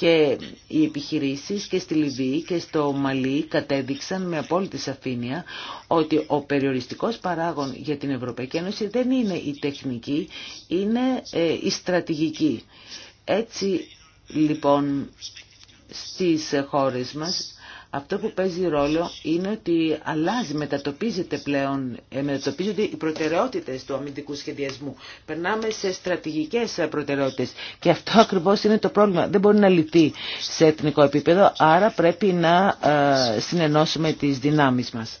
Και οι επιχειρήσεις και στη Λιβύη και στο Μαλί κατέδειξαν με απόλυτη σαφήνεια ότι ο περιοριστικός παράγων για την Ευρωπαϊκή Ένωση δεν είναι η τεχνική, είναι ε, η στρατηγική. Έτσι λοιπόν στις χώρες μας αυτό που παίζει ρόλο είναι ότι αλλάζει, μετατοπίζεται πλέον, ε, μετατοπίζονται οι προτεραιότητες του αμυντικού σχεδιασμού. Περνάμε σε στρατηγικές προτεραιότητες και αυτό ακριβώς είναι το πρόβλημα. Δεν μπορεί να λυθεί σε εθνικό επίπεδο, άρα πρέπει να ε, συνενώσουμε τις δυνάμεις μας.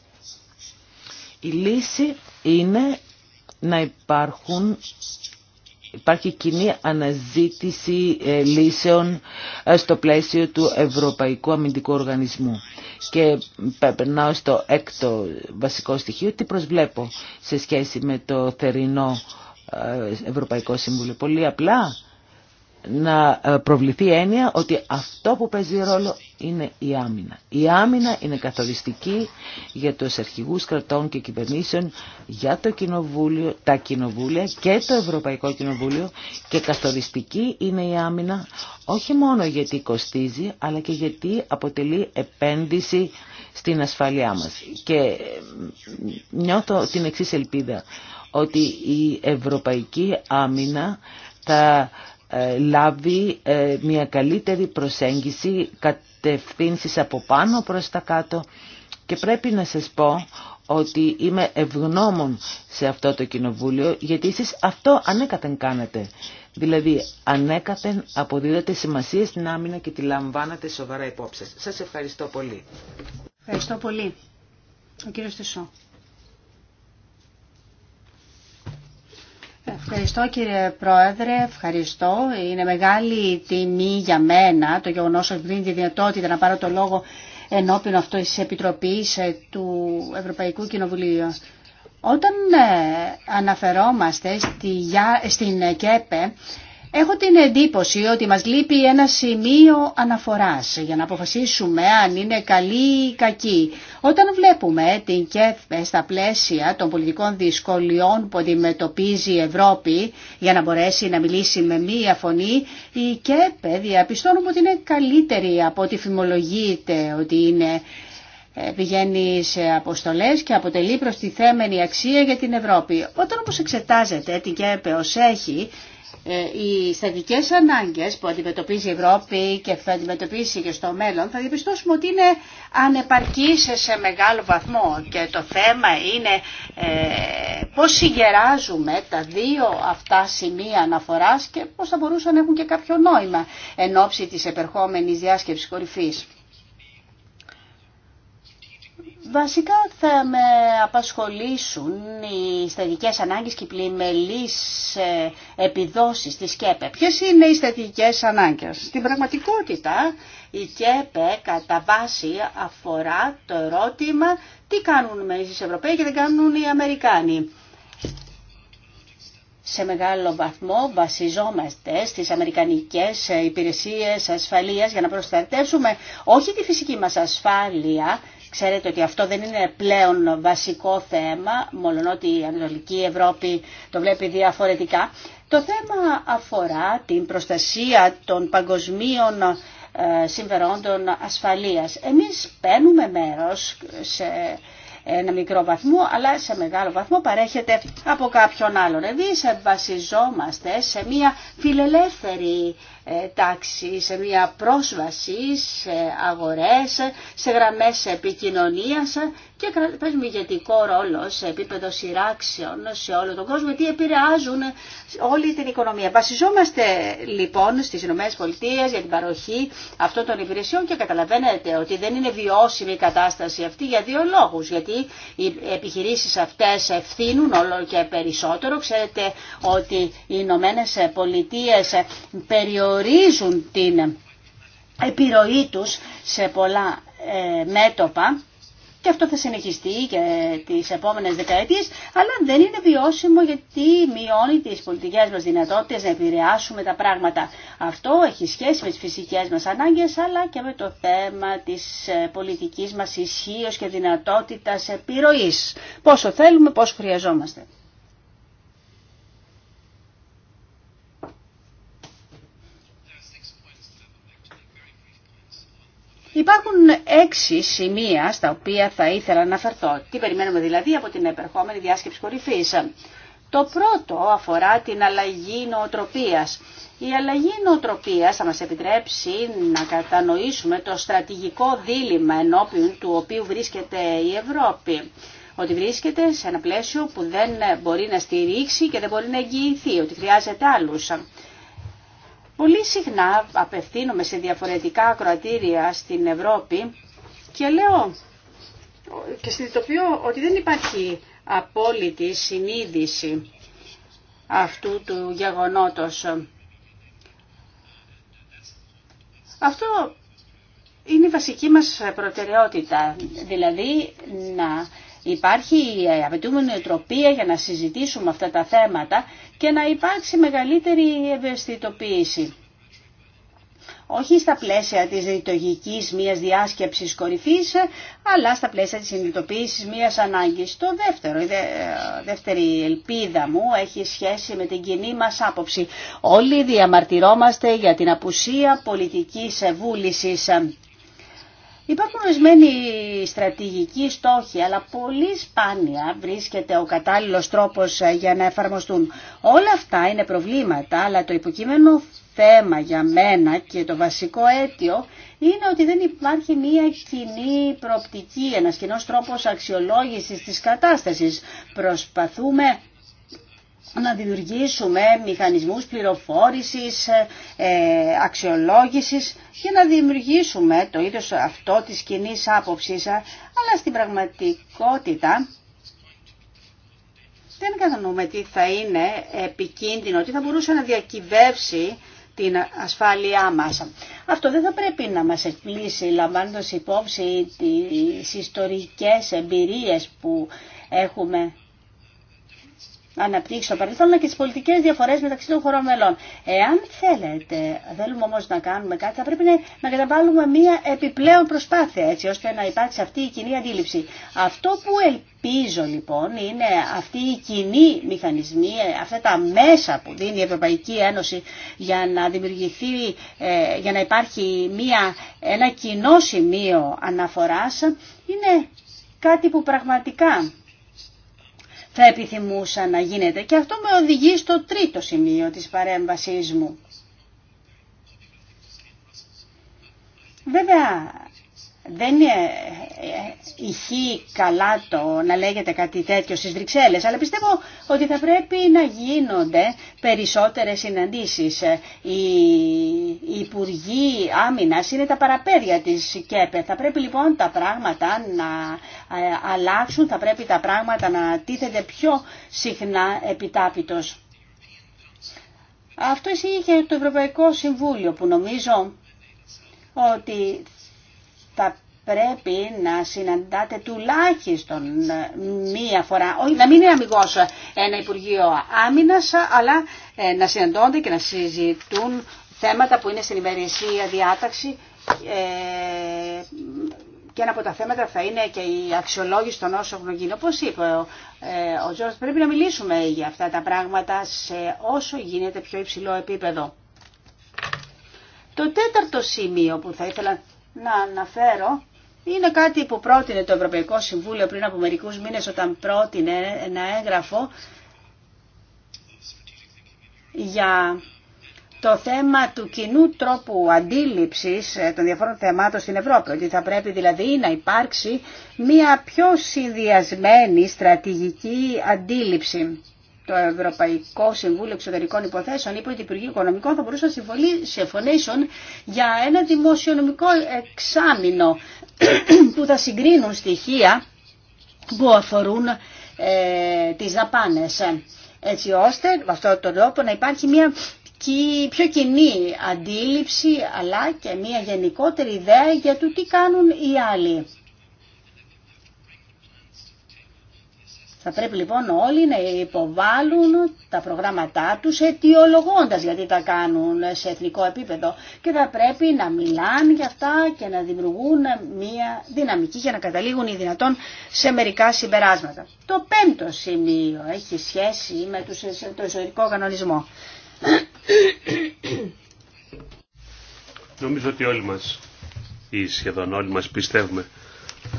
Η λύση είναι να υπάρχουν υπάρχει κοινή αναζήτηση ε, λύσεων ε, στο πλαίσιο του Ευρωπαϊκού Αμυντικού Οργανισμού. Και περνάω στο έκτο βασικό στοιχείο, τι προσβλέπω σε σχέση με το θερινό ε, Ευρωπαϊκό Σύμβουλο. Πολύ απλά να ε, προβληθεί έννοια ότι αυτό που παίζει ρόλο είναι η άμυνα. Η άμυνα είναι καθοριστική για τους αρχηγούς κρατών και κυβερνήσεων, για το κοινοβούλιο, τα κοινοβούλια και το Ευρωπαϊκό Κοινοβούλιο και καθοριστική είναι η άμυνα όχι μόνο γιατί κοστίζει αλλά και γιατί αποτελεί επένδυση στην ασφαλειά μας. Και νιώθω την εξής ελπίδα ότι η ευρωπαϊκή άμυνα θα ε, λάβει ε, μια καλύτερη προσέγγιση κατευθύνσεις από πάνω προς τα κάτω και πρέπει να σας πω ότι είμαι ευγνώμων σε αυτό το κοινοβούλιο γιατί εσείς αυτό ανέκαθεν κάνετε. Δηλαδή ανέκαθεν αποδίδετε σημασία στην άμυνα και τη λαμβάνατε σοβαρά υπόψη σας. Σας ευχαριστώ πολύ. Ευχαριστώ πολύ. Ο κύριος Τεσσό. Ευχαριστώ κύριε Πρόεδρε, ευχαριστώ. Είναι μεγάλη τιμή για μένα το γεγονός ότι δίνει τη δυνατότητα να πάρω το λόγο ενώπιον αυτό της Επιτροπής ε, του Ευρωπαϊκού Κοινοβουλίου. Όταν ε, αναφερόμαστε στην ΚΕΠΕ, Έχω την εντύπωση ότι μας λείπει ένα σημείο αναφοράς για να αποφασίσουμε αν είναι καλή ή κακή. Όταν βλέπουμε την ΚΕΦ στα πλαίσια των πολιτικών δυσκολιών που αντιμετωπίζει η Ευρώπη για να μπορέσει να μιλήσει με μία φωνή, η ΚΕΠ διαπιστώνουμε ότι είναι καλύτερη από ό,τι φημολογείται ότι είναι ε, πηγαίνει σε αποστολές και αποτελεί προστιθέμενη αξία για την Ευρώπη. Όταν όμως εξετάζεται την ΚΕΠΕ ως έχει, ε, οι στατικές ανάγκες που αντιμετωπίζει η Ευρώπη και θα αντιμετωπίσει και στο μέλλον θα διαπιστώσουμε ότι είναι ανεπαρκή σε μεγάλο βαθμό και το θέμα είναι ε, πώς συγκεράζουμε τα δύο αυτά σημεία αναφοράς και πώς θα μπορούσαν να έχουν και κάποιο νόημα εν ώψη της επερχόμενης διάσκεψης κορυφής. Βασικά θα με απασχολήσουν οι στατικές ανάγκες και οι πλημελείς ε, επιδόσεις της ΚΕΠΕ. Ποιες είναι οι στατικές ανάγκες. Στην πραγματικότητα η ΚΕΠΕ κατά βάση αφορά το ερώτημα τι κάνουν οι Ευρωπαίοι και δεν κάνουν οι Αμερικάνοι. Σε μεγάλο βαθμό βασιζόμαστε στις αμερικανικές υπηρεσίες ασφαλείας για να προστατεύσουμε όχι τη φυσική μας ασφάλεια, Ξέρετε ότι αυτό δεν είναι πλέον βασικό θέμα, ότι η Ανατολική Ευρώπη το βλέπει διαφορετικά. Το θέμα αφορά την προστασία των παγκοσμίων ε, συμφερόντων ασφαλείας. Εμείς παίρνουμε μέρος σε ένα μικρό βαθμό, αλλά σε μεγάλο βαθμό παρέχεται από κάποιον άλλον. Εμείς βασιζόμαστε σε μια φιλελεύθερη ε, τάξη, σε μια πρόσβαση σε αγορές, σε γραμμές επικοινωνίας και παίζουν ηγετικό ρόλο σε επίπεδο σειράξεων σε όλο τον κόσμο, γιατί επηρεάζουν όλη την οικονομία. Βασιζόμαστε λοιπόν στις ΗΠΑ για την παροχή αυτών των υπηρεσιών και καταλαβαίνετε ότι δεν είναι βιώσιμη η κατάσταση αυτή για δύο λόγους, γιατί οι επιχειρήσεις αυτές ευθύνουν όλο και περισσότερο. Ξέρετε ότι οι ΗΠΑ περιορίζουν περιορίζουν την επιρροή τους σε πολλά ε, μέτωπα και αυτό θα συνεχιστεί και τις επόμενες δεκαετίες, αλλά δεν είναι βιώσιμο γιατί μειώνει τις πολιτικές μας δυνατότητες να επηρεάσουμε τα πράγματα. Αυτό έχει σχέση με τις φυσικές μας ανάγκες, αλλά και με το θέμα της ε, πολιτικής μας ισχύω και δυνατότητας επιρροής. Πόσο θέλουμε, πόσο χρειαζόμαστε. Υπάρχουν έξι σημεία στα οποία θα ήθελα να αναφερθώ. Τι περιμένουμε δηλαδή από την επερχόμενη διάσκεψη κορυφής. Το πρώτο αφορά την αλλαγή νοοτροπίας. Η αλλαγή νοοτροπίας θα μας επιτρέψει να κατανοήσουμε το στρατηγικό δίλημα ενώπιον του οποίου βρίσκεται η Ευρώπη. Ότι βρίσκεται σε ένα πλαίσιο που δεν μπορεί να στηρίξει και δεν μπορεί να εγγυηθεί, ότι χρειάζεται άλλους. Πολύ συχνά απευθύνομαι σε διαφορετικά ακροατήρια στην Ευρώπη και λέω και συνειδητοποιώ ότι δεν υπάρχει απόλυτη συνείδηση αυτού του γεγονότος. Αυτό είναι η βασική μας προτεραιότητα, δηλαδή να Υπάρχει η απαιτούμενη οτροπία για να συζητήσουμε αυτά τα θέματα και να υπάρξει μεγαλύτερη ευαισθητοποίηση. Όχι στα πλαίσια της ρητογική μιας διάσκεψης κορυφής, αλλά στα πλαίσια της συνειδητοποίησης μιας ανάγκης. Το δεύτερο, η ε, δεύτερη ελπίδα μου έχει σχέση με την κοινή μας άποψη. Όλοι διαμαρτυρόμαστε για την απουσία πολιτικής βούλησης Υπάρχουν ορισμένοι στρατηγικοί στόχοι, αλλά πολύ σπάνια βρίσκεται ο κατάλληλος τρόπος ε, για να εφαρμοστούν. Όλα αυτά είναι προβλήματα, αλλά το υποκείμενο θέμα για μένα και το βασικό αίτιο είναι ότι δεν υπάρχει μία κοινή προοπτική, ένας κοινός τρόπος αξιολόγησης της κατάστασης. Προσπαθούμε να δημιουργήσουμε μηχανισμούς πληροφόρησης, ε, ε, αξιολόγησης και να δημιουργήσουμε το ίδιο αυτό της κοινή άποψης, ε, αλλά στην πραγματικότητα δεν κατανοούμε τι θα είναι επικίνδυνο, τι θα μπορούσε να διακυβεύσει την ασφάλειά μας. Αυτό δεν θα πρέπει να μας εκπλήσει λαμβάνοντας υπόψη τις ιστορικές εμπειρίες που έχουμε αναπτύξει το παρελθόν και τι πολιτικέ διαφορέ μεταξύ των χωρών μελών. Εάν θέλετε, θέλουμε όμω να κάνουμε κάτι, θα πρέπει να καταβάλουμε μία επιπλέον προσπάθεια έτσι ώστε να υπάρξει αυτή η κοινή αντίληψη. Αυτό που ελπίζω λοιπόν είναι αυτή η κοινή μηχανισμοί, ε, αυτά τα μέσα που δίνει η Ευρωπαϊκή Ένωση για να δημιουργηθεί, ε, για να υπάρχει ένα κοινό σημείο αναφοράς είναι κάτι που πραγματικά θα επιθυμούσα να γίνεται. Και αυτό με οδηγεί στο τρίτο σημείο της παρέμβασής μου. Βέβαια, δεν ε, ε, ηχεί καλά το να λέγεται κάτι τέτοιο στις Βρυξέλλες, αλλά πιστεύω ότι θα πρέπει να γίνονται περισσότερες συναντήσεις. Ε, οι Υπουργοί Άμυνα είναι τα παραπέδια της ΚΕΠΕ. Θα πρέπει λοιπόν τα πράγματα να αλλάξουν, θα πρέπει τα πράγματα να τίθενται πιο συχνά επιτάπητος. Αυτό είχε το Ευρωπαϊκό Συμβούλιο που νομίζω ότι θα πρέπει να συναντάτε τουλάχιστον ε, μία φορά, να μην είναι αμυγός ένα Υπουργείο Άμυνας, αλλά ε, να συναντώνται και να συζητούν θέματα που είναι στην ημερησία διάταξη ε, και ένα από τα θέματα θα είναι και η αξιολόγηση των όσων έχουν γίνει. Όπως είπε ο, ε, ο πρέπει να μιλήσουμε για αυτά τα πράγματα σε όσο γίνεται πιο υψηλό επίπεδο. Το τέταρτο σημείο που θα ήθελα να αναφέρω είναι κάτι που πρότεινε το Ευρωπαϊκό Συμβούλιο πριν από μερικούς μήνες όταν πρότεινε ένα έγγραφο για το θέμα του κοινού τρόπου αντίληψης ε, των διαφόρων θεμάτων στην Ευρώπη, ότι θα πρέπει δηλαδή να υπάρξει μία πιο συνδυασμένη στρατηγική αντίληψη το Ευρωπαϊκό Συμβούλιο Εξωτερικών Υποθέσεων είπε ότι η Υπουργή Οικονομικών θα μπορούσαν να συμφωνήσουν για ένα δημοσιονομικό εξάμεινο *clears throat* που θα συγκρίνουν στοιχεία που αφορούν ε, τις δαπάνες. Ε, έτσι ώστε με αυτόν τον τρόπο να υπάρχει μια πιο κοινή αντίληψη αλλά και μια γενικότερη ιδέα για το τι κάνουν οι άλλοι. Θα πρέπει λοιπόν όλοι να υποβάλουν τα προγράμματά τους αιτιολογώντας γιατί τα κάνουν σε εθνικό επίπεδο και θα πρέπει να μιλάνε για αυτά και να δημιουργούν μια δυναμική για να καταλήγουν οι δυνατόν σε μερικά συμπεράσματα. Το πέμπτο σημείο έχει σχέση με το ιστορικό κανονισμό. Νομίζω ότι όλοι μας ή σχεδόν όλοι μας πιστεύουμε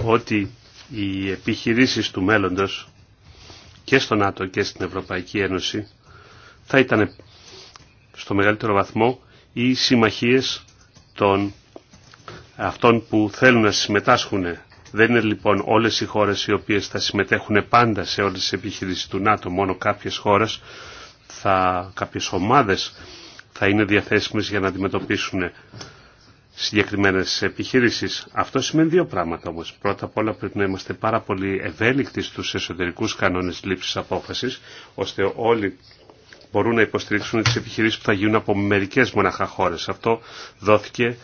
ότι οι επιχειρήσεις του μέλλοντος και στο ΝΑΤΟ και στην Ευρωπαϊκή Ένωση θα ήταν στο μεγαλύτερο βαθμό οι συμμαχίες των αυτών που θέλουν να συμμετάσχουν. Δεν είναι λοιπόν όλες οι χώρες οι οποίες θα συμμετέχουν πάντα σε όλες τις επιχειρήσεις του ΝΑΤΟ, μόνο κάποιες χώρες, θα, κάποιες ομάδες θα είναι διαθέσιμες για να αντιμετωπίσουν συγκεκριμένες επιχειρήσεις. Αυτό σημαίνει δύο πράγματα όμως. Πρώτα απ' όλα πρέπει να είμαστε πάρα πολύ ευέλικτοι στους εσωτερικούς κανόνες λήψης απόφασης, ώστε όλοι μπορούν να υποστηρίξουν τις επιχειρήσεις που θα γίνουν από μερικές μοναχά χώρες. Αυτό δόθηκε,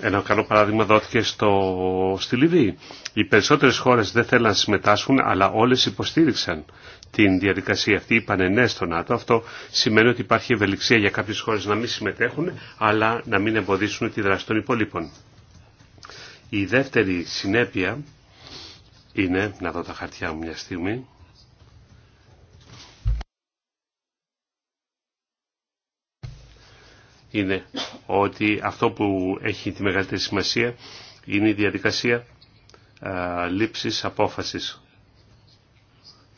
ένα καλό παράδειγμα δόθηκε στο, στη Λιβύη. Οι περισσότερες χώρες δεν θέλαν να συμμετάσχουν, αλλά όλες υποστήριξαν την διαδικασία αυτή, είπαν ναι στο ΝΑΤΟ. Αυτό σημαίνει ότι υπάρχει ευελιξία για κάποιες χώρες να μην συμμετέχουν, αλλά να μην εμποδίσουν τη δράση των υπολείπων. Η δεύτερη συνέπεια είναι, να δω τα χαρτιά μου μια στιγμή, είναι ότι αυτό που έχει τη μεγαλύτερη σημασία είναι η διαδικασία λήψης απόφασης.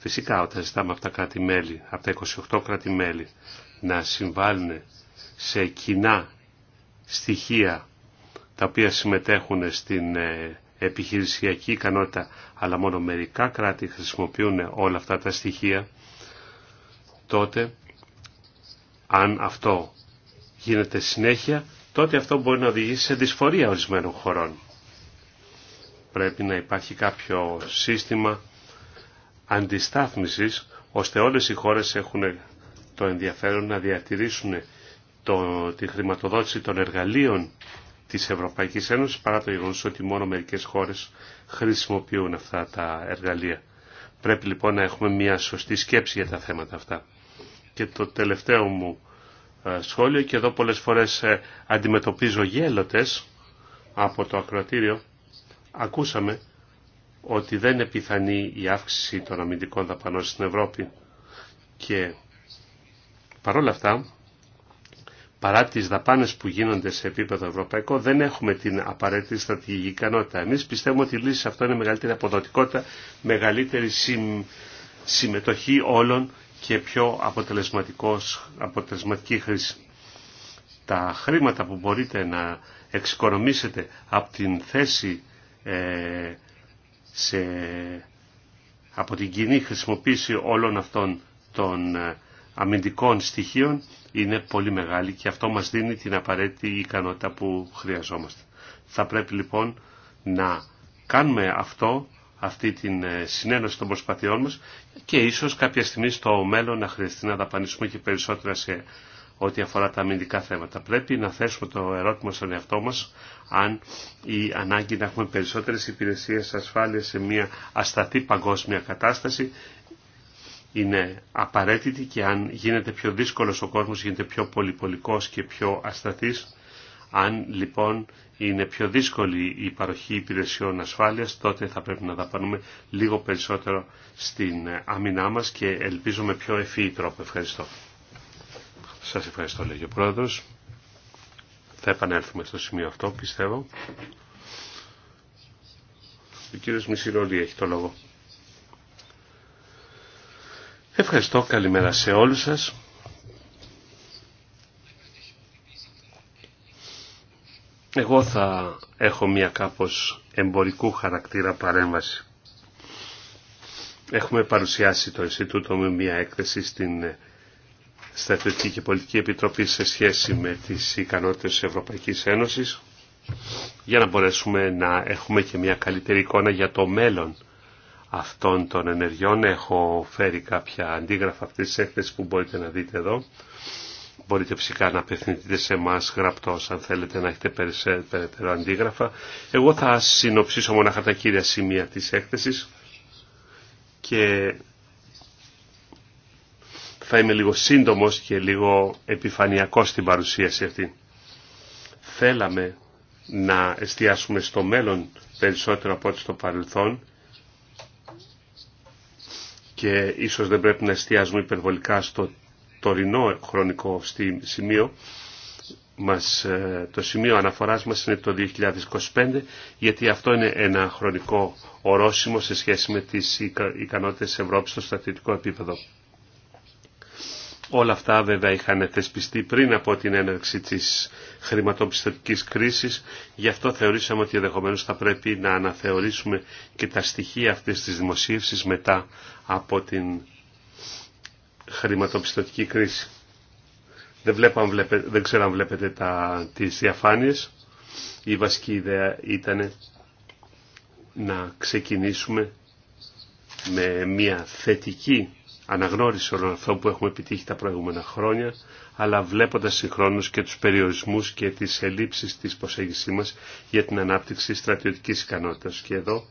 Φυσικά όταν ζητάμε από τα κράτη-μέλη, από τα 28 κράτη-μέλη να συμβάλλουν σε κοινά στοιχεία τα οποία συμμετέχουν στην ε, επιχειρησιακή ικανότητα, αλλά μόνο μερικά κράτη χρησιμοποιούν όλα αυτά τα στοιχεία, τότε αν αυτό γίνεται συνέχεια, τότε αυτό μπορεί να οδηγήσει σε δυσφορία ορισμένων χωρών. Πρέπει να υπάρχει κάποιο σύστημα αντιστάθμισης, ώστε όλες οι χώρες έχουν το ενδιαφέρον να διατηρήσουν το, τη χρηματοδότηση των εργαλείων της Ευρωπαϊκής Ένωσης, παρά το γεγονός ότι μόνο μερικές χώρες χρησιμοποιούν αυτά τα εργαλεία. Πρέπει λοιπόν να έχουμε μια σωστή σκέψη για τα θέματα αυτά. Και το τελευταίο μου ε, σχόλιο, και εδώ πολλές φορές ε, αντιμετωπίζω γέλοτες από το ακροατήριο, ακούσαμε ότι δεν είναι πιθανή η αύξηση των αμυντικών δαπανών στην Ευρώπη και παρόλα αυτά παρά τις δαπάνες που γίνονται σε επίπεδο ευρωπαϊκό, δεν έχουμε την απαραίτητη στρατηγική ικανότητα. Εμείς πιστεύουμε ότι η λύση σε αυτό είναι μεγαλύτερη αποδοτικότητα, μεγαλύτερη συμμετοχή όλων και πιο αποτελεσματικός, αποτελεσματική χρήση. Τα χρήματα που μπορείτε να εξοικονομήσετε από την θέση ε, σε, από την κοινή χρησιμοποίηση όλων αυτών των ε, αμυντικών στοιχείων είναι πολύ μεγάλη και αυτό μας δίνει την απαραίτητη ικανότητα που χρειαζόμαστε. Θα πρέπει λοιπόν να κάνουμε αυτό, αυτή την ε, συνένωση των προσπαθειών μας και ίσως κάποια στιγμή στο μέλλον να χρειαστεί να δαπανίσουμε και περισσότερα σε ό,τι αφορά τα αμυντικά θέματα. Πρέπει να θέσουμε το ερώτημα στον εαυτό μας αν η ανάγκη να έχουμε περισσότερες υπηρεσίες ασφάλειας σε μια ασταθή παγκόσμια κατάσταση είναι απαραίτητη και αν γίνεται πιο δύσκολος ο κόσμος, γίνεται πιο πολυπολικός και πιο ασταθής. Αν λοιπόν είναι πιο δύσκολη η παροχή υπηρεσιών ασφάλειας, τότε θα πρέπει να δαπανούμε λίγο περισσότερο στην άμυνά μας και ελπίζουμε πιο ευφύη τρόπο. Ευχαριστώ. Σας ευχαριστώ λέγει ο Πρόεδρος. Θα επανέλθουμε στο σημείο αυτό πιστεύω. Ο κύριος Μισηρόλη έχει το λόγο. Ευχαριστώ. Καλημέρα σε όλους σας. Εγώ θα έχω μια κάπως εμπορικού χαρακτήρα παρέμβαση. Έχουμε παρουσιάσει το Ινστιτούτο με μια έκθεση στην Στρατιωτική και Πολιτική Επιτροπή σε σχέση με τις ικανότητες της Ευρωπαϊκής Ένωσης για να μπορέσουμε να έχουμε και μια καλύτερη εικόνα για το μέλλον αυτών των ενεργειών. Έχω φέρει κάποια αντίγραφα αυτή τη έκθεση που μπορείτε να δείτε εδώ. Μπορείτε φυσικά να απευθυνθείτε σε εμά γραπτό αν θέλετε να έχετε περαιτέρω αντίγραφα. Εγώ θα συνοψίσω μόνο τα κύρια σημεία τη έκθεση. και θα είμαι λίγο σύντομος και λίγο επιφανειακός στην παρουσίαση αυτή. Θέλαμε να εστιάσουμε στο μέλλον περισσότερο από ό,τι στο παρελθόν και ίσως δεν πρέπει να εστιάζουμε υπερβολικά στο τωρινό χρονικό σημείο. Μας, ε, το σημείο αναφοράς μας είναι το 2025 γιατί αυτό είναι ένα χρονικό ορόσημο σε σχέση με τις ικανότητες Ευρώπης στο στρατιωτικό επίπεδο. Όλα αυτά βέβαια είχαν θεσπιστεί πριν από την έναρξη της χρηματοπιστωτικής κρίσης, γι' αυτό θεωρήσαμε ότι ενδεχομένω θα πρέπει να αναθεωρήσουμε και τα στοιχεία αυτής της δημοσίευσης μετά από την χρηματοπιστωτική κρίση. Δεν, βλέπω δεν ξέρω αν βλέπετε τα, τις διαφάνειες. Η βασική ιδέα ήταν να ξεκινήσουμε με μια θετική αναγνώριση όλων αυτών που έχουμε επιτύχει τα προηγούμενα χρόνια, αλλά βλέποντας συγχρόνως και τους περιορισμούς και τις ελλείψεις της προσέγγισή μας για την ανάπτυξη στρατιωτικής ικανότητας. Και εδώ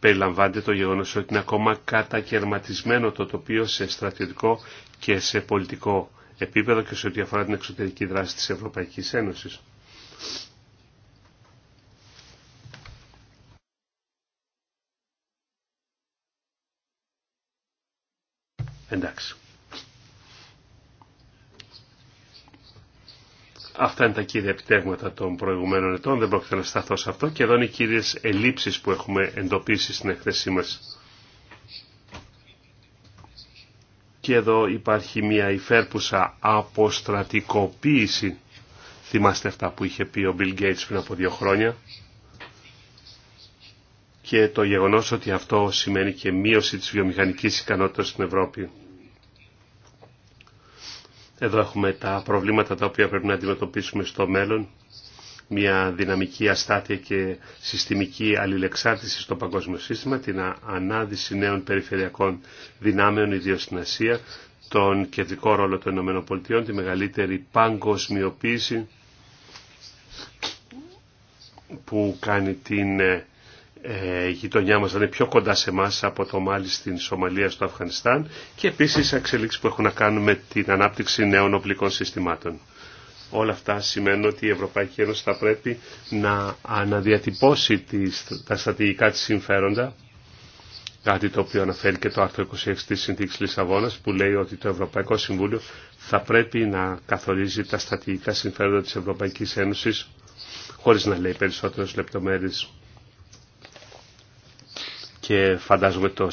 περιλαμβάνεται το γεγονός ότι είναι ακόμα κατακαιρματισμένο το τοπίο σε στρατιωτικό και σε πολιτικό επίπεδο και σε ό,τι αφορά την εξωτερική δράση της Ευρωπαϊκής Ένωσης. Εντάξει. Αυτά είναι τα κύρια επιτεύγματα των προηγουμένων ετών. Δεν πρόκειται να σταθώ σε αυτό. Και εδώ είναι οι κύριες ελλείψεις που έχουμε εντοπίσει στην εκθεσή μας. Και εδώ υπάρχει μια υφέρπουσα αποστρατικοποίηση. Θυμάστε αυτά που είχε πει ο Bill Gates πριν από δύο χρόνια. Και το γεγονός ότι αυτό σημαίνει και μείωση της βιομηχανικής ικανότητας στην Ευρώπη. Εδώ έχουμε τα προβλήματα τα οποία πρέπει να αντιμετωπίσουμε στο μέλλον. Μια δυναμική αστάθεια και συστημική αλληλεξάρτηση στο παγκόσμιο σύστημα, την ανάδυση νέων περιφερειακών δυνάμεων, ιδίως στην Ασία, τον κεντρικό ρόλο των ΗΠΑ, τη μεγαλύτερη παγκοσμιοποίηση που κάνει την ε, ε, η γειτονιά μας θα είναι πιο κοντά σε εμά από το Μάλι στην Σομαλία, στο Αφγανιστάν και επίσης εξελίξεις που έχουν να κάνουν με την ανάπτυξη νέων οπλικών συστημάτων. Όλα αυτά σημαίνουν ότι η Ευρωπαϊκή Ένωση θα πρέπει να αναδιατυπώσει τα στρατηγικά της συμφέροντα, κάτι το οποίο αναφέρει και το άρθρο 26 της Συνθήκης Λισαβόνας, που λέει ότι το Ευρωπαϊκό Συμβούλιο θα πρέπει να καθορίζει τα στρατηγικά συμφέροντα της Ευρωπαϊκής Ένωσης, χωρίς να λέει περισσότερες λεπτομέρειες και φαντάζομαι το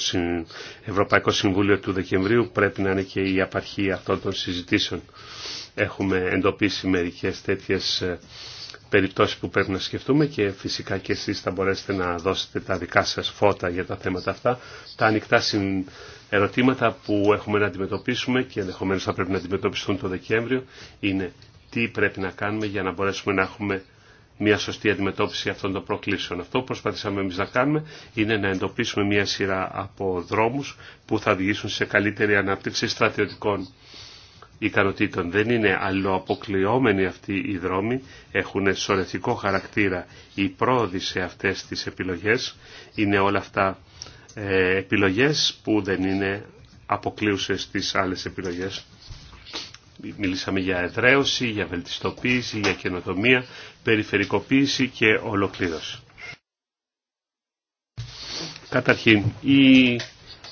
Ευρωπαϊκό Συμβούλιο του Δεκεμβρίου πρέπει να είναι και η απαρχή αυτών των συζητήσεων. Έχουμε εντοπίσει μερικές τέτοιες ε, περιπτώσεις που πρέπει να σκεφτούμε και φυσικά και εσείς θα μπορέσετε να δώσετε τα δικά σας φώτα για τα θέματα αυτά. Τα ανοιχτά ερωτήματα που έχουμε να αντιμετωπίσουμε και ενδεχομένως θα πρέπει να αντιμετωπιστούν το Δεκέμβριο είναι τι πρέπει να κάνουμε για να μπορέσουμε να έχουμε μια σωστή αντιμετώπιση αυτών των προκλήσεων. Αυτό που προσπαθήσαμε εμείς να κάνουμε είναι να εντοπίσουμε μια σειρά από δρόμους που θα οδηγήσουν σε καλύτερη ανάπτυξη στρατιωτικών ικανοτήτων. Δεν είναι αλλοαποκλειόμενοι αυτοί οι δρόμοι, έχουν σωρευτικό χαρακτήρα οι πρόοδοι σε αυτές τις επιλογές. Είναι όλα αυτά ε, επιλογές που δεν είναι αποκλείουσε στις άλλες επιλογές. Μιλήσαμε για εδραίωση, για βελτιστοποίηση, για καινοτομία περιφερικοποίηση και ολοκλήρωση. Καταρχήν, η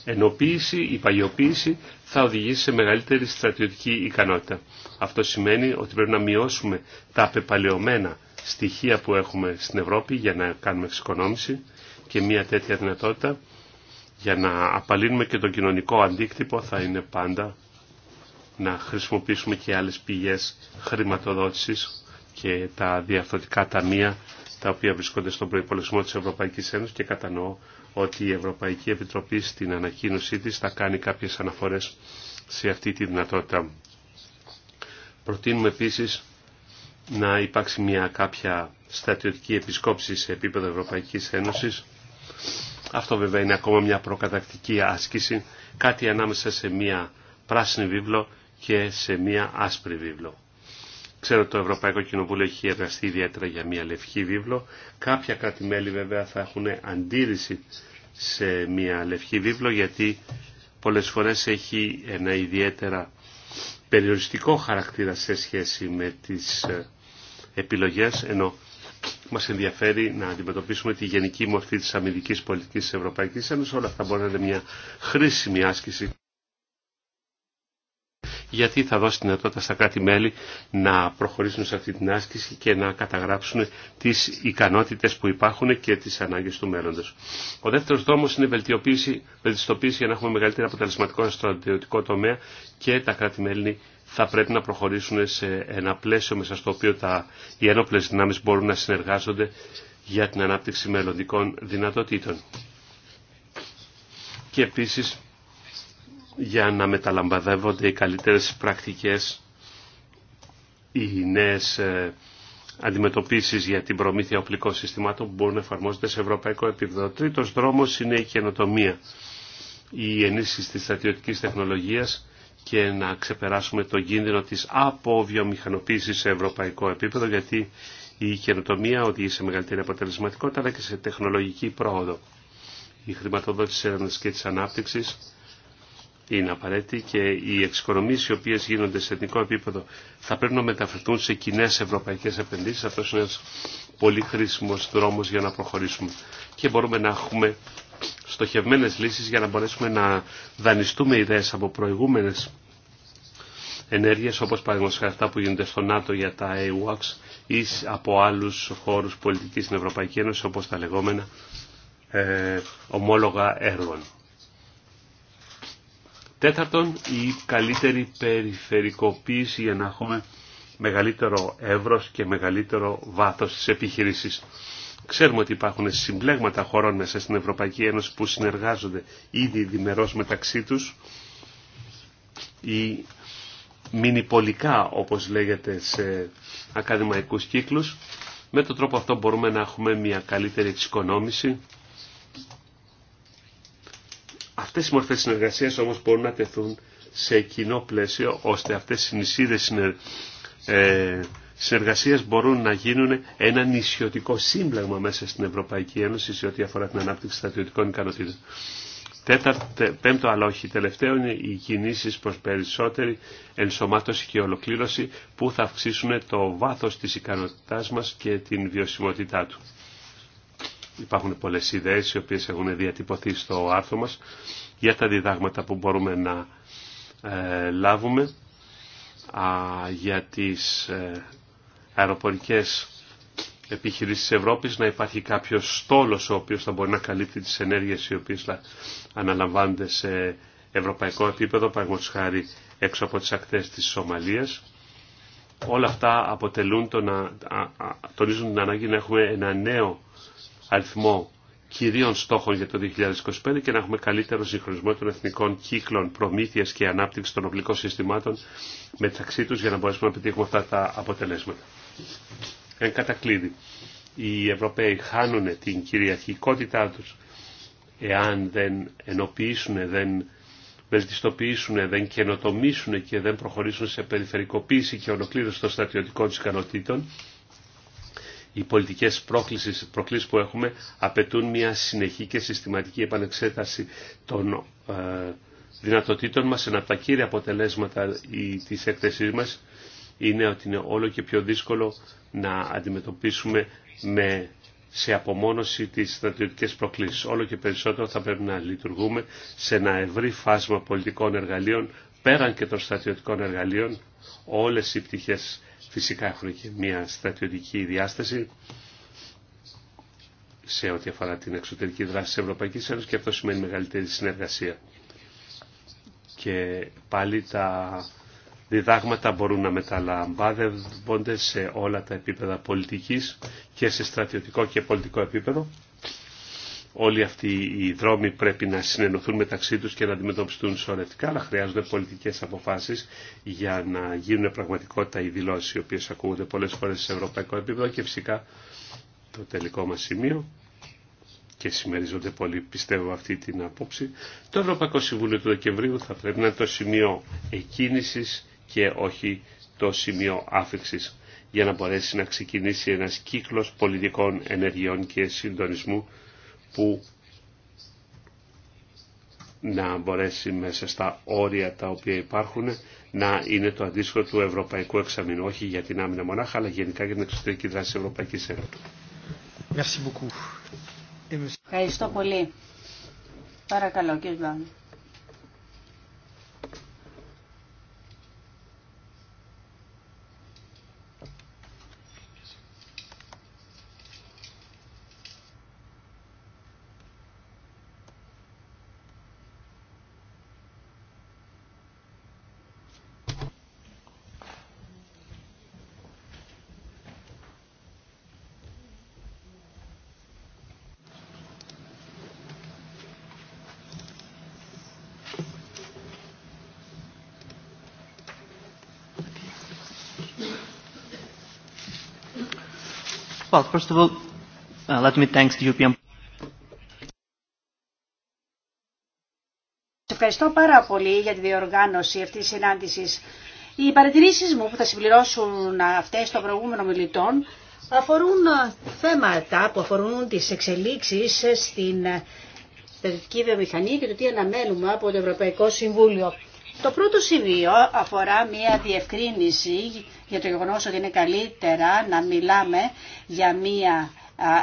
ενοποίηση, η παγιοποίηση θα οδηγήσει σε μεγαλύτερη στρατιωτική ικανότητα. Αυτό σημαίνει ότι πρέπει να μειώσουμε τα απεπαλαιωμένα στοιχεία που έχουμε στην Ευρώπη για να κάνουμε εξοικονόμηση και μια τέτοια δυνατότητα για να απαλύνουμε και τον κοινωνικό αντίκτυπο θα είναι πάντα να χρησιμοποιήσουμε και άλλες πηγές χρηματοδότησης και τα διαφορετικά ταμεία τα οποία βρισκόνται στον προϋπολογισμό της Ευρωπαϊκής Ένωσης και κατανοώ ότι η Ευρωπαϊκή Επιτροπή στην ανακοίνωσή της θα κάνει κάποιες αναφορές σε αυτή τη δυνατότητα. Προτείνουμε επίσης να υπάρξει μια κάποια στρατιωτική επισκόψη σε επίπεδο Ευρωπαϊκής Ένωσης. Αυτό βέβαια είναι ακόμα μια προκατακτική άσκηση, κάτι ανάμεσα σε μια πράσινη βίβλο και σε μια άσπρη βίβλο. Ξέρω ότι το Ευρωπαϊκό Κοινοβούλιο έχει εργαστεί ιδιαίτερα για μια λευκή βίβλο. Κάποια κράτη-μέλη βέβαια θα έχουν αντίρρηση σε μια λευκή βίβλο γιατί πολλές φορές έχει ένα ιδιαίτερα περιοριστικό χαρακτήρα σε σχέση με τις ε, επιλογές ενώ μας ενδιαφέρει να αντιμετωπίσουμε τη γενική μορφή της αμυντικής πολιτικής της Ευρωπαϊκής Ένωσης. Όλα αυτά μπορεί να είναι μια χρήσιμη άσκηση γιατί θα δώσει δυνατότητα στα κράτη-μέλη να προχωρήσουν σε αυτή την άσκηση και να καταγράψουν τις ικανότητες που υπάρχουν και τις ανάγκες του μέλλοντος. Ο δεύτερος δρόμος είναι βελτιστοποίηση, βελτιστοποίηση για να έχουμε μεγαλύτερη αποτελεσματικότητα στο αντιοτικό τομέα και τα κράτη-μέλη θα πρέπει να προχωρήσουν σε ένα πλαίσιο μέσα στο οποίο τα, οι ένοπλες δυνάμεις μπορούν να συνεργάζονται για την ανάπτυξη μελλοντικών δυνατοτήτων. Και επίσης για να μεταλαμπαδεύονται οι καλύτερες πρακτικές, οι νέες ε, αντιμετωπίσεις για την προμήθεια οπλικών συστημάτων που μπορούν να εφαρμόζονται σε ευρωπαϊκό επίπεδο. Τρίτος δρόμος είναι η καινοτομία, η ενίσχυση της στρατιωτικής τεχνολογίας και να ξεπεράσουμε το κίνδυνο της αποβιομηχανοποίησης σε ευρωπαϊκό επίπεδο γιατί η καινοτομία οδηγεί σε μεγαλύτερη αποτελεσματικότητα αλλά και σε τεχνολογική πρόοδο. Η χρηματοδότηση έρευνα και τη ανάπτυξης είναι απαραίτητη και οι εξοικονομίες οι οποίες γίνονται σε εθνικό επίπεδο θα πρέπει να μεταφερθούν σε κοινέ ευρωπαϊκές επενδύσεις. αυτό είναι ένας πολύ χρήσιμος δρόμος για να προχωρήσουμε. Και μπορούμε να έχουμε στοχευμένες λύσεις για να μπορέσουμε να δανειστούμε ιδέες από προηγούμενες ενέργειες όπως παραδείγματος αυτά που γίνονται στο ΝΑΤΟ για τα AWACS ή από άλλους χώρους πολιτικής στην Ευρωπαϊκή Ένωση όπως τα λεγόμενα ε, ομόλογα έργων. Τέταρτον, η καλύτερη περιφερικοποίηση για να έχουμε μεγαλύτερο εύρος και μεγαλύτερο βάθος της επιχειρήσης. Ξέρουμε ότι υπάρχουν συμπλέγματα χωρών μέσα στην Ευρωπαϊκή Ένωση που συνεργάζονται ήδη διμερώς μεταξύ τους ή μινιπολικά όπως λέγεται σε ακαδημαϊκούς κύκλους. Με τον τρόπο αυτό μπορούμε να έχουμε μια καλύτερη εξοικονόμηση Αυτές οι μορφές συνεργασίας όμως μπορούν να τεθούν σε κοινό πλαίσιο ώστε αυτές οι νησίδες ε, μπορούν να γίνουν ένα νησιωτικό σύμπλεγμα μέσα στην Ευρωπαϊκή Ένωση σε ό,τι αφορά την ανάπτυξη στρατιωτικών ικανοτήτων. Τέταρτο, πέμπτο αλλά όχι τελευταίο είναι οι κινήσεις προς περισσότερη ενσωμάτωση και ολοκλήρωση που θα αυξήσουν το βάθος της ικανότητάς μας και την βιωσιμότητά του. Υπάρχουν πολλές ιδέες οι οποίες έχουν διατυπωθεί στο άρθρο μας για τα διδάγματα που μπορούμε να ε, λάβουμε α, για τις ε, αεροπορικές επιχειρήσεις της Ευρώπης να υπάρχει κάποιος στόλος ο οποίος θα μπορεί να καλύπτει τις ενέργειες οι οποίες αναλαμβάνονται σε ευρωπαϊκό επίπεδο, παραγωγή χάρη έξω από τις ακτές της Σομαλίας. Όλα αυτά αποτελούν το να, τονίζουν την ανάγκη να έχουμε ένα νέο αριθμό κυρίων στόχων για το 2025 και να έχουμε καλύτερο συγχρονισμό των εθνικών κύκλων προμήθειας και ανάπτυξη των οπλικών συστημάτων μεταξύ τους για να μπορέσουμε να πετύχουμε αυτά τα αποτελέσματα. Εν κατακλείδη, οι Ευρωπαίοι χάνουν την κυριαρχικότητά τους εάν δεν ενοποιήσουν, δεν βελτιστοποιήσουν, δεν καινοτομήσουν και δεν προχωρήσουν σε περιφερικοποίηση και ολοκλήρωση των στρατιωτικών της ικανοτήτων οι πολιτικές πρόκλησεις, που έχουμε απαιτούν μια συνεχή και συστηματική επανεξέταση των ε, δυνατοτήτων μας. Ένα από τα κύρια αποτελέσματα η, της έκθεσής είναι ότι είναι όλο και πιο δύσκολο να αντιμετωπίσουμε με σε απομόνωση τις στρατιωτικές προκλήσεις. Όλο και περισσότερο θα πρέπει να λειτουργούμε σε ένα ευρύ φάσμα πολιτικών εργαλείων πέραν και των στρατιωτικών εργαλείων όλες οι πτυχές Φυσικά έχουν και μια στρατιωτική διάσταση σε ό,τι αφορά την εξωτερική δράση της Ευρωπαϊκής Ένωσης και αυτό σημαίνει μεγαλύτερη συνεργασία. Και πάλι τα διδάγματα μπορούν να μεταλαμβάνονται σε όλα τα επίπεδα πολιτικής και σε στρατιωτικό και πολιτικό επίπεδο όλοι αυτοί οι δρόμοι πρέπει να συνενωθούν μεταξύ τους και να αντιμετωπιστούν σωρευτικά, αλλά χρειάζονται πολιτικές αποφάσεις για να γίνουν πραγματικότητα οι δηλώσεις, οι οποίες ακούγονται πολλές φορές σε ευρωπαϊκό επίπεδο και φυσικά το τελικό μας σημείο και συμμερίζονται πολύ πιστεύω αυτή την απόψη. Το Ευρωπαϊκό Συμβούλιο του Δεκεμβρίου θα πρέπει να είναι το σημείο εκκίνησης και όχι το σημείο άφηξης για να μπορέσει να ξεκινήσει ένας κύκλος πολιτικών ενεργειών και συντονισμού που να μπορέσει μέσα στα όρια τα οποία υπάρχουν να είναι το αντίστοιχο του Ευρωπαϊκού Εξαμήνου, όχι για την άμυνα μονάχα, αλλά γενικά για την εξωτερική δράση της Ευρωπαϊκής Ένωσης. Ευχαριστώ πολύ. Παρακαλώ, κύριε Well, first of all, uh, let me thank the European... Ευχαριστώ πάρα πολύ για τη διοργάνωση αυτής της συνάντησης. Οι παρατηρήσεις μου που θα συμπληρώσουν αυτές των προηγούμενων μιλητών αφορούν ε, θέματα που αφορούν τις εξελίξεις στην ε, στρατιωτική βιομηχανία και το τι αναμένουμε από το Ευρωπαϊκό Συμβούλιο. Το πρώτο σημείο αφορά μια διευκρίνηση για το γεγονός ότι είναι καλύτερα να μιλάμε για μια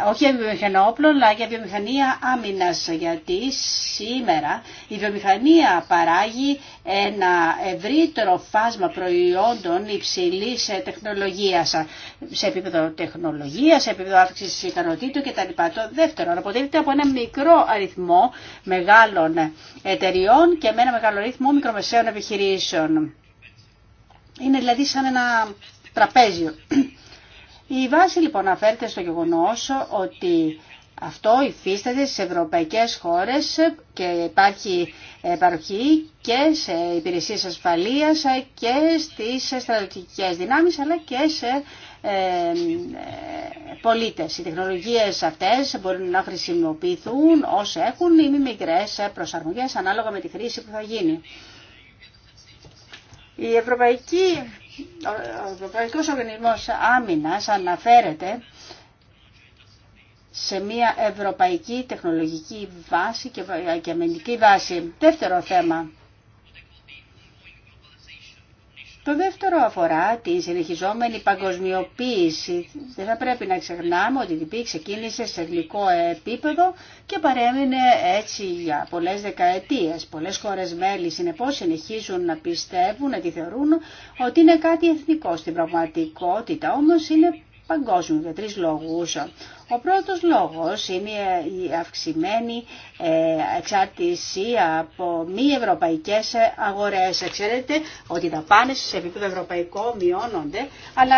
όχι για βιομηχανία όπλων, αλλά για βιομηχανία άμυνας, γιατί σήμερα η βιομηχανία παράγει ένα ευρύτερο φάσμα προϊόντων υψηλής τεχνολογίας, σε επίπεδο τεχνολογίας, σε επίπεδο αύξησης ικανοτήτων κτλ. Το δεύτερο, αποτελείται από ένα μικρό αριθμό μεγάλων εταιριών και με ένα μεγάλο αριθμό μικρομεσαίων επιχειρήσεων. Είναι δηλαδή σαν ένα τραπέζιο. Η βάση λοιπόν αφαίρεται στο γεγονός ότι αυτό υφίσταται στις ευρωπαϊκές χώρες και υπάρχει ε, παροχή και σε υπηρεσίες ασφαλείας και στις στρατιωτικές δυνάμεις αλλά και σε ε, ε, πολίτες. Οι τεχνολογίες αυτές μπορούν να χρησιμοποιηθούν όσοι έχουν ή μη μικρές προσαρμογές ανάλογα με τη χρήση που θα γίνει. Η Ευρωπαϊκή ο ευρωπαϊκό Οργανισμός Άμυνας αναφέρεται σε μια ευρωπαϊκή τεχνολογική βάση και αμυντική βάση. Δεύτερο θέμα, το δεύτερο αφορά τη συνεχιζόμενη παγκοσμιοποίηση. Δεν θα πρέπει να ξεχνάμε ότι η πήγε ξεκίνησε σε εθνικό επίπεδο και παρέμεινε έτσι για πολλές δεκαετίες. Πολλές χώρες μέλη συνεπώς συνεχίζουν να πιστεύουν, να τη θεωρούν ότι είναι κάτι εθνικό στην πραγματικότητα, όμως είναι παγκόσμιο για τρεις λόγους. Ο πρώτος λόγος είναι η αυξημένη ε, εξάρτηση από μη ευρωπαϊκές αγορές. Ξέρετε ότι οι δαπάνες σε επίπεδο ευρωπαϊκό μειώνονται, αλλά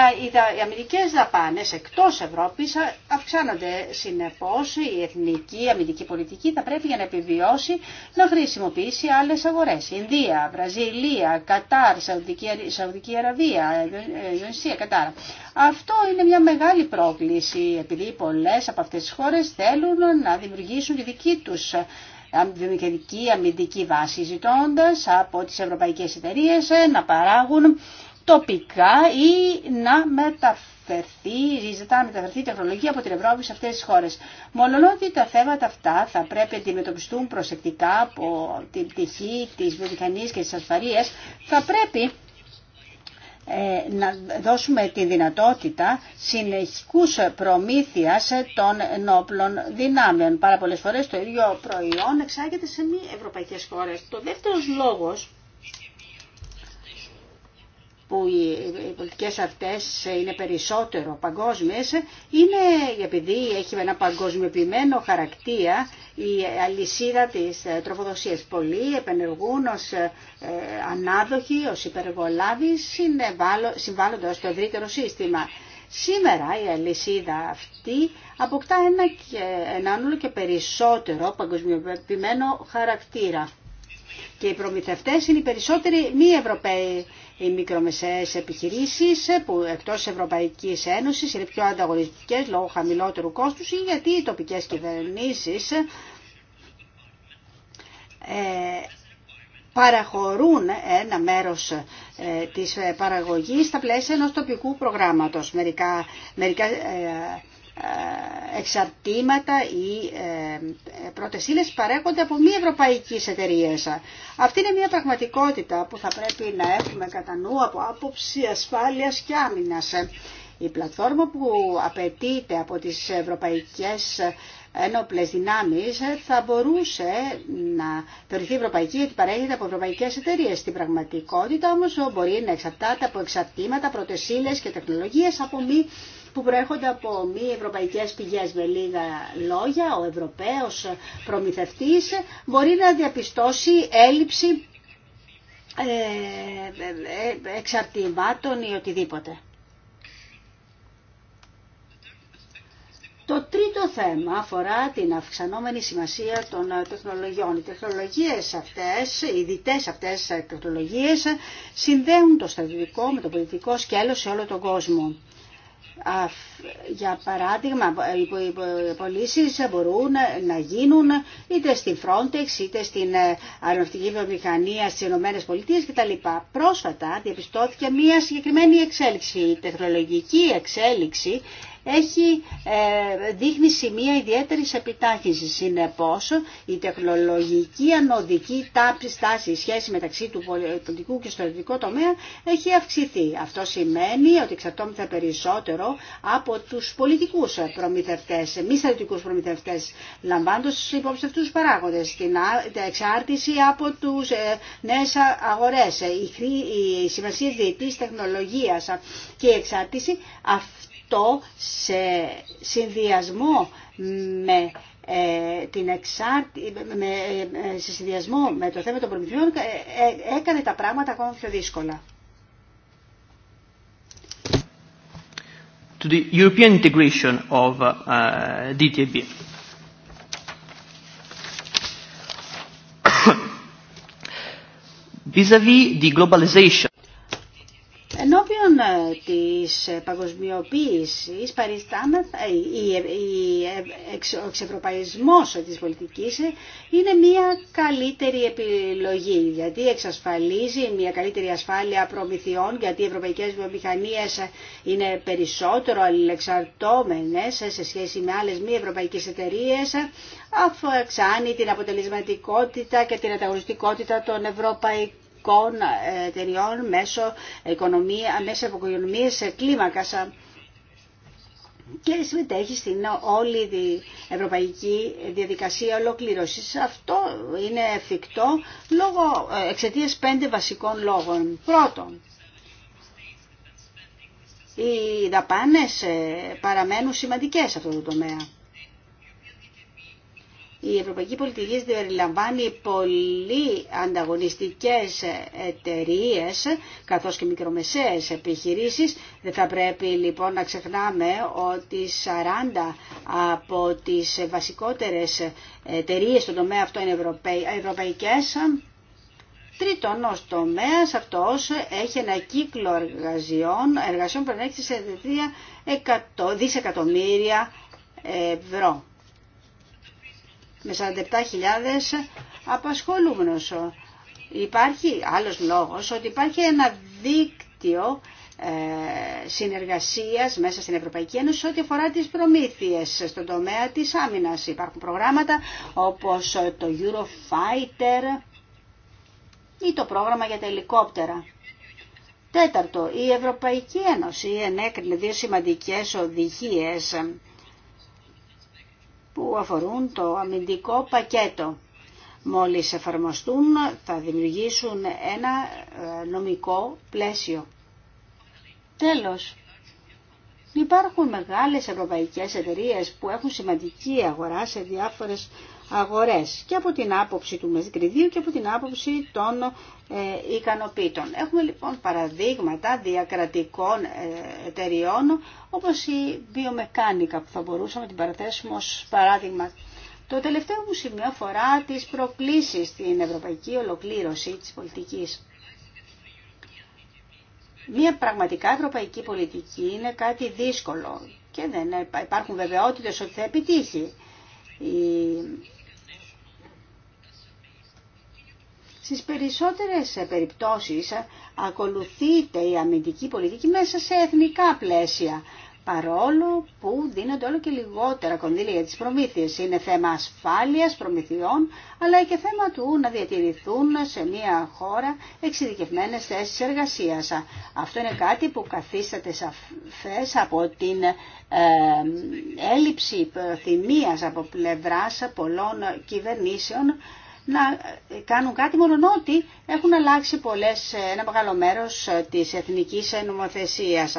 οι αμυντικές δαπάνες εκτός Ευρώπης αυξάνονται. Συνεπώς η εθνική αμυντική πολιτική θα πρέπει για να επιβιώσει να χρησιμοποιήσει άλλες αγορές. Ινδία, Βραζιλία, Κατάρ, Σαουδική, Σαουδική Αραβία, Ιωνισία, ε, Κατάρ. Αυτό είναι μια μεγάλη πρόκληση επειδή πολλές από αυτές τις χώρες θέλουν να δημιουργήσουν τη δική τους βιομηχανική ε, αμυντική βάση, ζητώντας από τις ευρωπαϊκές εταιρείες ε, να παράγουν τοπικά ή να μεταφερθεί, ζητά να μεταφερθεί τεχνολογία από την Ευρώπη σε αυτές τις χώρες. Μολονότι τα θέματα αυτά θα πρέπει να αντιμετωπιστούν προσεκτικά από την πτυχή της βιομηχανία και της ασφαλείας, θα πρέπει ε, να δώσουμε τη δυνατότητα συνεχικούς προμήθειας των ενόπλων δυνάμεων. Πάρα πολλές φορές το ίδιο προϊόν εξάγεται σε μη ευρωπαϊκές χώρες. Το δεύτερος λόγος που οι πολιτικές αυτές είναι περισσότερο παγκόσμιες είναι επειδή έχει ένα παγκοσμιοποιημένο χαρακτήρα η αλυσίδα της ε, τροφοδοσίας. Πολλοί επενεργούν ως ε, ανάδοχοι, ως υπεργολάβοι συμβάλλοντας στο ευρύτερο σύστημα. Σήμερα η αλυσίδα αυτή αποκτά ένα, όλο και περισσότερο παγκοσμιοποιημένο χαρακτήρα. Και οι προμηθευτές είναι οι περισσότεροι μη Ευρωπαίοι οι μικρομεσαίες επιχειρήσεις που εκτός Ευρωπαϊκής Ένωσης είναι πιο ανταγωνιστικές λόγω χαμηλότερου κόστους ή γιατί οι τοπικές κυβερνήσεις ε, παραχωρούν ένα μέρος ε, της παραγωγής στα πλαίσια ενός τοπικού προγράμματος. Μερικά, μερικά ε, εξαρτήματα ή ε, πρώτες ύλες παρέχονται από μη ευρωπαϊκή εταιρείες. Αυτή είναι μια πραγματικότητα που θα πρέπει να έχουμε κατά νου από άποψη ασφάλειας και άμυνας. Η πλατφόρμα που απαιτείται από τις ευρωπαϊκές ενόπλες δυνάμεις θα μπορούσε να θεωρηθεί ευρωπαϊκή γιατί παρέχεται από ευρωπαϊκές εταιρείες. Στην πραγματικότητα όμως μπορεί να εξαρτάται από εξαρτήματα, πρωτεσίλες και τεχνολογίες από μη που προέρχονται από μη ευρωπαϊκές πηγές. Με λίγα λόγια, ο Ευρωπαίος προμηθευτής μπορεί να διαπιστώσει έλλειψη ε, ε, εξαρτημάτων ή οτιδήποτε. Το τρίτο θέμα αφορά την αυξανόμενη σημασία των τεχνολογιών. Οι τεχνολογίες αυτές, οι διτές αυτές τεχνολογίες συνδέουν το στρατιωτικό με το πολιτικό σκέλος σε όλο τον κόσμο για παράδειγμα, οι πωλήσει μπορούν να γίνουν είτε στην Frontex, είτε στην ε, αεροναυτική βιομηχανία στι ΗΠΑ κτλ. Πρόσφατα διαπιστώθηκε μια συγκεκριμένη εξέλιξη. τεχνολογική εξέλιξη έχει, ε, δείχνει σημεία ιδιαίτερης επιτάχυνσης. Συνεπώς, η τεχνολογική ανωδική τάψη στάση η σχέση μεταξύ του πολιτικού και στρατιωτικού τομέα έχει αυξηθεί. Αυτό σημαίνει ότι εξαρτώμεθα περισσότερο από τους πολιτικούς προμηθευτές, μη στρατιωτικού προμηθευτές, λαμβάνοντας υπόψη αυτούς τους παράγοντες, την εξάρτηση από τους ε, νέες αγορές, η σημασία διετής τεχνολογίας και η εξάρτηση αυτό σε συνδυασμό με ε, την εξάρτη, με, ε, ε, σε συνδυασμό με το θέμα των προμηθειών έκανε τα πράγματα ακόμα πιο δύσκολα. To the European integration of uh, DTB. *coughs* vis a -vis the globalization της παγκοσμιοποίησης ο εξευρωπαϊσμός της πολιτικής είναι μια καλύτερη επιλογή γιατί εξασφαλίζει μια καλύτερη ασφάλεια προμηθειών γιατί οι ευρωπαϊκές βιομηχανίες είναι περισσότερο αλληλεξαρτώμενες σε σχέση με άλλες μη ευρωπαϊκές εταιρείες αφού αυξάνει την αποτελεσματικότητα και την ανταγωνιστικότητα των ευρωπαϊκών ευρωπαϊκών ε, εταιριών μέσω, οικονομία, μέσω οικονομίας ε, κλίμακας και συμμετέχει στην όλη την ευρωπαϊκή διαδικασία ολοκληρωση. Αυτό είναι εφικτό λόγω, ε, εξαιτίας πέντε βασικών λόγων. Πρώτον, οι δαπάνες παραμένουν σημαντικές σε αυτό το τομέα η Ευρωπαϊκή Πολιτική περιλαμβάνει πολύ ανταγωνιστικές εταιρείε καθώς και μικρομεσαίες επιχειρήσεις. Δεν θα πρέπει λοιπόν να ξεχνάμε ότι 40 από τις βασικότερες εταιρείε στον τομέα αυτό είναι ευρωπαϊκές. Τρίτον, ο τομέα αυτό έχει ένα κύκλο εργασιών, εργασιών που ανέχεται σε δισεκατομμύρια ευρώ με 47.000 απασχολούμενος. Υπάρχει άλλος λόγος ότι υπάρχει ένα δίκτυο ε, συνεργασίας μέσα στην Ευρωπαϊκή Ένωση ό,τι αφορά τις προμήθειες στον τομέα της άμυνας. Υπάρχουν προγράμματα όπως το Eurofighter ή το πρόγραμμα για τα ελικόπτερα. Τέταρτο, η Ευρωπαϊκή Ένωση ενέκρινε δύο σημαντικές οδηγίες που αφορούν το αμυντικό πακέτο. Μόλις εφαρμοστούν θα δημιουργήσουν ένα ε, νομικό πλαίσιο. Τέλος, υπάρχουν μεγάλες ευρωπαϊκές εταιρείες που έχουν σημαντική αγορά σε διάφορες αγορές και από την άποψη του μεσγκριδίου και από την άποψη των ε, ικανοποίητων. Έχουμε λοιπόν παραδείγματα διακρατικών ε, εταιριών όπως η βιομεκάνικα που θα μπορούσαμε να την παραθέσουμε ως παράδειγμα. Το τελευταίο μου σημείο αφορά τις προκλήσεις στην ευρωπαϊκή ολοκλήρωση της πολιτικής. Μία πραγματικά ευρωπαϊκή πολιτική είναι κάτι δύσκολο και δεν υπάρχουν βεβαιότητες ότι θα επιτύχει. Η Στις περισσότερες ε, περιπτώσεις ε, ακολουθείται η αμυντική πολιτική μέσα σε εθνικά πλαίσια, παρόλο που δίνονται όλο και λιγότερα κονδύλια για τις Είναι θέμα ασφάλειας προμηθειών, αλλά και θέμα του να διατηρηθούν σε μια χώρα εξειδικευμένες θέσεις εργασίας. Αυτό είναι κάτι που καθίσταται σαφές από την ε, έλλειψη προθυμίας από πλευράς πολλών κυβερνήσεων να κάνουν κάτι μόνο ότι έχουν αλλάξει πολλές, ένα μεγάλο μέρος της εθνικής νομοθεσίας.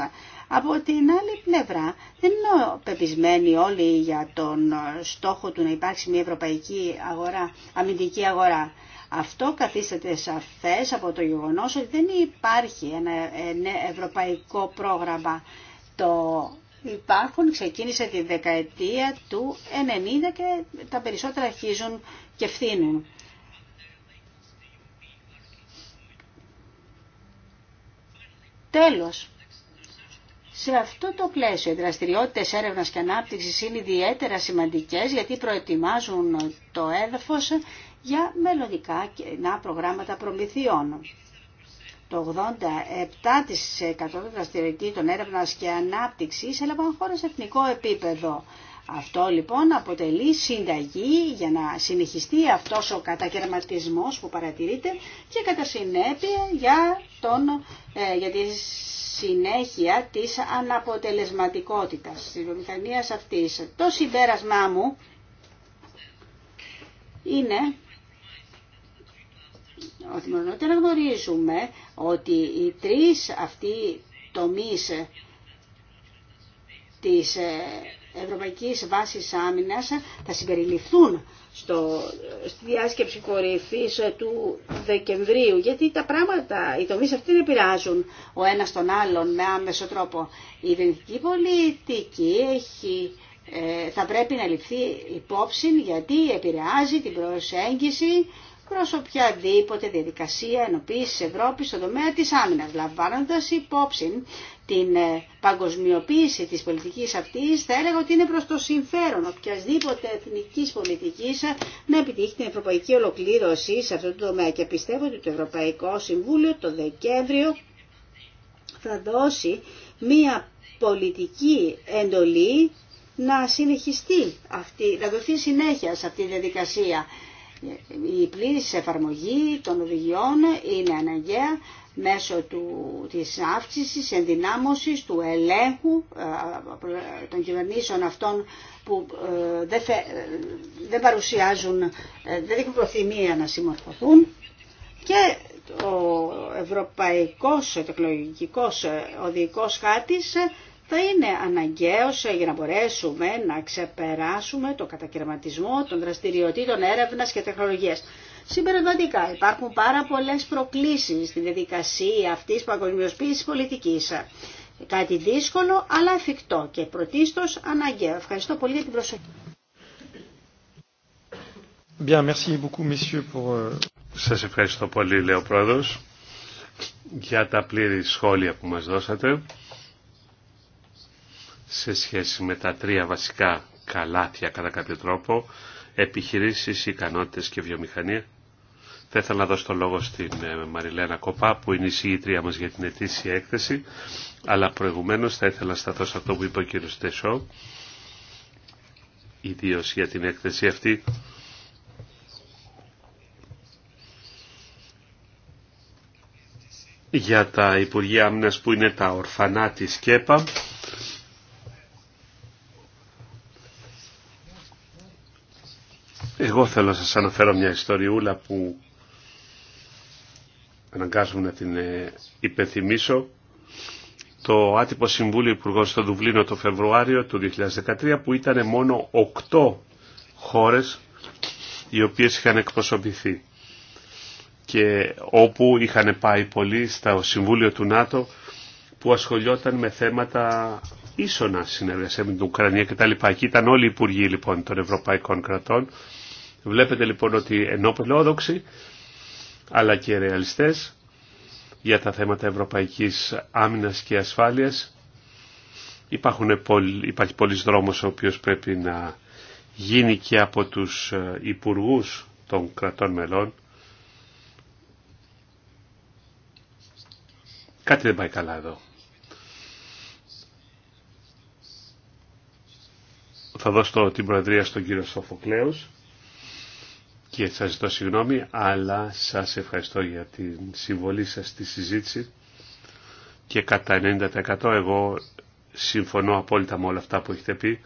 Από την άλλη πλευρά δεν είναι πεπισμένοι όλοι για τον στόχο του να υπάρξει μια ευρωπαϊκή αγορά, αμυντική αγορά. Αυτό καθίσταται σαφές από το γεγονός ότι δεν υπάρχει ένα ευρωπαϊκό πρόγραμμα. Το υπάρχουν, ξεκίνησε τη δεκαετία του 90 και τα περισσότερα αρχίζουν και φθήνουν. Τέλος, σε αυτό το πλαίσιο οι δραστηριότητες έρευνας και ανάπτυξης είναι ιδιαίτερα σημαντικές γιατί προετοιμάζουν το έδαφος για μελλοντικά κοινά προγράμματα προμηθειών. Το 87% των δραστηριοτήτων έρευνας και ανάπτυξης έλαβαν χώρες εθνικό επίπεδο. Αυτό λοιπόν αποτελεί συνταγή για να συνεχιστεί αυτός ο κατακαιρματισμός που παρατηρείται και κατά συνέπεια για, τον, ε, για τη συνέχεια της αναποτελεσματικότητας της βιομηχανίας αυτής. Το συμπέρασμά μου είναι ότι να γνωρίζουμε ότι οι τρεις αυτοί τομείς της ε, Ευρωπαϊκής Βάσης Άμυνας θα συμπεριληφθούν στο, στη διάσκεψη κορυφής ε, του Δεκεμβρίου, γιατί τα πράγματα, οι τομείς αυτοί δεν επηρεάζουν ο ένας τον άλλον με άμεσο τρόπο. Η ειδική πολιτική έχει, ε, θα πρέπει να ληφθεί υπόψη γιατί επηρεάζει την προσέγγιση προ οποιαδήποτε διαδικασία τη Ευρώπη στον τομέα τη άμυνα, λαμβάνοντα υπόψη την ε, παγκοσμιοποίηση της πολιτικής αυτής θα έλεγα ότι είναι προς το συμφέρον οποιασδήποτε εθνικής πολιτικής να επιτύχει την ευρωπαϊκή ολοκλήρωση σε αυτό το τομέα και πιστεύω ότι το Ευρωπαϊκό Συμβούλιο το Δεκέμβριο θα δώσει μία πολιτική εντολή να συνεχιστεί αυτή, να δοθεί συνέχεια σε αυτή τη διαδικασία. Η πλήρης εφαρμογή των οδηγιών είναι αναγκαία μέσω του, της αύξησης, ενδυνάμωσης, του ελέγχου ε, των κυβερνήσεων αυτών που ε, δεν, δεν παρουσιάζουν, ε, δεν έχουν προθυμία να συμμορφωθούν και ο ευρωπαϊκός τεχνολογικός οδηγικός χάρτης θα είναι αναγκαίος για να μπορέσουμε να ξεπεράσουμε το κατακαιρματισμό των δραστηριοτήτων έρευνα και τεχνολογία. Συμπεριλαμβαντικά υπάρχουν πάρα πολλέ προκλήσεις στη διαδικασία αυτής της παγκοσμιοποίηση πολιτικής. Κάτι δύσκολο αλλά εφικτό και πρωτίστω αναγκαίο. Ευχαριστώ πολύ για την προσοχή. Bien, merci beaucoup, messieurs, pour... Euh, Σας ευχαριστώ πολύ, λέει ο Πρόεδρος, για τα πλήρη σχόλια που μας δώσατε σε σχέση με τα τρία βασικά καλάθια κατά κάποιο τρόπο, επιχειρήσεις, ικανότητες και βιομηχανία. Θα ήθελα να δώσω το λόγο στην ε, Μαριλένα Κοπά που είναι η συγητρία μας για την ετήσια έκθεση, αλλά προηγουμένως θα ήθελα να σταθώ σε αυτό που είπε ο κ. Τεσό, ιδίω για την έκθεση αυτή. για τα Υπουργεία Άμυνας που είναι τα ορφανά της ΚΕΠΑ Εγώ θέλω να σας αναφέρω μια ιστοριούλα που αναγκάζομαι να την ε, υπενθυμίσω. Το άτυπο Συμβούλιο Υπουργών στο Δουβλίνο το Φεβρουάριο του 2013 που ήταν μόνο οκτώ χώρες οι οποίες είχαν εκπροσωπηθεί και όπου είχαν πάει πολλοί στο Συμβούλιο του ΝΑΤΟ που ασχολιόταν με θέματα ίσονα συνεργασία με την Ουκρανία κτλ. Εκεί ήταν όλοι οι υπουργοί λοιπόν των ευρωπαϊκών κρατών Βλέπετε λοιπόν ότι ενώ πελόδοξοι, αλλά και ρεαλιστές για τα θέματα ευρωπαϊκής άμυνας και ασφάλειας υπάρχουν, υπάρχει πολλής δρόμος ο οποίος πρέπει να γίνει και από τους ε, υπουργούς των κρατών μελών Κάτι δεν πάει καλά εδώ. Θα δώσω την προεδρία στον κύριο Σοφοκλέους και θα ζητώ συγγνώμη, αλλά σας ευχαριστώ για την συμβολή σας στη συζήτηση και κατά 90% εγώ συμφωνώ απόλυτα με όλα αυτά που έχετε πει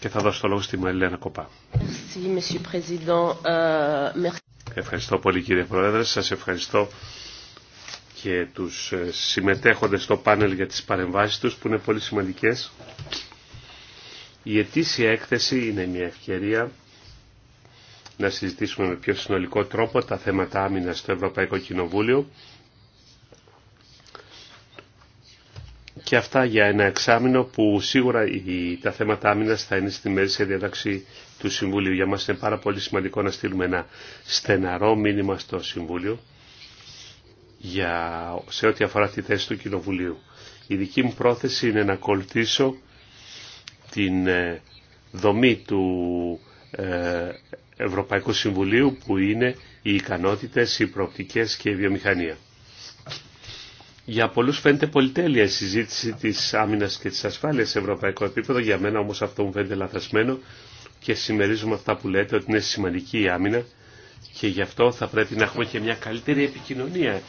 και θα δώσω το λόγο στη Μαριλένα Κοπά. Euh, ευχαριστώ πολύ κύριε Πρόεδρε, σας ευχαριστώ και τους ε, συμμετέχοντες στο πάνελ για τις παρεμβάσεις τους που είναι πολύ σημαντικές. Η ετήσια έκθεση είναι μια ευκαιρία να συζητήσουμε με πιο συνολικό τρόπο τα θέματα άμυνα στο Ευρωπαϊκό Κοινοβούλιο και αυτά για ένα εξάμεινο που σίγουρα τα θέματα άμυνα θα είναι στη μέση διατάξη του Συμβουλίου. Για μας είναι πάρα πολύ σημαντικό να στείλουμε ένα στεναρό μήνυμα στο Συμβούλιο για, σε ό,τι αφορά τη θέση του Κοινοβουλίου. Η δική μου πρόθεση είναι να ακολουθήσω την ε, δομή του ε, Ευρωπαϊκού Συμβουλίου που είναι οι ικανότητες, οι προοπτικές και η βιομηχανία. Για πολλούς φαίνεται πολυτέλεια η συζήτηση της άμυνας και της ασφάλειας σε ευρωπαϊκό επίπεδο, για μένα όμως αυτό μου φαίνεται λαθασμένο και συμμερίζουμε αυτά που λέτε ότι είναι σημαντική η άμυνα και γι' αυτό θα πρέπει να έχουμε και μια καλύτερη επικοινωνία.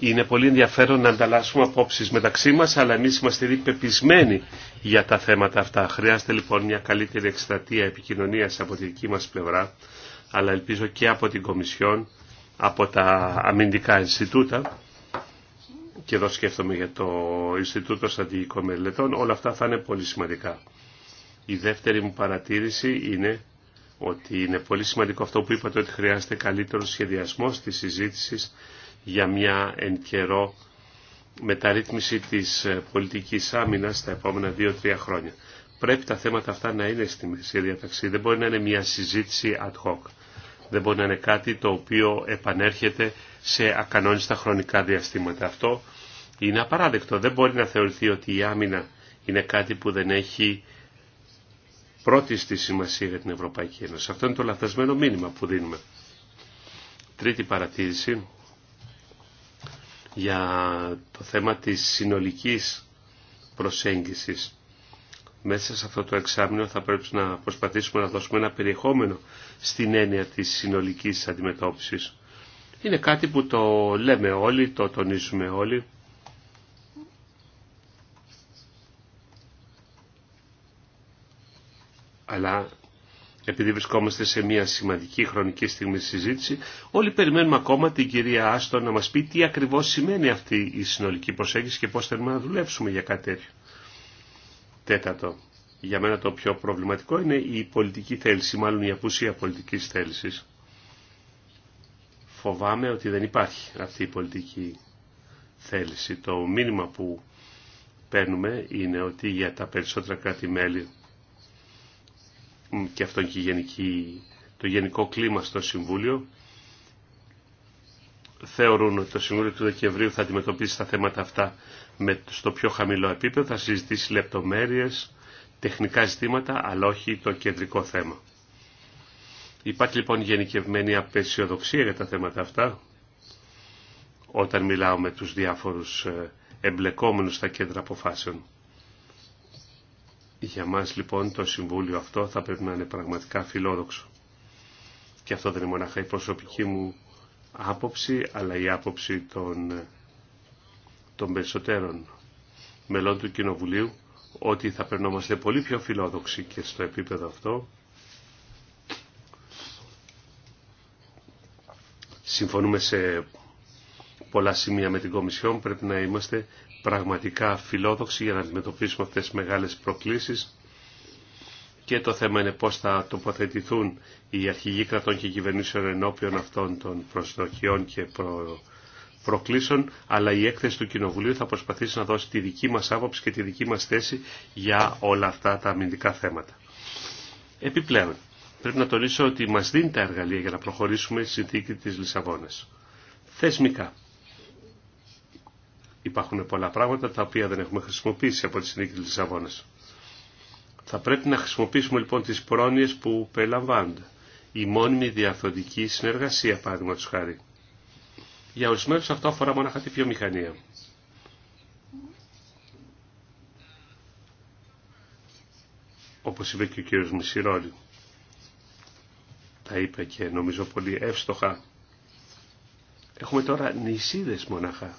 Είναι πολύ ενδιαφέρον να ανταλλάσσουμε απόψεις μεταξύ μας, αλλά εμείς είμαστε ήδη πεπισμένοι για τα θέματα αυτά. Χρειάζεται λοιπόν μια καλύτερη εκστρατεία επικοινωνίας από τη δική μας πλευρά, αλλά ελπίζω και από την Κομισιόν, από τα αμυντικά Ινστιτούτα, και εδώ σκέφτομαι για το Ινστιτούτο Στρατηγικών Μελετών, όλα αυτά θα είναι πολύ σημαντικά. Η δεύτερη μου παρατήρηση είναι ότι είναι πολύ σημαντικό αυτό που είπατε ότι χρειάζεται καλύτερο σχεδιασμό τη συζήτηση για μια εν καιρό μεταρρύθμιση της ε, πολιτικής άμυνας στα επόμενα 2-3 χρόνια. Πρέπει τα θέματα αυτά να είναι στη μεσή διαταξή. Δεν μπορεί να είναι μια συζήτηση ad hoc. Δεν μπορεί να είναι κάτι το οποίο επανέρχεται σε ακανόνιστα χρονικά διαστήματα. Αυτό είναι απαράδεκτο. Δεν μπορεί να θεωρηθεί ότι η άμυνα είναι κάτι που δεν έχει πρώτη στη σημασία για την Ευρωπαϊκή Ένωση. Αυτό είναι το λαθασμένο μήνυμα που δίνουμε. Τρίτη παρατήρηση για το θέμα της συνολικής προσέγγισης. Μέσα σε αυτό το εξάμεινο θα πρέπει να προσπαθήσουμε να δώσουμε ένα περιεχόμενο στην έννοια της συνολικής αντιμετώπισης. Είναι κάτι που το λέμε όλοι, το τονίζουμε όλοι. Αλλά επειδή βρισκόμαστε σε μια σημαντική χρονική στιγμή συζήτηση, όλοι περιμένουμε ακόμα την κυρία Άστο να μας πει τι ακριβώς σημαίνει αυτή η συνολική προσέγγιση και πώς θέλουμε να δουλέψουμε για κάτι τέτοιο. Τέταρτο, για μένα το πιο προβληματικό είναι η πολιτική θέληση, μάλλον η απουσία πολιτικής θέλησης. Φοβάμαι ότι δεν υπάρχει αυτή η πολιτική θέληση. Το μήνυμα που παίρνουμε είναι ότι για τα περισσότερα κράτη-μέλη και αυτό και γενική, το γενικό κλίμα στο Συμβούλιο. Θεωρούν ότι το Συμβούλιο του Δεκεμβρίου θα αντιμετωπίσει τα θέματα αυτά με, στο πιο χαμηλό επίπεδο, θα συζητήσει λεπτομέρειες, τεχνικά ζητήματα, αλλά όχι το κεντρικό θέμα. Υπάρχει λοιπόν γενικευμένη απεσιοδοξία για τα θέματα αυτά, όταν μιλάω με τους διάφορους ε, εμπλεκόμενους στα κέντρα αποφάσεων. Για μας λοιπόν το Συμβούλιο αυτό θα πρέπει να είναι πραγματικά φιλόδοξο. Και αυτό δεν είναι μόνο η προσωπική μου άποψη, αλλά η άποψη των, των περισσότερων μελών του Κοινοβουλίου, ότι θα περνόμαστε πολύ πιο φιλόδοξοι και στο επίπεδο αυτό. Συμφωνούμε σε πολλά σημεία με την Κομισιόν, πρέπει να είμαστε πραγματικά φιλόδοξοι για να αντιμετωπίσουμε αυτές τις μεγάλες προκλήσεις και το θέμα είναι πώς θα τοποθετηθούν οι αρχηγοί κρατών και κυβερνήσεων ενώπιον αυτών των προσδοκιών και προ... προκλήσεων, αλλά η έκθεση του Κοινοβουλίου θα προσπαθήσει να δώσει τη δική μας άποψη και τη δική μας θέση για όλα αυτά τα αμυντικά θέματα. Επιπλέον, πρέπει να τονίσω ότι μας δίνει τα εργαλεία για να προχωρήσουμε στη συνθήκη της Λισαβόνας. Θεσμικά. Υπάρχουν πολλά πράγματα τα οποία δεν έχουμε χρησιμοποιήσει από τη συνήκη της Λισαβόνας. Θα πρέπει να χρησιμοποιήσουμε λοιπόν τις πρόνοιες που περιλαμβάνονται. Η μόνιμη διαθροντική συνεργασία, του χάρη. Για ορισμένου αυτό αφορά μόνο τη βιομηχανία. Όπως είπε και ο κύριος Μισηρόλη. Τα είπε και νομίζω πολύ εύστοχα. Έχουμε τώρα νησίδες μονάχα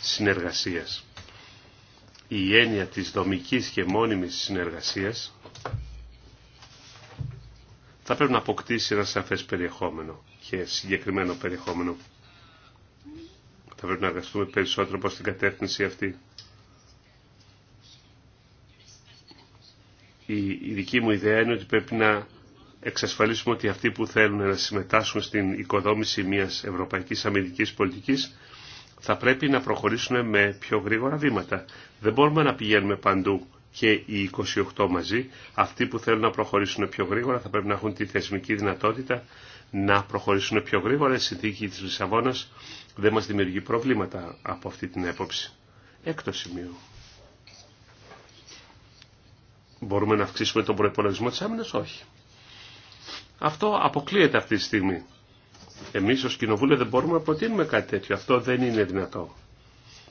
συνεργασίας. Η έννοια της δομικής και μόνιμης συνεργασίας θα πρέπει να αποκτήσει ένα σαφές περιεχόμενο και συγκεκριμένο περιεχόμενο. Θα πρέπει να εργαστούμε περισσότερο προς την κατεύθυνση αυτή. Η, δική μου ιδέα είναι ότι πρέπει να εξασφαλίσουμε ότι αυτοί που θέλουν να συμμετάσχουν στην οικοδόμηση μιας ευρωπαϊκής αμυντικής πολιτικής θα πρέπει να προχωρήσουν με πιο γρήγορα βήματα. Δεν μπορούμε να πηγαίνουμε παντού και οι 28 μαζί. Αυτοί που θέλουν να προχωρήσουν πιο γρήγορα θα πρέπει να έχουν τη θεσμική δυνατότητα να προχωρήσουν πιο γρήγορα. Η συνθήκη της Λισαβόνας δεν μας δημιουργεί προβλήματα από αυτή την έποψη. Έκτο σημείο. Μπορούμε να αυξήσουμε τον προπολογισμό της άμυνας, όχι. Αυτό αποκλείεται αυτή τη στιγμή. Εμείς ως Κοινοβούλιο δεν μπορούμε να προτείνουμε κάτι τέτοιο. Αυτό δεν είναι δυνατό.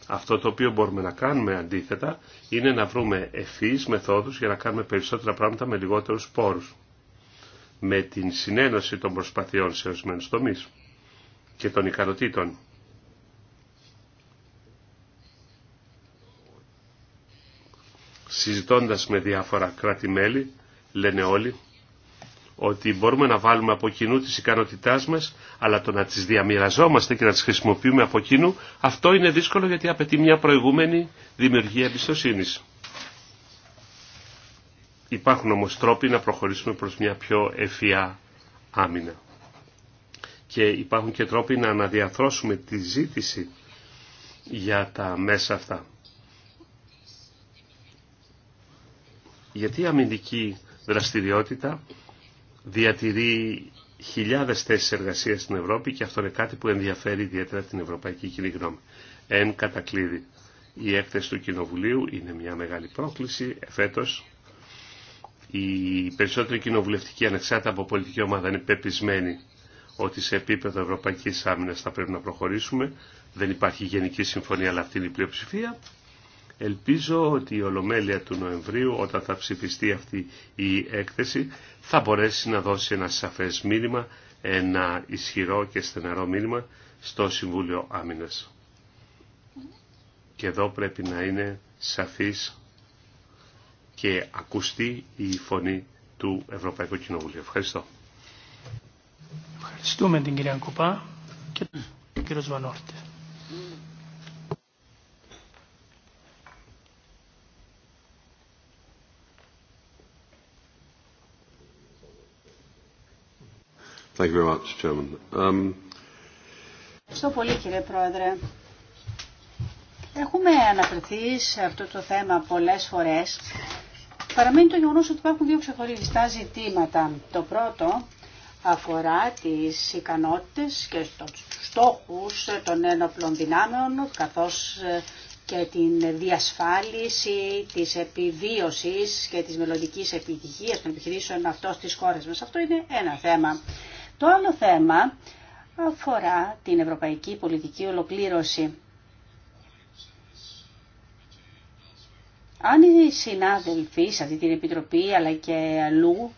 Αυτό το οποίο μπορούμε να κάνουμε αντίθετα είναι να βρούμε ευφυείς μεθόδους για να κάνουμε περισσότερα πράγματα με λιγότερους πόρους. Με την συνένωση των προσπαθειών σε ορισμένου τομεί και των ικανοτήτων. Συζητώντας με διάφορα κράτη-μέλη, λένε όλοι ότι μπορούμε να βάλουμε από κοινού τις ικανότητάς μας, αλλά το να τις διαμοιραζόμαστε και να τις χρησιμοποιούμε από κοινού, αυτό είναι δύσκολο γιατί απαιτεί μια προηγούμενη δημιουργία εμπιστοσύνης. Υπάρχουν όμως τρόποι να προχωρήσουμε προς μια πιο ευφυά άμυνα. Και υπάρχουν και τρόποι να αναδιαθρώσουμε τη ζήτηση για τα μέσα αυτά. Γιατί η αμυντική δραστηριότητα διατηρεί χιλιάδες θέσεις εργασίας στην Ευρώπη και αυτό είναι κάτι που ενδιαφέρει ιδιαίτερα την Ευρωπαϊκή Κοινή Γνώμη. Εν κατακλείδη. Η έκθεση του Κοινοβουλίου είναι μια μεγάλη πρόκληση. Εφέτος, Η περισσότερη κοινοβουλευτική ανεξάρτητα από πολιτική ομάδα είναι πεπισμένη ότι σε επίπεδο Ευρωπαϊκής Άμυνας θα πρέπει να προχωρήσουμε. Δεν υπάρχει γενική συμφωνία, αλλά αυτή είναι η πλειοψηφία. Ελπίζω ότι η Ολομέλεια του Νοεμβρίου, όταν θα ψηφιστεί αυτή η έκθεση, θα μπορέσει να δώσει ένα σαφές μήνυμα, ένα ισχυρό και στεναρό μήνυμα στο Συμβούλιο Άμυνας. Και εδώ πρέπει να είναι σαφής και ακουστή η φωνή του Ευρωπαϊκού Κοινοβουλίου. Ευχαριστώ. Ευχαριστούμε την κυρία και Thank you very much, Chairman. Um... Ευχαριστώ πολύ κύριε Πρόεδρε. Έχουμε αναφερθεί σε αυτό το θέμα πολλές φορές. Παραμένει το γεγονός ότι υπάρχουν δύο ξεχωριστά ζητήματα. Το πρώτο αφορά τις ικανότητες και τους στόχους των ένοπλων δυνάμεων καθώς ε, και την διασφάλιση της επιβίωσης και της μελλοντική επιτυχίας των επιχειρήσεων αυτών στις χώρες μας. Αυτό είναι ένα θέμα. Το άλλο θέμα αφορά την ευρωπαϊκή πολιτική ολοκλήρωση. Αν οι συνάδελφοι σε αυτή την Επιτροπή αλλά και αλλού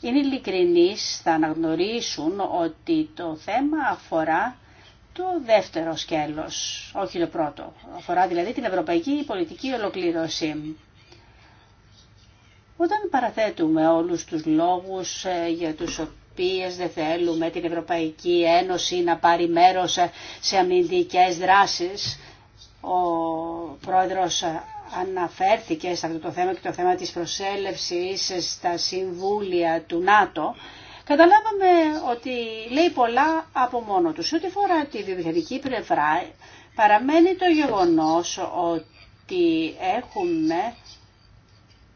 είναι ειλικρινείς, θα αναγνωρίσουν ότι το θέμα αφορά το δεύτερο σκέλος, όχι το πρώτο. Αφορά δηλαδή την ευρωπαϊκή πολιτική ολοκλήρωση. Όταν παραθέτουμε όλους τους λόγους ε, για τους οποίες δεν θέλουμε την Ευρωπαϊκή Ένωση να πάρει μέρος σε αμυντικές δράσεις, ο πρόεδρος αναφέρθηκε σε αυτό το θέμα και το θέμα της προσέλευσης στα συμβούλια του ΝΑΤΟ, καταλάβαμε ότι λέει πολλά από μόνο του. ό,τι φορά τη βιομηχανική πλευρά, παραμένει το γεγονός ότι έχουμε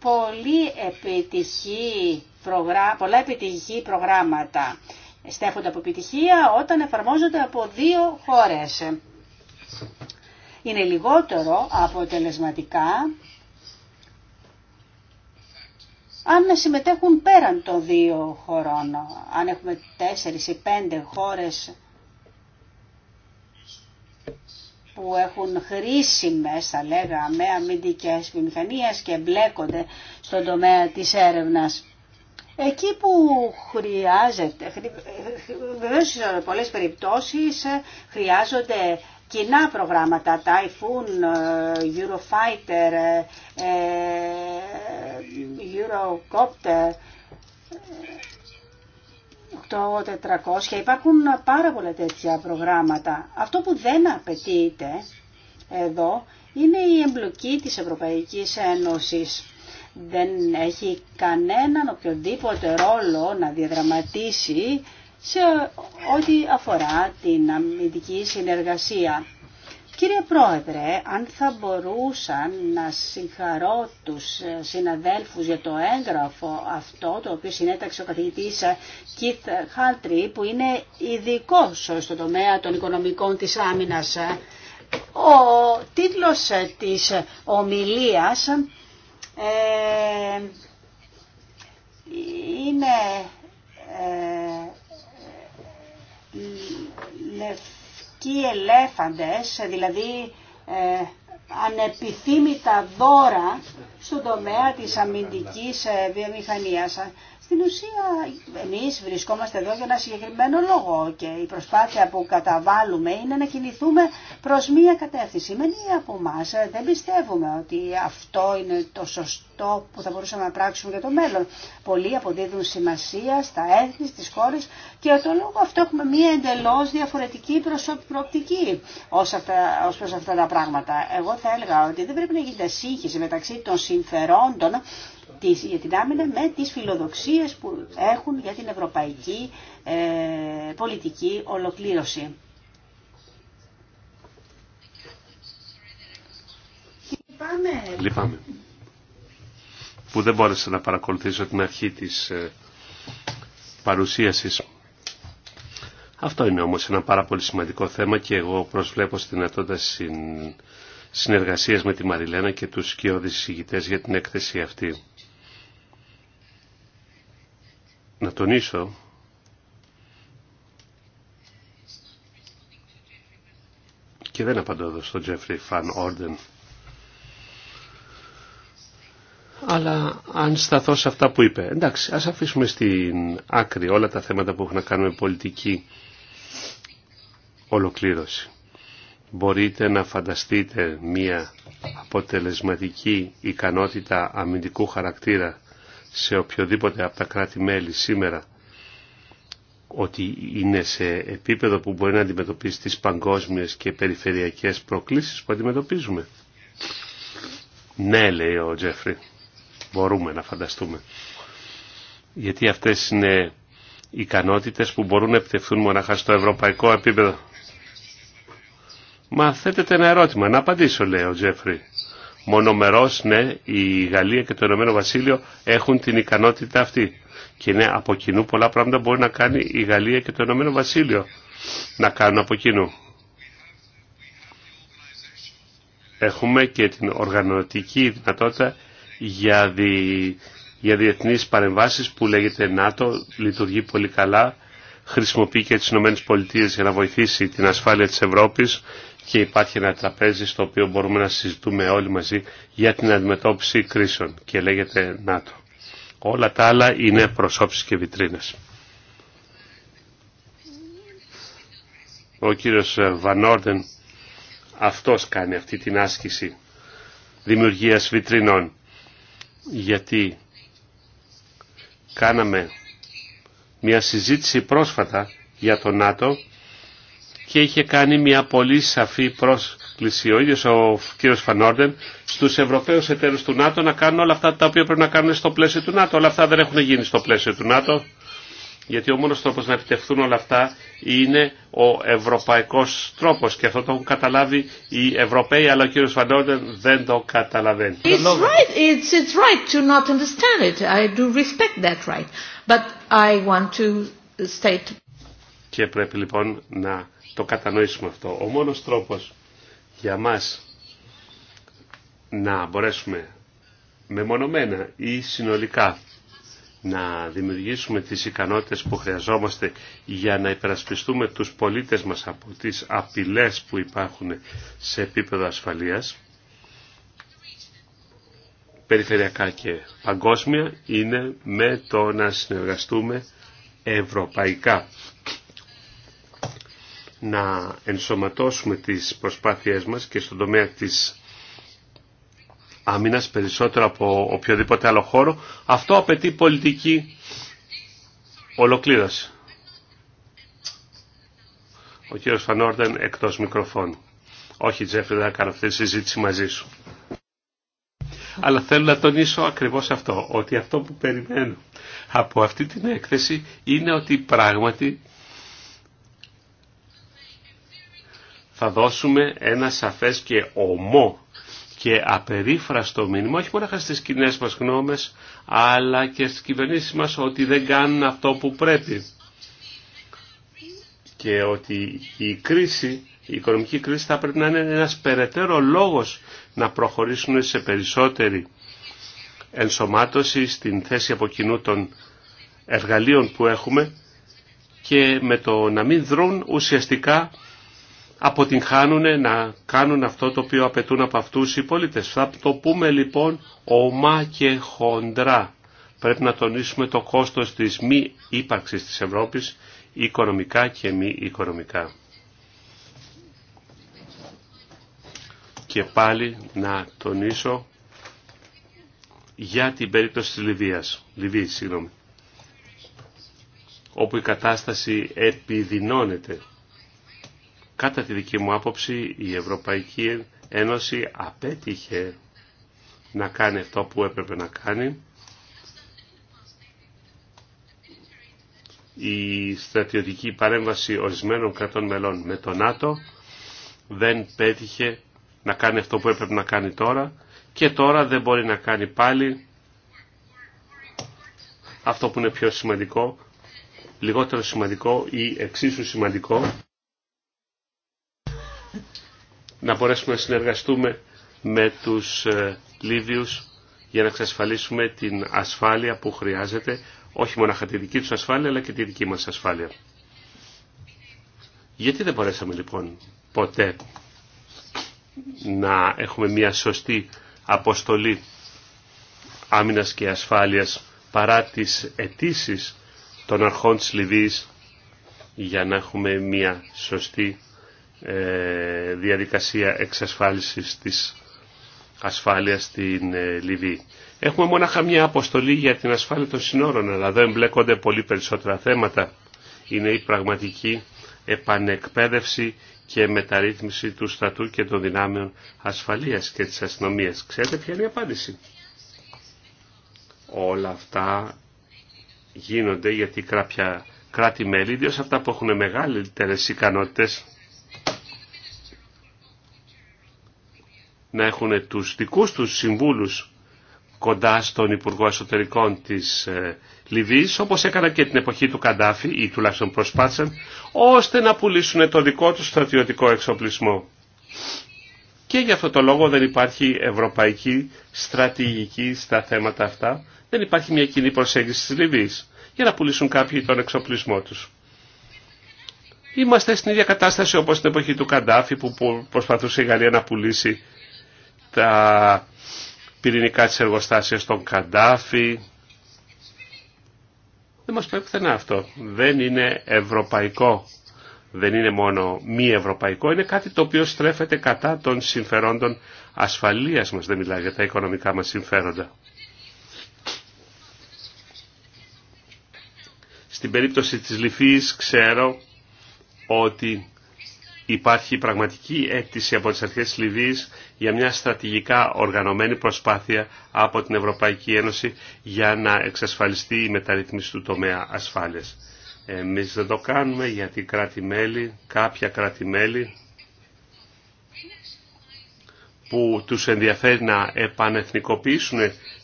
πολύ επιτυχή πολλά επιτυχή προγράμματα στέφονται από επιτυχία όταν εφαρμόζονται από δύο χώρες. Είναι λιγότερο αποτελεσματικά αν συμμετέχουν πέραν των δύο χωρών. Αν έχουμε τέσσερις ή πέντε χώρες που έχουν χρήσιμες, θα λέγαμε, αμυντικές μηχανίες και εμπλέκονται στον τομέα της έρευνας. Εκεί που χρειάζεται, βεβαίως σε πολλές περιπτώσεις ε, χρειάζονται κοινά προγράμματα, Typhoon, ε, Eurofighter, ε, Eurocopter, 400. Υπάρχουν πάρα πολλά τέτοια προγράμματα. Αυτό που δεν απαιτείται εδώ είναι η εμπλοκή της Ευρωπαϊκής Ένωσης. Δεν έχει κανέναν οποιοδήποτε ρόλο να διαδραματίσει σε ό,τι αφορά την αμυντική συνεργασία. Κύριε Πρόεδρε, αν θα μπορούσαν να συγχαρώ τους ε, συναδέλφους για το έγγραφο αυτό, το οποίο συνέταξε ο καθηγητής Κιθ ε, Χάλτρι, που είναι ειδικό στο τομέα των οικονομικών της άμυνας. Ε, ο τίτλος της ομιλίας είναι οι ελέφαντες, δηλαδή ε, ανεπιθύμητα δώρα στον τομέα της αμυντικής ε, βιομηχανίας. Στην ουσία εμείς βρισκόμαστε εδώ για ένα συγκεκριμένο λόγο και η προσπάθεια που καταβάλουμε είναι να κινηθούμε προς μία κατεύθυνση. Μενοί από εμά ε, δεν πιστεύουμε ότι αυτό είναι το σωστό που θα μπορούσαμε να πράξουμε για το μέλλον. Πολλοί αποδίδουν σημασία στα έθνη, στις χώρες και για τον λόγο αυτό έχουμε μία εντελώς διαφορετική προοπτική ω αυτά, ως αυτά τα πράγματα. Εγώ θα έλεγα ότι δεν πρέπει να γίνεται σύγχυση μεταξύ των συμφερόντων για την άμυνα με τις φιλοδοξίες που έχουν για την ευρωπαϊκή ε, πολιτική ολοκλήρωση. Λυπάμαι. Λυπάμαι. Που δεν μπόρεσα να παρακολουθήσω την αρχή της ε, παρουσίασης. Αυτό είναι όμως ένα πάρα πολύ σημαντικό θέμα και εγώ προσβλέπω στην δυνατότητα συνεργασίας με τη Μαριλένα και τους κοιόδης συγητές για την έκθεση αυτή να τονίσω και δεν απαντώ εδώ στον Τζέφρι Φαν Όρντεν αλλά αν σταθώ σε αυτά που είπε εντάξει ας αφήσουμε στην άκρη όλα τα θέματα που έχουν να κάνουν με πολιτική ολοκλήρωση μπορείτε να φανταστείτε μια αποτελεσματική ικανότητα αμυντικού χαρακτήρα σε οποιοδήποτε από τα κράτη-μέλη σήμερα ότι είναι σε επίπεδο που μπορεί να αντιμετωπίσει τις παγκόσμιες και περιφερειακές προκλήσεις που αντιμετωπίζουμε. Ναι, λέει ο Τζέφρι, μπορούμε να φανταστούμε. Γιατί αυτές είναι ικανότητες που μπορούν να επιτευχθούν μοναχά στο ευρωπαϊκό επίπεδο. Μα θέτετε ένα ερώτημα, να απαντήσω λέει ο Τζέφρι μονομερός, ναι, η Γαλλία και το Ηνωμένο Βασίλειο έχουν την ικανότητα αυτή. Και ναι, από κοινού πολλά πράγματα μπορεί να κάνει η Γαλλία και το Ηνωμένο Βασίλειο να κάνουν από κοινού. Έχουμε και την οργανωτική δυνατότητα για, δι... για διεθνείς παρεμβάσεις που λέγεται ΝΑΤΟ, λειτουργεί πολύ καλά, χρησιμοποιεί και τις Ηνωμένες Πολιτείες για να βοηθήσει την ασφάλεια της Ευρώπης και υπάρχει ένα τραπέζι στο οποίο μπορούμε να συζητούμε όλοι μαζί για την αντιμετώπιση κρίσεων και λέγεται ΝΑΤΟ. Όλα τα άλλα είναι προσώψεις και βιτρίνες. Ο κύριος ε, Βανόρντεν αυτός κάνει αυτή την άσκηση δημιουργίας βιτρινών γιατί κάναμε μια συζήτηση πρόσφατα για το ΝΑΤΟ και είχε κάνει μια πολύ σαφή πρόσκληση ο ίδιος ο κύριος Φανόρντεν στους Ευρωπαίους εταίρους του ΝΑΤΟ να κάνουν όλα αυτά τα οποία πρέπει να κάνουν στο πλαίσιο του ΝΑΤΟ. Όλα αυτά δεν έχουν γίνει στο πλαίσιο του ΝΑΤΟ γιατί ο μόνος τρόπος να επιτευχθούν όλα αυτά είναι ο ευρωπαϊκός τρόπος και αυτό το έχουν καταλάβει οι Ευρωπαίοι αλλά ο κύριος Φανόρντεν δεν το καταλαβαίνει. Και πρέπει λοιπόν να το κατανοήσουμε αυτό. Ο μόνος τρόπος για μας να μπορέσουμε μεμονωμένα ή συνολικά να δημιουργήσουμε τις ικανότητες που χρειαζόμαστε για να υπερασπιστούμε τους πολίτες μας από τις απειλές που υπάρχουν σε επίπεδο ασφαλείας περιφερειακά και παγκόσμια είναι με το να συνεργαστούμε ευρωπαϊκά να ενσωματώσουμε τις προσπάθειές μας και στον τομέα της άμυνας περισσότερο από οποιοδήποτε άλλο χώρο. Αυτό απαιτεί πολιτική ολοκλήρωση. Ο κύριος Φανόρντεν εκτός μικροφώνου. Όχι Τζέφρι, δεν θα κάνω αυτή τη συζήτηση μαζί σου. Αλλά θέλω να τονίσω ακριβώς αυτό, ότι αυτό που περιμένω από αυτή την έκθεση είναι ότι πράγματι θα δώσουμε ένα σαφές και ομό και απερίφραστο μήνυμα, όχι μόνο στις κοινέ μας γνώμες, αλλά και στις κυβερνήσεις μας ότι δεν κάνουν αυτό που πρέπει. Και ότι η κρίση, η οικονομική κρίση θα πρέπει να είναι ένας περαιτέρω λόγος να προχωρήσουν σε περισσότερη ενσωμάτωση στην θέση από κοινού των εργαλείων που έχουμε και με το να μην δρουν ουσιαστικά αποτυγχάνουν να κάνουν αυτό το οποίο απαιτούν από αυτούς οι πολίτες. Θα το πούμε λοιπόν ομά και χοντρά. Πρέπει να τονίσουμε το κόστος της μη ύπαρξης της Ευρώπης, οικονομικά και μη οικονομικά. Και πάλι να τονίσω για την περίπτωση της Λιβύας, Λιβύης, συγγνώμη, όπου η κατάσταση επιδεινώνεται Κατά τη δική μου άποψη η Ευρωπαϊκή Ένωση απέτυχε να κάνει αυτό που έπρεπε να κάνει. Η στρατιωτική παρέμβαση ορισμένων κρατών μελών με το ΝΑΤΟ δεν πέτυχε να κάνει αυτό που έπρεπε να κάνει τώρα και τώρα δεν μπορεί να κάνει πάλι αυτό που είναι πιο σημαντικό, λιγότερο σημαντικό ή εξίσου σημαντικό να μπορέσουμε να συνεργαστούμε με τους ε, Λίβιους για να εξασφαλίσουμε την ασφάλεια που χρειάζεται, όχι μόνο τη δική τους ασφάλεια, αλλά και τη δική μας ασφάλεια. Γιατί δεν μπορέσαμε λοιπόν ποτέ να έχουμε μια σωστή αποστολή άμυνας και ασφάλειας παρά τις αιτήσει των αρχών της Λιβύης για να έχουμε μια σωστή ε, διαδικασία εξασφάλισης της ασφάλειας στην ε, Λιβύη. Έχουμε μόναχα μια αποστολή για την ασφάλεια των συνόρων, αλλά εδώ εμπλέκονται πολύ περισσότερα θέματα. Είναι η πραγματική επανεκπαίδευση και μεταρρύθμιση του στρατού και των δυνάμεων ασφαλείας και της αστυνομίας. Ξέρετε ποια είναι η απάντηση. Όλα αυτά γίνονται κάποια κράτη-μέλη, ιδίως αυτά που έχουν μεγαλύτερες ικανότητες, να έχουν τους δικούς τους συμβούλους κοντά στον Υπουργό Εσωτερικών της ε, Λιβύης, όπως έκαναν και την εποχή του Καντάφη, ή τουλάχιστον προσπάθησαν, ώστε να πουλήσουν το δικό τους στρατιωτικό εξοπλισμό. Και για αυτό το λόγο δεν υπάρχει ευρωπαϊκή στρατηγική στα θέματα αυτά, δεν υπάρχει μια κοινή προσέγγιση της Λιβύης, για να πουλήσουν κάποιοι τον εξοπλισμό τους. Είμαστε στην ίδια κατάσταση όπως την εποχή του Καντάφη που προσπαθούσε η Γαλλία να πουλήσει τα πυρηνικά της εργοστάσια των Καντάφη. Δεν μας πρέπει πουθενά αυτό. Δεν είναι ευρωπαϊκό. Δεν είναι μόνο μη ευρωπαϊκό. Είναι κάτι το οποίο στρέφεται κατά των συμφερόντων ασφαλείας μας. Δεν μιλάει για τα οικονομικά μας συμφέροντα. Στην περίπτωση της λυφής ξέρω ότι υπάρχει πραγματική αίτηση από τις αρχές της Λιβύης για μια στρατηγικά οργανωμένη προσπάθεια από την Ευρωπαϊκή Ένωση για να εξασφαλιστεί η μεταρρύθμιση του τομέα ασφάλειας. Εμείς δεν το κάνουμε γιατί καποια κάποια κράτη-μέλη που τους ενδιαφέρει να επανεθνικοποιήσουν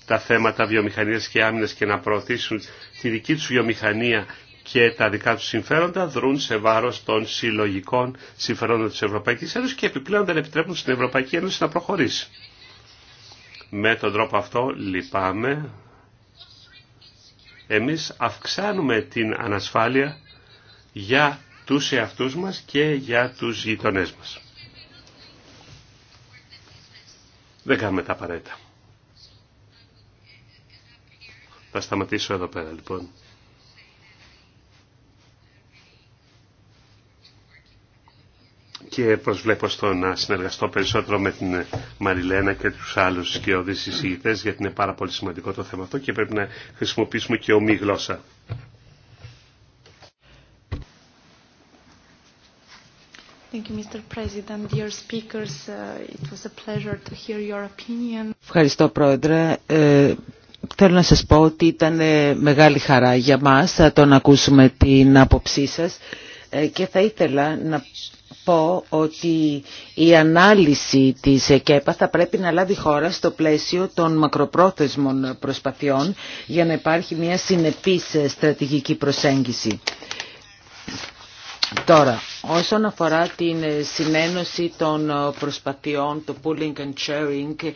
τα θέματα βιομηχανίας και άμυνας και να προωθήσουν τη δική τους βιομηχανία και τα δικά τους συμφέροντα δρούν σε βάρος των συλλογικών συμφερόντων της Ευρωπαϊκής Ένωσης και επιπλέον δεν επιτρέπουν στην Ευρωπαϊκή Ένωση να προχωρήσει. Με τον τρόπο αυτό λυπάμαι. Εμείς αυξάνουμε την ανασφάλεια για τους εαυτούς μας και για τους γειτονές μας. Δεν κάνουμε τα απαραίτητα. Θα σταματήσω εδώ πέρα λοιπόν. και προσβλέπω στο να συνεργαστώ περισσότερο με την Μαριλένα και τους άλλους σκιώδεις εισηγητές γιατί είναι πάρα πολύ σημαντικό το θέμα αυτό και πρέπει να χρησιμοποιήσουμε και ομή γλώσσα. Uh, Ευχαριστώ Πρόεδρε. Ε, θέλω να σας πω ότι ήταν ε, μεγάλη χαρά για μας το τον ακούσουμε την άποψή σας ε, και θα ήθελα να πω ότι η ανάλυση της ΕΚΕΠΑ θα πρέπει να λάβει χώρα στο πλαίσιο των μακροπρόθεσμων προσπαθειών για να υπάρχει μια συνεπής στρατηγική προσέγγιση. Τώρα, όσον αφορά την συνένωση των προσπαθειών, το pooling and sharing,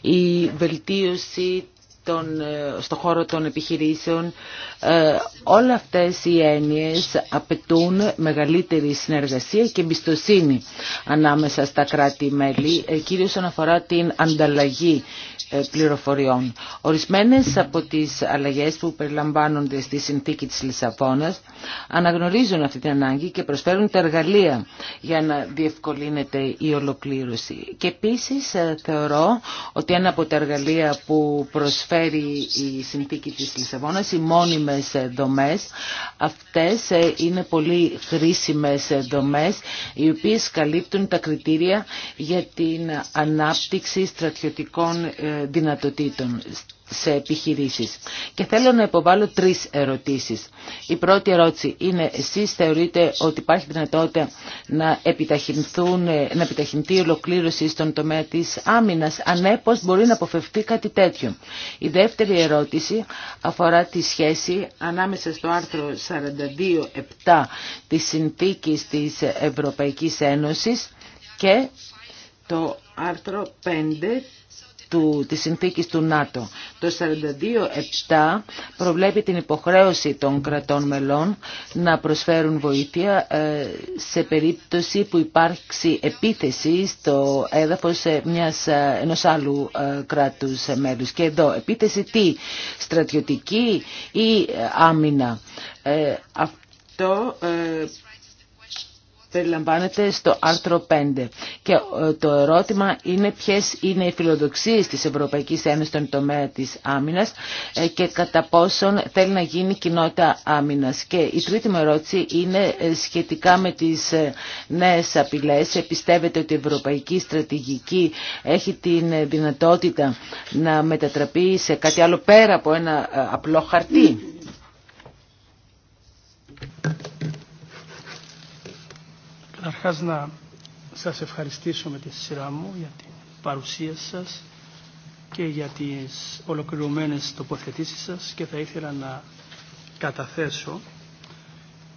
η βελτίωση στον ε, στο χώρο των επιχειρήσεων. Ε, όλα αυτές οι έννοιες απαιτούν μεγαλύτερη συνεργασία και εμπιστοσύνη ανάμεσα στα κράτη-μέλη, ε, κυρίως όσον αφορά την ανταλλαγή ε, πληροφοριών. Ορισμένες από τις αλλαγές που περιλαμβάνονται στη συνθήκη της Λισαβόνας αναγνωρίζουν αυτή την ανάγκη και προσφέρουν τα εργαλεία για να διευκολύνεται η ολοκλήρωση. Και επίσης ε, θεωρώ ότι ένα από τα εργαλεία που προσφέρουν προσφέρει η συνθήκη της Λισαβόνας, οι μόνιμες δομές. Αυτές ε, είναι πολύ χρήσιμες δομές, οι οποίες καλύπτουν τα κριτήρια για την ανάπτυξη στρατιωτικών ε, δυνατοτήτων σε επιχειρήσεις. Και θέλω να υποβάλω τρεις ερωτήσεις. Η πρώτη ερώτηση είναι, εσείς θεωρείτε ότι υπάρχει δυνατότητα να, επιταχυνθούν, να επιταχυνθεί η ολοκλήρωση στον τομέα της άμυνας, αν ναι, μπορεί να αποφευθεί κάτι τέτοιο. Η δεύτερη ερώτηση αφορά τη σχέση ανάμεσα στο άρθρο 42.7 της Συνθήκης της Ευρωπαϊκής Ένωσης και το άρθρο 5 του, της συνθήκης του ΝΑΤΟ. Το 42-7 προβλέπει την υποχρέωση των κρατών μελών να προσφέρουν βοήθεια ε, σε περίπτωση που υπάρξει επίθεση στο έδαφος μιας, ε, ενός άλλου ε, κράτους μέλους. Και εδώ επίθεση τι, στρατιωτική ή άμυνα. Αυτό περιλαμβάνεται στο άρθρο 5. Και ε, το ερώτημα είναι ποιες είναι οι φιλοδοξίες της Ευρωπαϊκής Ένωσης στον τομέα της άμυνας ε, και κατά πόσον θέλει να γίνει κοινότητα άμυνας. Και η τρίτη μου ερώτηση είναι ε, σχετικά με τις νέες απειλές. Πιστεύετε ότι η Ευρωπαϊκή Στρατηγική έχει την δυνατότητα να μετατραπεί σε κάτι άλλο πέρα από ένα απλό χαρτί. Καταρχά να σας ευχαριστήσω με τη σειρά μου για την παρουσία σας και για τις ολοκληρωμένες τοποθετήσεις σας και θα ήθελα να καταθέσω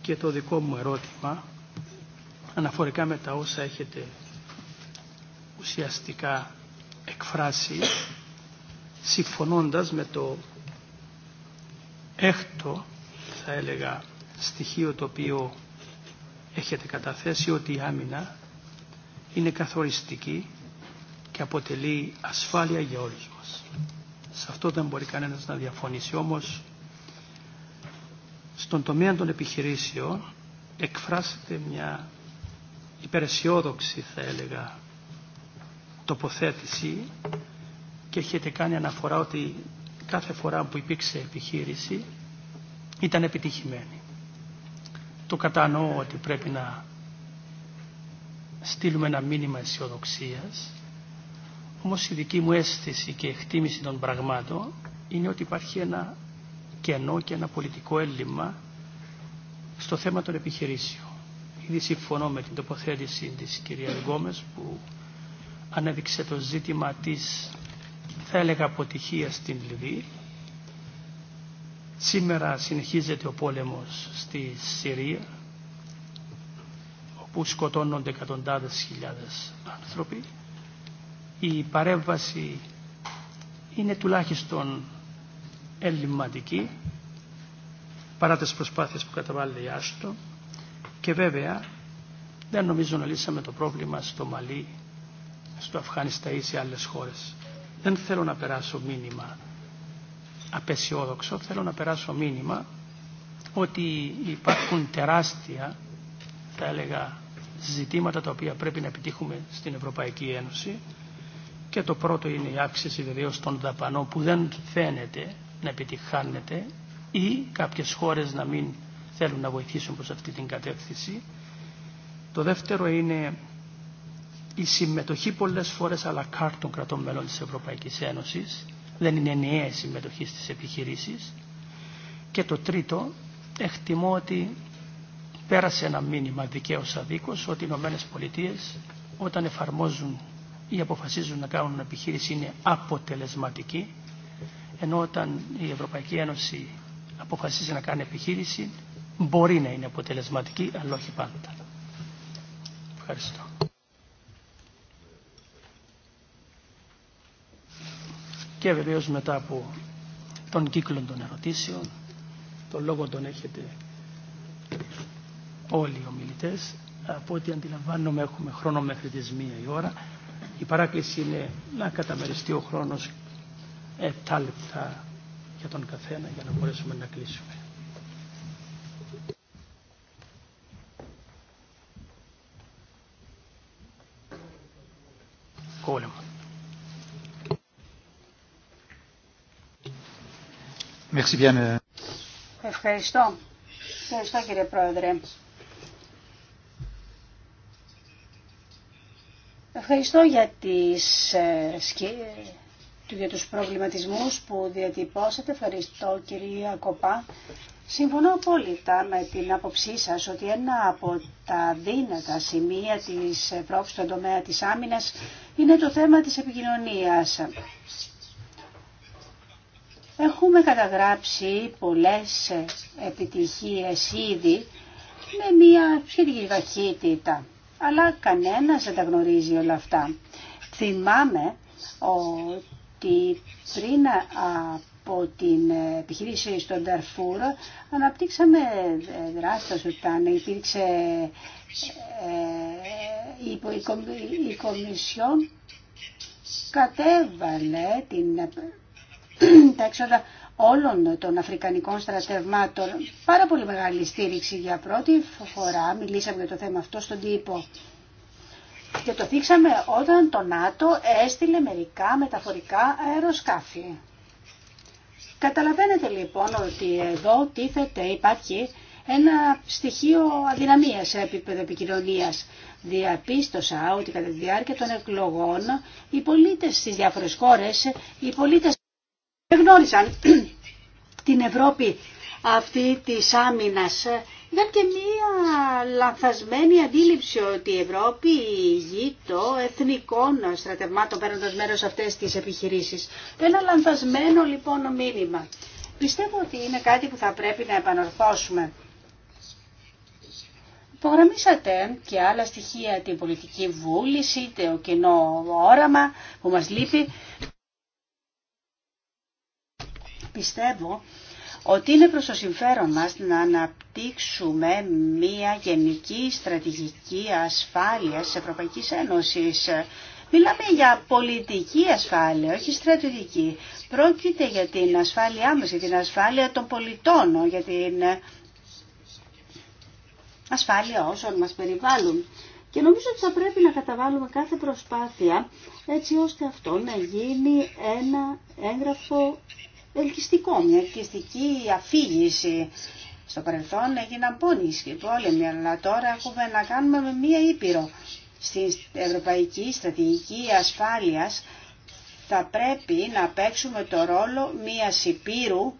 και το δικό μου ερώτημα αναφορικά με τα όσα έχετε ουσιαστικά εκφράσει συμφωνώντας με το έκτο θα έλεγα στοιχείο το οποίο έχετε καταθέσει ότι η άμυνα είναι καθοριστική και αποτελεί ασφάλεια για όλους μας. Σε αυτό δεν μπορεί κανένας να διαφωνήσει. Όμως, στον τομέα των επιχειρήσεων εκφράσετε μια υπεραισιόδοξη, θα έλεγα, τοποθέτηση και έχετε κάνει αναφορά ότι κάθε φορά που υπήρξε επιχείρηση ήταν επιτυχημένη το κατανοώ ότι πρέπει να στείλουμε ένα μήνυμα αισιοδοξία, όμως η δική μου αίσθηση και εκτίμηση των πραγμάτων είναι ότι υπάρχει ένα κενό και ένα πολιτικό έλλειμμα στο θέμα των επιχειρήσεων. Ήδη συμφωνώ με την τοποθέτηση της κυρία Γκόμες που ανέδειξε το ζήτημα της θα έλεγα αποτυχία στην Λιβύη Σήμερα συνεχίζεται ο πόλεμος στη Συρία όπου σκοτώνονται εκατοντάδες χιλιάδες άνθρωποι. Η παρέμβαση είναι τουλάχιστον ελληματική παρά τις προσπάθειες που καταβάλλει η Άστο και βέβαια δεν νομίζω να λύσαμε το πρόβλημα στο Μαλί, στο Αφγανιστάν ή σε άλλες χώρες. Δεν θέλω να περάσω μήνυμα απεσιόδοξο, θέλω να περάσω μήνυμα ότι υπάρχουν τεράστια, θα έλεγα, ζητήματα τα οποία πρέπει να επιτύχουμε στην Ευρωπαϊκή Ένωση και το πρώτο είναι η αύξηση βεβαίω των δαπανών που δεν φαίνεται να επιτυχάνεται ή κάποιες χώρες να μην θέλουν να βοηθήσουν προς αυτή την κατεύθυνση. Το δεύτερο είναι η συμμετοχή πολλές φορές αλλά κάρτων κρατών μελών της Ευρωπαϊκής Ένωσης δεν είναι ενιαία η συμμετοχή στις επιχειρήσεις. Και το τρίτο, εκτιμώ ότι πέρασε ένα μήνυμα δικαίως αδίκως ότι οι Ηνωμένε Πολιτείε όταν εφαρμόζουν ή αποφασίζουν να κάνουν επιχείρηση είναι αποτελεσματικοί, ενώ όταν η Ευρωπαϊκή Ένωση αποφασίζει να κανουν επιχειρηση ειναι αποτελεσματική, επιχείρηση μπορεί να είναι αποτελεσματική, αλλά όχι πάντα. Ευχαριστώ. και βεβαίως μετά από τον κύκλο των ερωτήσεων το λόγο τον έχετε όλοι οι ομιλητές από ό,τι αντιλαμβάνομαι έχουμε χρόνο μέχρι τις μία η ώρα η παράκληση είναι να καταμεριστεί ο χρόνος 7 λεπτά για τον καθένα για να μπορέσουμε να κλείσουμε. Κόλεμα. Merci bien. Euh. Ευχαριστώ. Ευχαριστώ κύριε Πρόεδρε. Ευχαριστώ για, τις, ε, για τους προβληματισμούς που διατυπώσατε. Ευχαριστώ κυρία Κοπά. Συμφωνώ απόλυτα με την άποψή σας ότι ένα από τα δύνατα σημεία της Ευρώπης στον τομέα της άμυνας είναι το θέμα της επικοινωνίας. Έχουμε καταγράψει πολλές επιτυχίες ήδη με μια σχετική βαχύτητα, αλλά κανένας δεν τα γνωρίζει όλα αυτά. Θυμάμαι ότι πριν από την επιχειρήση στον Ταρφούρ αναπτύξαμε δράση στο υπήρξε ε, η Κομισιόν κατέβαλε την τα έξοδα όλων των Αφρικανικών στρατευμάτων. Πάρα πολύ μεγάλη στήριξη για πρώτη φορά. Μιλήσαμε για το θέμα αυτό στον τύπο. Και το θίξαμε όταν το ΝΑΤΟ έστειλε μερικά μεταφορικά αεροσκάφη. Καταλαβαίνετε λοιπόν ότι εδώ τίθεται, υπάρχει ένα στοιχείο αδυναμίας σε επίπεδο επικοινωνία. Διαπίστωσα ότι κατά τη διάρκεια των εκλογών οι πολίτες στις διάφορες χώρες, οι πολίτες γνώρισαν *clears throat* την Ευρώπη αυτή της άμυνας. Ήταν και μία λανθασμένη αντίληψη ότι η Ευρώπη γείτο εθνικών στρατευμάτων παίρνοντα μέρο σε αυτές τις επιχειρήσεις. Ένα λανθασμένο λοιπόν μήνυμα. Πιστεύω ότι είναι κάτι που θα πρέπει να επανορθώσουμε. Υπογραμμίσατε και άλλα στοιχεία, την πολιτική βούληση, το κοινό όραμα που μας λείπει. Πιστεύω ότι είναι προς το συμφέρον μας να αναπτύξουμε μία γενική στρατηγική ασφάλειας της Ευρωπαϊκής Ένωσης. Μιλάμε για πολιτική ασφάλεια, όχι στρατηγική. Πρόκειται για την ασφάλειά μας, για την ασφάλεια των πολιτών, για την ασφάλεια όσων μας περιβάλλουν. Και νομίζω ότι θα πρέπει να καταβάλουμε κάθε προσπάθεια έτσι ώστε αυτό να γίνει ένα έγγραφο ελκυστικό, μια ελκυστική αφήγηση. Στο παρελθόν έγιναν πόνοι και πόλεμοι, αλλά τώρα έχουμε να κάνουμε με μία ήπειρο. Στην Ευρωπαϊκή Στρατηγική Ασφάλειας θα πρέπει να παίξουμε το ρόλο μίας ήπειρου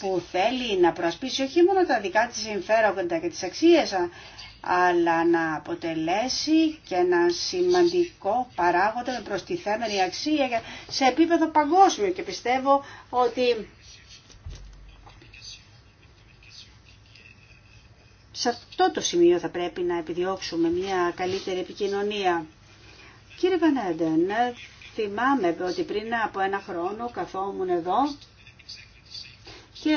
που θέλει να προασπίσει όχι μόνο τα δικά της συμφέροντα και τις αξίες αλλά να αποτελέσει και ένα σημαντικό παράγοντα με προστιθέμενη αξία σε επίπεδο παγκόσμιο και πιστεύω ότι σε αυτό το σημείο θα πρέπει να επιδιώξουμε μια καλύτερη επικοινωνία. Κύριε Βανέντεν, θυμάμαι ότι πριν από ένα χρόνο καθόμουν εδώ και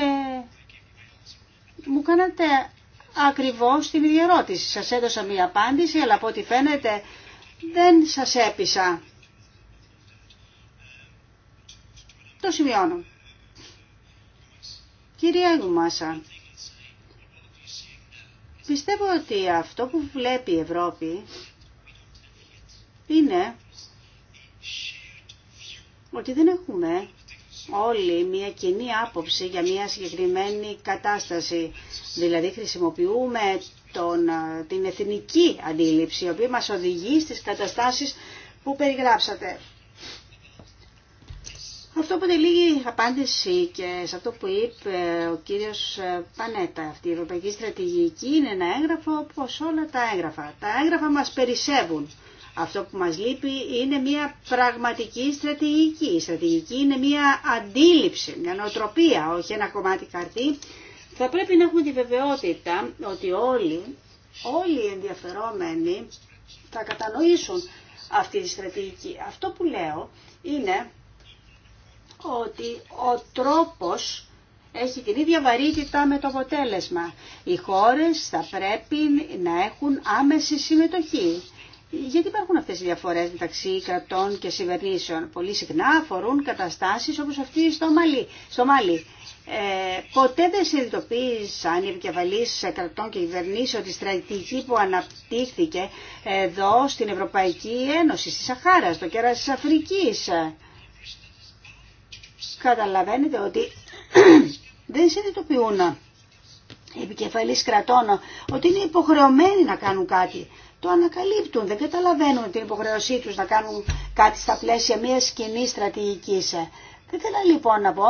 μου κάνατε ακριβώς την ίδια ερώτηση. Σας έδωσα μία απάντηση, αλλά από ό,τι φαίνεται δεν σας έπεισα. Το σημειώνω. Κυρία Γουμάσα, πιστεύω ότι αυτό που βλέπει η Ευρώπη είναι ότι δεν έχουμε όλοι μια κοινή άποψη για μια συγκεκριμένη κατάσταση. Δηλαδή χρησιμοποιούμε τον, την εθνική αντίληψη, η οποία μας οδηγεί στις καταστάσεις που περιγράψατε. Αυτό που αποτελεί απάντηση και σε αυτό που είπε ο κύριος ε, Πανέτα. Αυτή η Ευρωπαϊκή Στρατηγική είναι ένα έγγραφο όπως όλα τα έγγραφα. Τα έγγραφα μας περισσεύουν. Αυτό που μας λείπει είναι μια πραγματική στρατηγική. Η στρατηγική είναι μια αντίληψη, μια νοοτροπία, όχι ένα κομμάτι καρτί. Θα πρέπει να έχουμε τη βεβαιότητα ότι όλοι, όλοι οι ενδιαφερόμενοι θα κατανοήσουν αυτή τη στρατηγική. Αυτό που λέω είναι ότι ο τρόπος έχει την ίδια βαρύτητα με το αποτέλεσμα. Οι χώρες θα πρέπει να έχουν άμεση συμμετοχή. Γιατί υπάρχουν αυτές οι διαφορές μεταξύ κρατών και κυβερνήσεων. Πολύ συχνά αφορούν καταστάσεις όπως αυτή στο Μαλί. Στο Ε, ποτέ δεν συνειδητοποίησαν οι επικεφαλείς κρατών και κυβερνήσεων τη στρατηγική που αναπτύχθηκε εδώ στην Ευρωπαϊκή Ένωση, στη Σαχάρα, στο κέρας της Αφρικής. Καταλαβαίνετε ότι *clears throat* δεν συνειδητοποιούν οι επικεφαλείς κρατών ότι είναι υποχρεωμένοι να κάνουν κάτι το ανακαλύπτουν, δεν καταλαβαίνουν την υποχρέωσή τους να κάνουν κάτι στα πλαίσια μιας κοινή στρατηγικής. Δεν θέλω λοιπόν να πω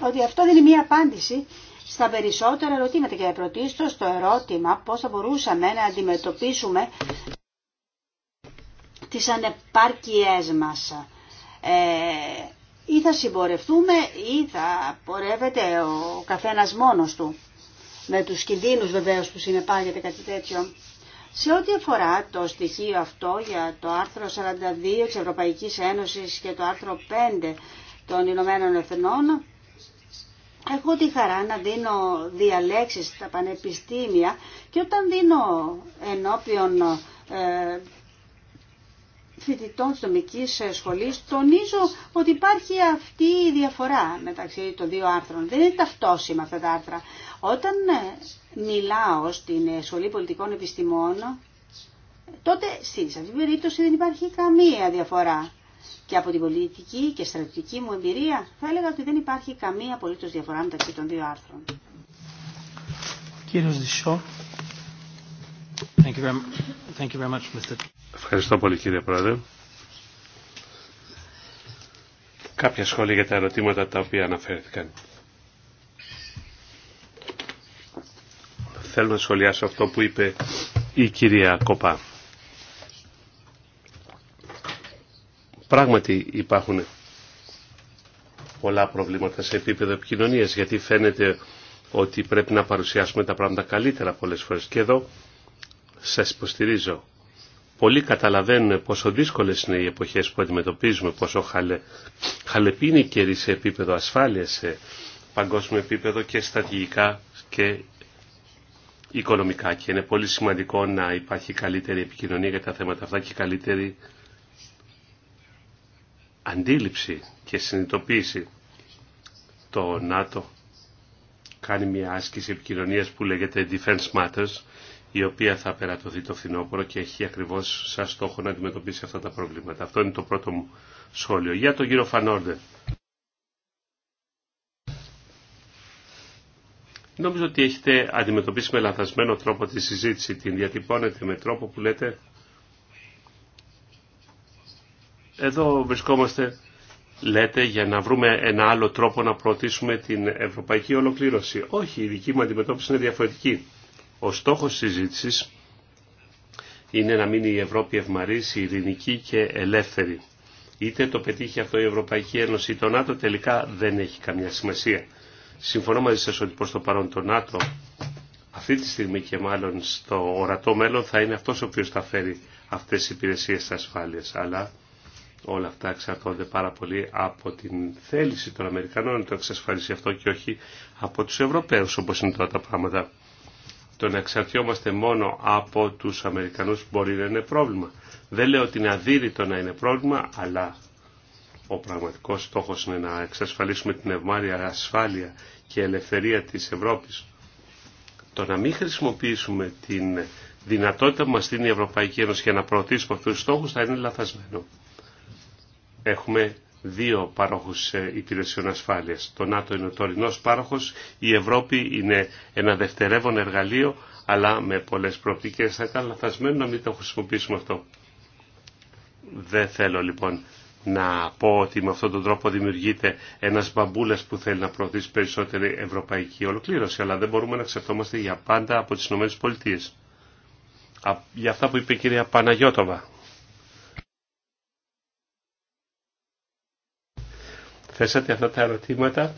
ότι αυτό δεν είναι μια απάντηση στα περισσότερα ερωτήματα και πρωτίστως το ερώτημα πώς θα μπορούσαμε να αντιμετωπίσουμε τις ανεπάρκειές μας. Ε, ή θα συμπορευτούμε ή θα πορεύεται ο καθένας μόνος του. Με τους κινδύνους βεβαίως που συνεπάγεται κάτι τέτοιο. Σε ό,τι αφορά το στοιχείο αυτό για το άρθρο 42 της Ευρωπαϊκής Ένωσης και το άρθρο 5 των Ηνωμένων Εθνών, έχω τη χαρά να δίνω διαλέξεις στα πανεπιστήμια και όταν δίνω ενώπιον ε, φοιτητών της νομικής ε, σχολής τονίζω ότι υπάρχει αυτή η διαφορά μεταξύ των δύο άρθρων. Δεν είναι ταυτόσιμα αυτά τα άρθρα. Όταν ε, μιλάω στην ε, Σχολή Πολιτικών Επιστημών, τότε στην αυτή περίπτωση δεν υπάρχει καμία διαφορά. Και από την πολιτική και στρατιωτική μου εμπειρία θα έλεγα ότι δεν υπάρχει καμία απολύτως διαφορά μεταξύ των δύο άρθρων. Κύριος Ευχαριστώ πολύ κύριε Πρόεδρε. Κάποια σχόλια για τα ερωτήματα τα οποία αναφέρθηκαν. Θέλω να σχολιάσω αυτό που είπε η κυρία Κοπά. Πράγματι υπάρχουν πολλά προβλήματα σε επίπεδο επικοινωνίας γιατί φαίνεται ότι πρέπει να παρουσιάσουμε τα πράγματα καλύτερα πολλές φορές και εδώ σας υποστηρίζω. Πολλοί καταλαβαίνουν πόσο δύσκολες είναι οι εποχές που αντιμετωπίζουμε, πόσο χαλε, χαλεπή η καιρή σε επίπεδο ασφάλειας, σε παγκόσμιο επίπεδο και στρατηγικά και οικονομικά. Και είναι πολύ σημαντικό να υπάρχει καλύτερη επικοινωνία για τα θέματα αυτά και καλύτερη αντίληψη και συνειδητοποίηση. Το ΝΑΤΟ κάνει μια άσκηση επικοινωνίας που λέγεται Defense Matters η οποία θα περατωθεί το φθινόπωρο και έχει ακριβώς σαν στόχο να αντιμετωπίσει αυτά τα προβλήματα. Αυτό είναι το πρώτο μου σχόλιο. Για τον κύριο Φανόρντε. Νομίζω ότι έχετε αντιμετωπίσει με λανθασμένο τρόπο τη συζήτηση. Την διατυπώνετε με τρόπο που λέτε εδώ βρισκόμαστε, λέτε, για να βρούμε ένα άλλο τρόπο να προωθήσουμε την ευρωπαϊκή ολοκλήρωση. Όχι, η δική μου αντιμετώπιση είναι διαφορετική. Ο στόχος συζήτησης είναι να μείνει η Ευρώπη ευμαρής, ειρηνική και ελεύθερη. Είτε το πετύχει αυτό η Ευρωπαϊκή Ένωση ή το ΝΑΤΟ τελικά δεν έχει καμιά σημασία. Συμφωνώ μαζί σας ότι προς το παρόν το ΝΑΤΟ αυτή τη στιγμή και μάλλον στο ορατό μέλλον θα είναι αυτός ο οποίος θα φέρει αυτές τις υπηρεσίες ασφάλειας. Αλλά όλα αυτά εξαρτώνται πάρα πολύ από την θέληση των Αμερικανών να το εξασφαλίσει αυτό και όχι από τους Ευρωπαίους όπως είναι τώρα τα πράγματα. Το να εξαρτιόμαστε μόνο από τους Αμερικανούς μπορεί να είναι πρόβλημα. Δεν λέω ότι είναι αδύρυτο να είναι πρόβλημα, αλλά ο πραγματικός στόχος είναι να εξασφαλίσουμε την ευμάρια ασφάλεια και ελευθερία της Ευρώπης. Το να μην χρησιμοποιήσουμε την δυνατότητα που μας δίνει η Ευρωπαϊκή Ένωση για να προωθήσουμε αυτούς τους στόχους θα είναι λαθασμένο. Έχουμε δύο παρόχους ε, υπηρεσιών ασφάλειας. Το ΝΑΤΟ είναι ο τωρινός πάροχος, η Ευρώπη είναι ένα δευτερεύον εργαλείο, αλλά με πολλές προοπτικές θα ήταν λαθασμένο να μην το χρησιμοποιήσουμε αυτό. Δεν θέλω λοιπόν να πω ότι με αυτόν τον τρόπο δημιουργείται ένας μπαμπούλας που θέλει να προωθήσει περισσότερη ευρωπαϊκή ολοκλήρωση, αλλά δεν μπορούμε να ξεφτόμαστε για πάντα από τις ΗΠΑ. Για αυτά που είπε η κυρία Παναγιώτοβα. θέσατε αυτά τα ερωτήματα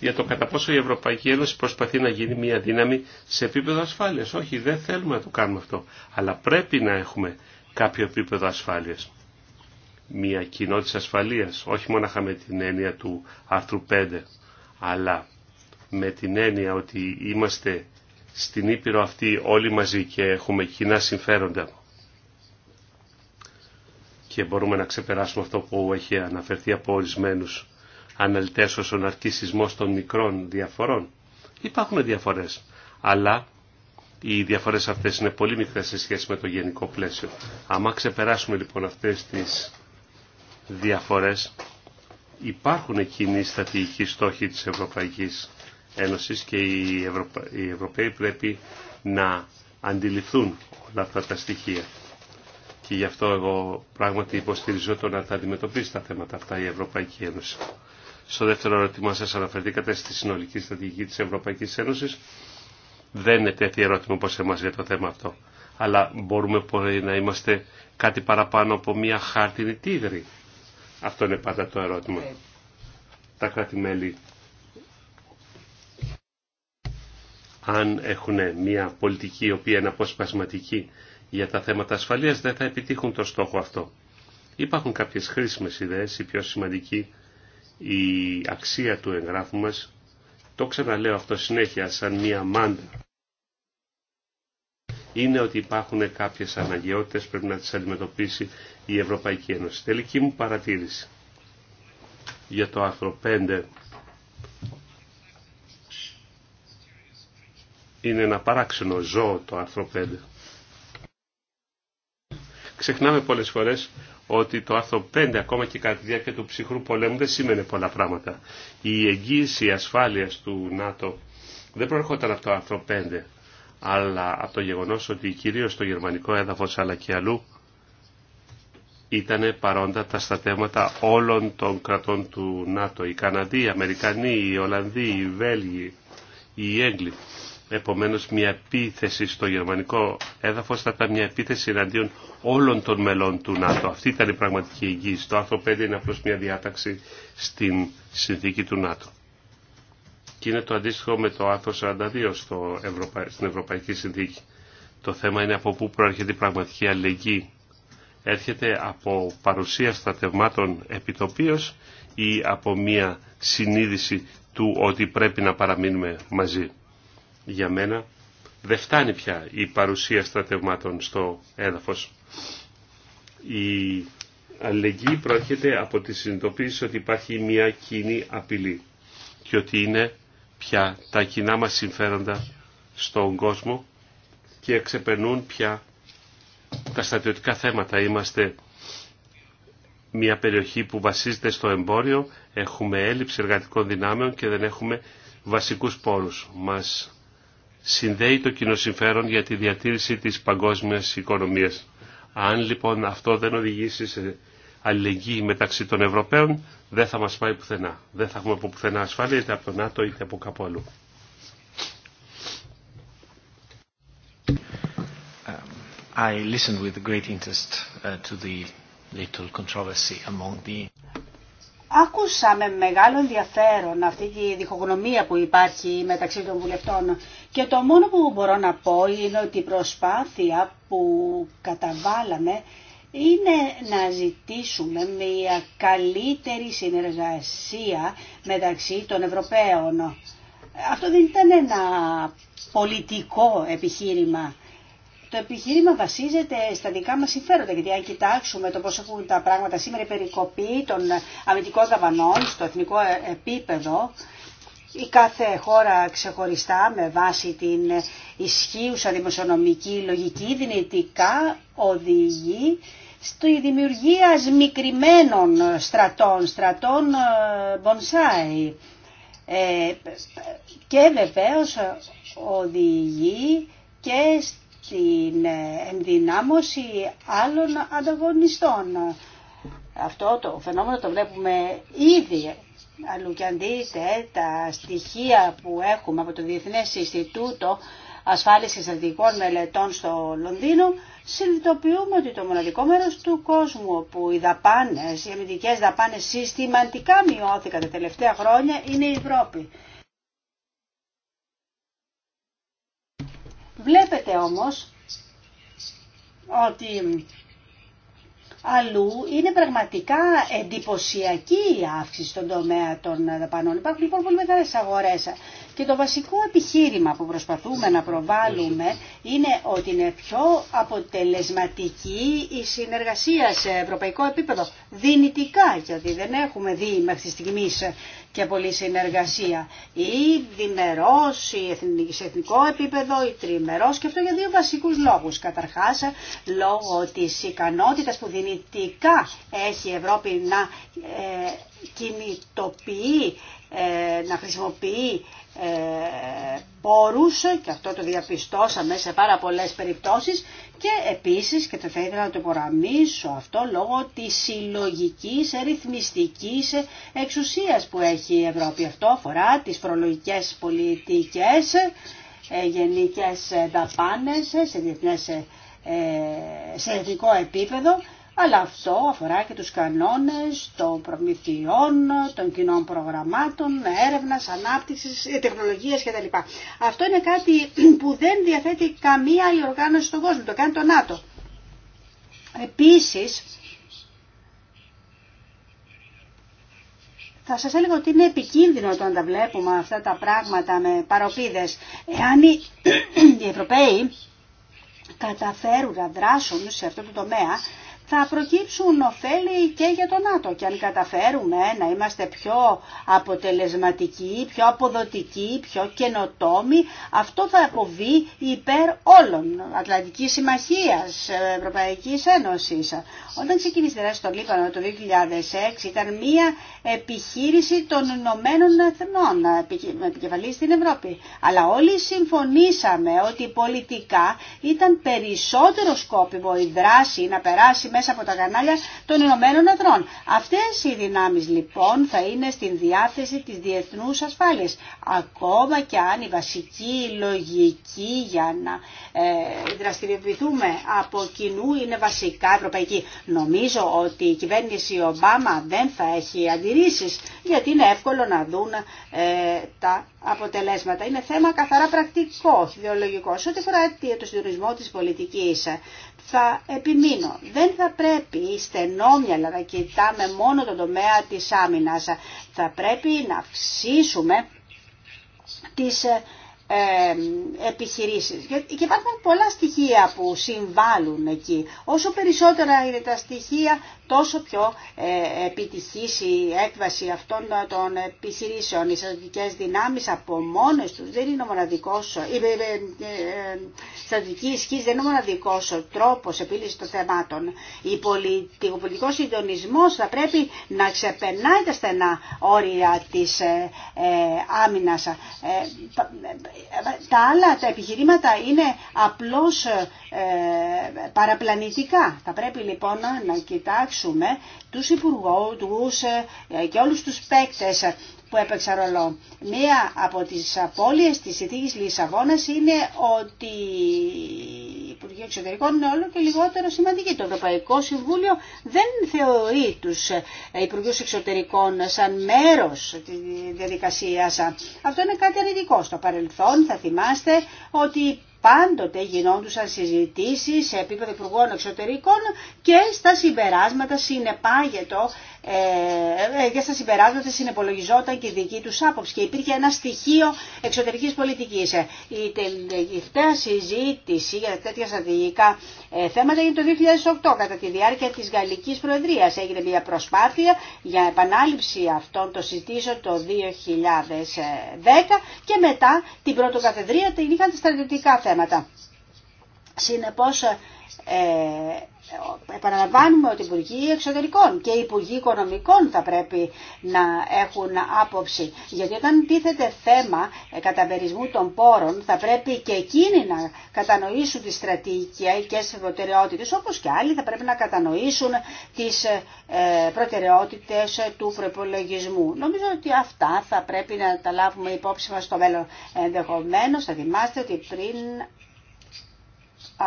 για το κατά πόσο η Ευρωπαϊκή Ένωση προσπαθεί να γίνει μια δύναμη σε επίπεδο ασφάλειας. Όχι, δεν θέλουμε να το κάνουμε αυτό, αλλά πρέπει να έχουμε κάποιο επίπεδο ασφάλειας. Μια κοινότητα ασφαλείας, όχι μόνο με την έννοια του άρθρου 5, αλλά με την έννοια ότι είμαστε στην Ήπειρο αυτή όλοι μαζί και έχουμε κοινά συμφέροντα και μπορούμε να ξεπεράσουμε αυτό που έχει αναφερθεί από ορισμένους ανελτές όσον αρκεί των μικρών διαφορών. Υπάρχουν διαφορές, αλλά οι διαφορές αυτές είναι πολύ μικρές σε σχέση με το γενικό πλαίσιο. Αν ξεπεράσουμε λοιπόν αυτές τις διαφορές, υπάρχουν κοινοί στατιστική στόχοι της Ευρωπαϊκής Ένωσης και οι, Ευρωπα... οι Ευρωπαίοι πρέπει να αντιληφθούν όλα αυτά τα στοιχεία. Και γι' αυτό εγώ πράγματι υποστηριζώ να τα αντιμετωπίσει τα θέματα αυτά η Ευρωπαϊκή Ένωση. Στο δεύτερο ερώτημα σας αναφερθήκατε στη συνολική στρατηγική της Ευρωπαϊκής Ένωσης. Δεν είναι τέτοιο ερώτημα όπως εμάς για το θέμα αυτό. Αλλά μπορούμε να είμαστε κάτι παραπάνω από μια χάρτινη τίγρη. Αυτό είναι πάντα το ερώτημα. Ε. Τα κράτη-μέλη αν έχουν μια πολιτική η οποία είναι αποσπασματική για τα θέματα ασφαλείας δεν θα επιτύχουν το στόχο αυτό. Υπάρχουν κάποιες χρήσιμες ιδέες, η πιο σημαντική η αξία του εγγράφου μας. Το ξαναλέω αυτό συνέχεια σαν μία μάντα. Είναι ότι υπάρχουν κάποιες αναγκαιότητες πρέπει να τις αντιμετωπίσει η Ευρωπαϊκή Ένωση. Τελική μου παρατήρηση για το άρθρο 5 είναι ένα παράξενο ζώο το άρθρο 5. Ξεχνάμε πολλές φορές ότι το άρθρο 5 ακόμα και κατά τη διάρκεια του ψυχρού πολέμου δεν σήμαινε πολλά πράγματα. Η εγγύηση ασφάλειας του ΝΑΤΟ δεν προερχόταν από το άρθρο 5, αλλά από το γεγονός ότι κυρίως το γερμανικό έδαφος αλλά και αλλού ήταν παρόντα τα στατέματα όλων των κρατών του ΝΑΤΟ. Οι Καναδοί, οι Αμερικανοί, οι Ολλανδοί, οι Βέλγοι, οι Έγγλοι Επομένως μια επίθεση στο γερμανικό έδαφος θα ήταν μια επίθεση εναντίον όλων των μελών του ΝΑΤΟ. Αυτή ήταν η πραγματική εγγύηση. Το άρθρο 5 είναι απλώς μια διάταξη στην συνθήκη του ΝΑΤΟ. Και είναι το αντίστοιχο με το άρθρο 42 στο Ευρωπα... στην Ευρωπαϊκή Συνθήκη. Το θέμα είναι από πού προέρχεται η πραγματική αλληλεγγύη. Έρχεται από παρουσία στρατευμάτων επιτοπίως ή από μια συνείδηση του ότι πρέπει να παραμείνουμε μαζί για μένα δεν φτάνει πια η παρουσία στρατευμάτων στο έδαφος. Η αλληλεγγύη προέρχεται από τη συνειδητοποίηση ότι υπάρχει μια κοινή απειλή και ότι είναι πια τα κοινά μας συμφέροντα στον κόσμο και ξεπερνούν πια τα στρατιωτικά θέματα. Είμαστε μια περιοχή που βασίζεται στο εμπόριο, έχουμε έλλειψη εργατικών δυνάμεων και δεν έχουμε βασικούς πόρους. Μας συνδέει το κοινό συμφέρον για τη διατήρηση της παγκόσμιας οικονομίας. Αν λοιπόν αυτό δεν οδηγήσει σε αλληλεγγύη μεταξύ των Ευρωπαίων, δεν θα μας πάει πουθενά. Δεν θα έχουμε από πουθενά ασφάλεια είτε από το ΝΑΤΟ είτε από κάπου αλλού. Um, Άκουσα με μεγάλο ενδιαφέρον αυτή τη διχογνωμία που υπάρχει μεταξύ των βουλευτών και το μόνο που μπορώ να πω είναι ότι η προσπάθεια που καταβάλαμε είναι να ζητήσουμε μια καλύτερη συνεργασία μεταξύ των Ευρωπαίων. Αυτό δεν ήταν ένα πολιτικό επιχείρημα. Το επιχείρημα βασίζεται στα δικά μας συμφέροντα, γιατί αν κοιτάξουμε το πώ έχουν τα πράγματα σήμερα, η περικοπή των αμυντικών δαπανών στο εθνικό επίπεδο, η κάθε χώρα ξεχωριστά με βάση την ισχύουσα δημοσιονομική λογική δυνητικά οδηγεί στη δημιουργία σμικριμένων στρατών, στρατών ε, bonsai. Ε, και βεβαίως οδηγεί και την ενδυνάμωση άλλων ανταγωνιστών. Αυτό το φαινόμενο το βλέπουμε ήδη αλλού και αν δείτε τα στοιχεία που έχουμε από το Διεθνές Ινστιτούτο Ασφάλιση Στρατηγικών Μελετών στο Λονδίνο, συνειδητοποιούμε ότι το μοναδικό μέρος του κόσμου όπου οι δαπάνε, οι αμυντικές δαπάνες συστηματικά μειώθηκαν τα τελευταία χρόνια είναι η Ευρώπη. Βλέπετε όμως ότι αλλού είναι πραγματικά εντυπωσιακή η αύξηση στον τομέα των δαπανών. Υπάρχουν λοιπόν πολύ μεγάλες αγορές. Και το βασικό επιχείρημα που προσπαθούμε να προβάλλουμε είναι ότι είναι πιο αποτελεσματική η συνεργασία σε ευρωπαϊκό επίπεδο. Δυνητικά, γιατί δεν έχουμε δει μέχρι στιγμή και πολλή συνεργασία. Ή διμερός, ή σε εθνικό επίπεδο, ή τριμερός και αυτό για δύο βασικούς λόγους. Καταρχάς, λόγω της ικανότητας που δυνητικά έχει η Ευρώπη να ε, κινητοποιεί, ε, να χρησιμοποιεί μπορούσε ε, και αυτό το διαπιστώσαμε σε πάρα πολλές περιπτώσεις και επίσης και θα ήθελα να το υπογραμμίσω αυτό λόγω της συλλογικής ρυθμιστικής εξουσίας που έχει η Ευρώπη. Αυτό αφορά τις προλογικές πολιτικές, ε, γενικές δαπάνες σε, διεθνές, ε, σε εθνικό επίπεδο αλλά αυτό αφορά και τους κανόνες των προμηθειών, των κοινών προγραμμάτων, έρευνας, ανάπτυξης, ε, τεχνολογίας κτλ. Αυτό είναι κάτι που δεν διαθέτει καμία άλλη οργάνωση στον κόσμο, το κάνει το ΝΑΤΟ. Επίσης, θα σας έλεγα ότι είναι επικίνδυνο το να τα βλέπουμε αυτά τα πράγματα με παροπίδες. Εάν οι, *clears throat* οι Ευρωπαίοι καταφέρουν να δράσουν σε αυτό το τομέα, θα προκύψουν ωφέλη και για τον ΝΑΤΟ. Και αν καταφέρουμε να είμαστε πιο αποτελεσματικοί, πιο αποδοτικοί, πιο καινοτόμοι, αυτό θα αποβεί υπέρ όλων. Ατλαντικής Συμμαχίας, Ευρωπαϊκής Ένωσης. Όταν ξεκίνησε η δράση στο Λίβανο το 2006 ήταν μια επιχείρηση των Ηνωμένων Εθνών με επικεφαλή στην Ευρώπη. Αλλά όλοι συμφωνήσαμε ότι πολιτικά ήταν περισσότερο σκόπιμο η δράση να περάσει από τα κανάλια των Ηνωμένων Εθνών. Αυτές οι δυνάμεις λοιπόν θα είναι στην διάθεση της διεθνούς ασφάλειας. Ακόμα και αν η βασική λογική για να ε, δραστηριοποιηθούμε από κοινού είναι βασικά ευρωπαϊκή. Νομίζω ότι η κυβέρνηση Ομπάμα δεν θα έχει αντιρρήσεις γιατί είναι εύκολο να δουν ε, τα αποτελέσματα. Είναι θέμα καθαρά πρακτικό, ιδεολογικό. Σε ό,τι αφορά το συντονισμό της πολιτικής, θα επιμείνω. Δεν θα πρέπει στενόμυαλα να κοιτάμε μόνο το τομέα της άμυνας. Θα πρέπει να αυξήσουμε τις ε, επιχειρήσεις. Και υπάρχουν πολλά στοιχεία που συμβάλλουν εκεί. Όσο περισσότερα είναι τα στοιχεία, τόσο πιο ε, επιτυχής η έκβαση αυτών των επιχειρήσεων. Οι στρατιωτικές δυνάμεις από μόνες τους δεν είναι ο μοναδικός, η ε, ε, στρατιωτική ισχύ δεν είναι ο μοναδικός τρόπος επίλυσης των θεμάτων. Ο πολιτικός συντονισμός θα πρέπει να ξεπερνάει τα στενά όρια της άμυνας. Τα άλλα τα επιχειρήματα είναι απλώς παραπλανητικά. Θα πρέπει λοιπόν να κοιτάξουμε Ευχαριστούμε τους υπουργούς ε, και όλους τους παίκτες που έπαιξαν ρολό. Μία από τις απώλειες της συνθήκης Λισαβόνας είναι ότι οι Υπουργοί Εξωτερικών είναι όλο και λιγότερο σημαντικοί. Το Ευρωπαϊκό Συμβούλιο δεν θεωρεί τους ε, Υπουργούς Εξωτερικών σαν μέρος της διαδικασίας. Αυτό είναι κάτι αρνητικό. Στο παρελθόν θα θυμάστε ότι πάντοτε γινόντουσαν συζητήσεις σε επίπεδο υπουργών εξωτερικών και στα συμπεράσματα συνεπάγεται ε, και ε, στα συμπεράσματα συνεπολογιζόταν και η δική τους άποψη και υπήρχε ένα στοιχείο εξωτερικής πολιτικής. Ε, η τελευταία συζήτηση για τέτοια στρατηγικά ε, θέματα έγινε το 2008 κατά τη διάρκεια της Γαλλικής Προεδρίας. Έγινε μια προσπάθεια για επανάληψη αυτών των συζητήσεων το 2010 και μετά την πρωτοκαθεδρία την είχαν τα στρατηγικά θέματα. Συνεπώς ε, επαναλαμβάνουμε ότι οι Υπουργοί Εξωτερικών και οι Υπουργοί Οικονομικών θα πρέπει να έχουν άποψη. Γιατί όταν τίθεται θέμα ε, καταμερισμού των πόρων θα πρέπει και εκείνοι να κατανοήσουν τις στρατηγικές προτεραιότητε, όπως και άλλοι θα πρέπει να κατανοήσουν τις ε, προτεραιότητε του προπολογισμού. Νομίζω ότι αυτά θα πρέπει να τα λάβουμε υπόψη μα στο μέλλον. ενδεχομένω. θα θυμάστε ότι πριν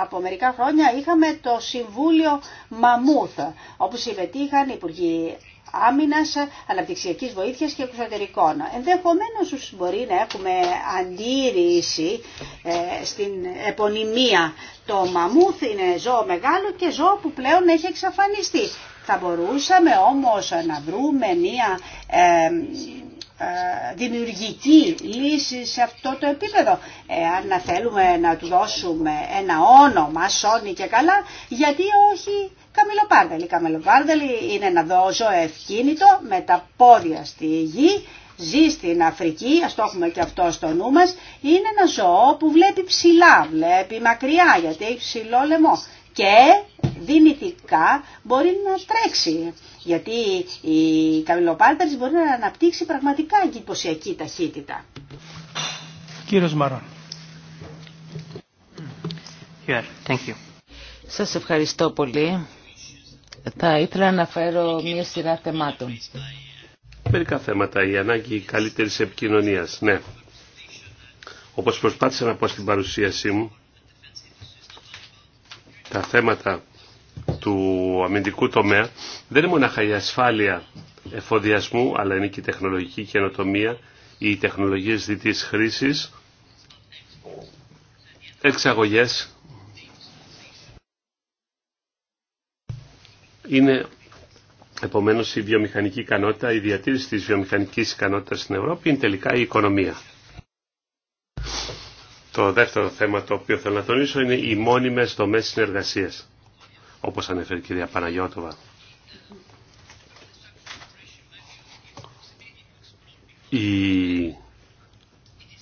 από μερικά χρόνια είχαμε το Συμβούλιο Μαμούθ, όπου συμμετείχαν οι Υπουργοί Άμυνα, Αναπτυξιακή Βοήθεια και Εξωτερικών. Ενδεχομένω μπορεί να έχουμε αντίρρηση ε, στην επωνυμία. Το μαμούθ είναι ζώο μεγάλο και ζώο που πλέον έχει εξαφανιστεί. Θα μπορούσαμε όμως να βρούμε μια ε, ε, δημιουργική λύση σε αυτό το επίπεδο. Αν θέλουμε να του δώσουμε ένα όνομα, σώνει και καλά, γιατί όχι καμιλοπάρδελη. Καμιλοπάρδελη είναι ένα δόζο ευκίνητο με τα πόδια στη γη, ζει στην Αφρική, ας το έχουμε και αυτό στο νου μας, είναι ένα ζώο που βλέπει ψηλά, βλέπει μακριά γιατί έχει ψηλό λαιμό και δυνητικά μπορεί να τρέξει. Γιατί η καμιλοπάρταρης μπορεί να αναπτύξει πραγματικά εγκυπωσιακή ταχύτητα. Κύριος Μαρόν. Σας ευχαριστώ πολύ. Θα ήθελα να φέρω μία σειρά θεμάτων. Μερικά θέματα. Η ανάγκη καλύτερης επικοινωνίας. Ναι. Όπως προσπάθησα να πω στην παρουσίασή μου, τα θέματα του αμυντικού τομέα δεν είναι μόνο η ασφάλεια εφοδιασμού, αλλά είναι και η τεχνολογική καινοτομία, οι τεχνολογίες διτής χρήσης, εξαγωγές. Είναι επομένως η βιομηχανική ικανότητα, η διατήρηση της βιομηχανικής ικανότητας στην Ευρώπη είναι τελικά η οικονομία. Το δεύτερο θέμα το οποίο θέλω να τονίσω είναι οι μόνιμες δομές συνεργασίας, όπως ανέφερε η κυρία Παναγιώτοβα. Η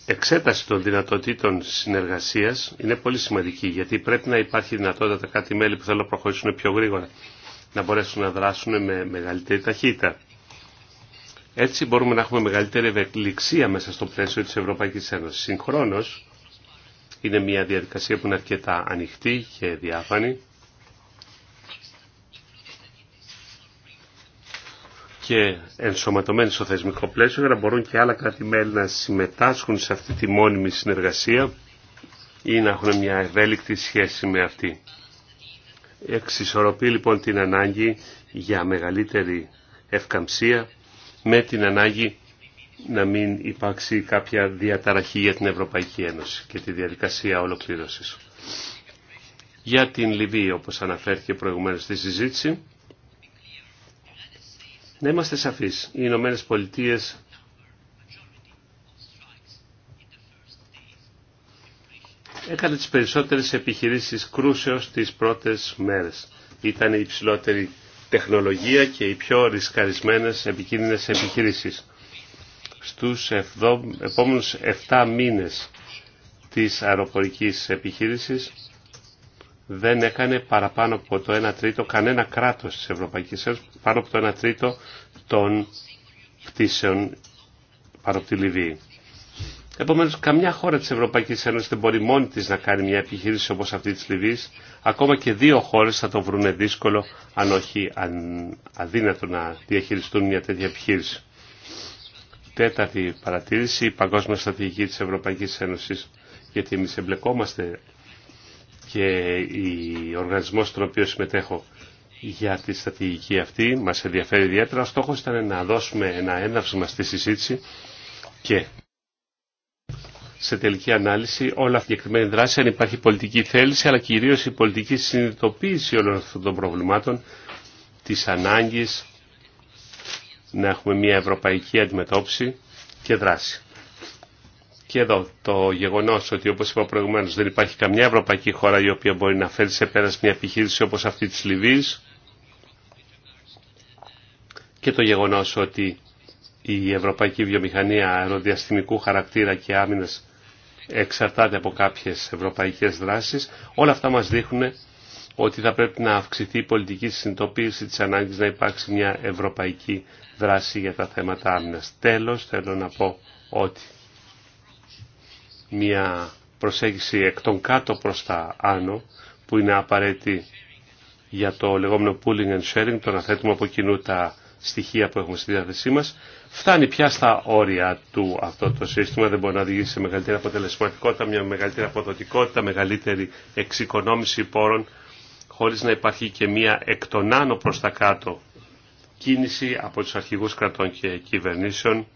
εξέταση των δυνατοτήτων συνεργασίας είναι πολύ σημαντική, γιατί πρέπει να υπάρχει δυνατότητα κάτι μέλη που θέλουν να προχωρήσουν πιο γρήγορα, να μπορέσουν να δράσουν με μεγαλύτερη ταχύτητα. Έτσι μπορούμε να έχουμε μεγαλύτερη ευελιξία μέσα στο πλαίσιο της Ευρωπαϊκής Ένωσης. Συγχρόνως, είναι μια διαδικασία που είναι αρκετά ανοιχτή και διάφανη. και ενσωματωμένη στο θεσμικό πλαίσιο για να μπορούν και άλλα κράτη-μέλη να συμμετάσχουν σε αυτή τη μόνιμη συνεργασία ή να έχουν μια ευέλικτη σχέση με αυτή. Εξισορροπεί λοιπόν την ανάγκη για μεγαλύτερη ευκαμψία με την ανάγκη να μην υπάρξει κάποια διαταραχή για την Ευρωπαϊκή Ένωση και τη διαδικασία ολοκλήρωσης. Για την Λιβύη, όπως αναφέρθηκε προηγουμένως στη συζήτηση, να είμαστε σαφείς. Οι Ηνωμένε Πολιτείε έκανε τις περισσότερες επιχειρήσεις κρούσεως τις πρώτες μέρες. Ήταν η υψηλότερη τεχνολογία και οι πιο ρισκαρισμένες επικίνδυνες επιχειρήσεις στους επόμενους 7 μήνες της αεροπορικής επιχείρησης δεν έκανε παραπάνω από το 1 τρίτο κανένα κράτος της Ευρωπαϊκής Ένωσης πάνω από το 1 τρίτο των πτήσεων πάνω από τη Λιβύη. Επομένω, καμιά χώρα της Ευρωπαϊκής Ένωση δεν μπορεί μόνη της να κάνει μια επιχείρηση όπως αυτή της Λιβύης. Ακόμα και δύο χώρε θα το βρουν δύσκολο, αν όχι αδύνατο να διαχειριστούν μια τέτοια επιχείρηση. Τέταρτη παρατήρηση, η παγκόσμια στρατηγική της Ευρωπαϊκής Ένωσης, γιατί εμείς εμπλεκόμαστε και ο οργανισμός στον οποίο συμμετέχω για τη στρατηγική αυτή μας ενδιαφέρει ιδιαίτερα. Ο στόχος ήταν να δώσουμε ένα έναυσμα στη συζήτηση και σε τελική ανάλυση όλα αυτή η εκτιμένη δράση, αν υπάρχει πολιτική θέληση, αλλά κυρίως η πολιτική συνειδητοποίηση όλων αυτών των προβλημάτων, της ανάγκης να έχουμε μια ευρωπαϊκή αντιμετώπιση και δράση. Και εδώ το γεγονό ότι, όπω είπα προηγουμένω, δεν υπάρχει καμιά ευρωπαϊκή χώρα η οποία μπορεί να φέρει σε πέρα μια επιχείρηση όπω αυτή τη Λιβύης Και το γεγονό ότι η ευρωπαϊκή βιομηχανία αεροδιαστημικού χαρακτήρα και άμυνα εξαρτάται από κάποιε ευρωπαϊκέ δράσει. Όλα αυτά μα δείχνουν ότι θα πρέπει να αυξηθεί η πολιτική συνειδητοποίηση της ανάγκης να υπάρξει μια ευρωπαϊκή δράση για τα θέματα άμυνας. Τέλος, θέλω να πω ότι μια προσέγγιση εκ των κάτω προς τα άνω, που είναι απαραίτητη για το λεγόμενο pooling and sharing, το να θέτουμε από κοινού τα στοιχεία που έχουμε στη διάθεσή μας, φτάνει πια στα όρια του αυτό το σύστημα, δεν μπορεί να οδηγήσει σε μεγαλύτερη αποτελεσματικότητα, μια μεγαλύτερη αποδοτικότητα, μεγαλύτερη εξοικονόμηση πόρων, χωρίς να υπάρχει και μία εκ των άνω προς τα κάτω κίνηση από τους αρχηγούς κρατών και κυβερνήσεων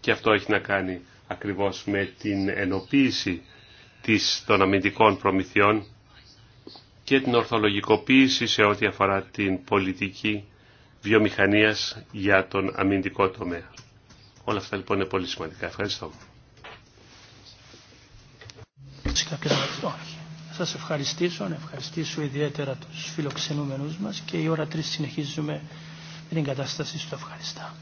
και αυτό έχει να κάνει ακριβώς με την ενοποίηση της, των αμυντικών προμηθειών και την ορθολογικοποίηση σε ό,τι αφορά την πολιτική βιομηχανίας για τον αμυντικό τομέα. Όλα αυτά λοιπόν είναι πολύ σημαντικά. Ευχαριστώ. Θα σε ευχαριστήσω, να ευχαριστήσω ιδιαίτερα τους φιλοξενούμενους μας και η ώρα 3 συνεχίζουμε την κατάσταση του ευχαριστά.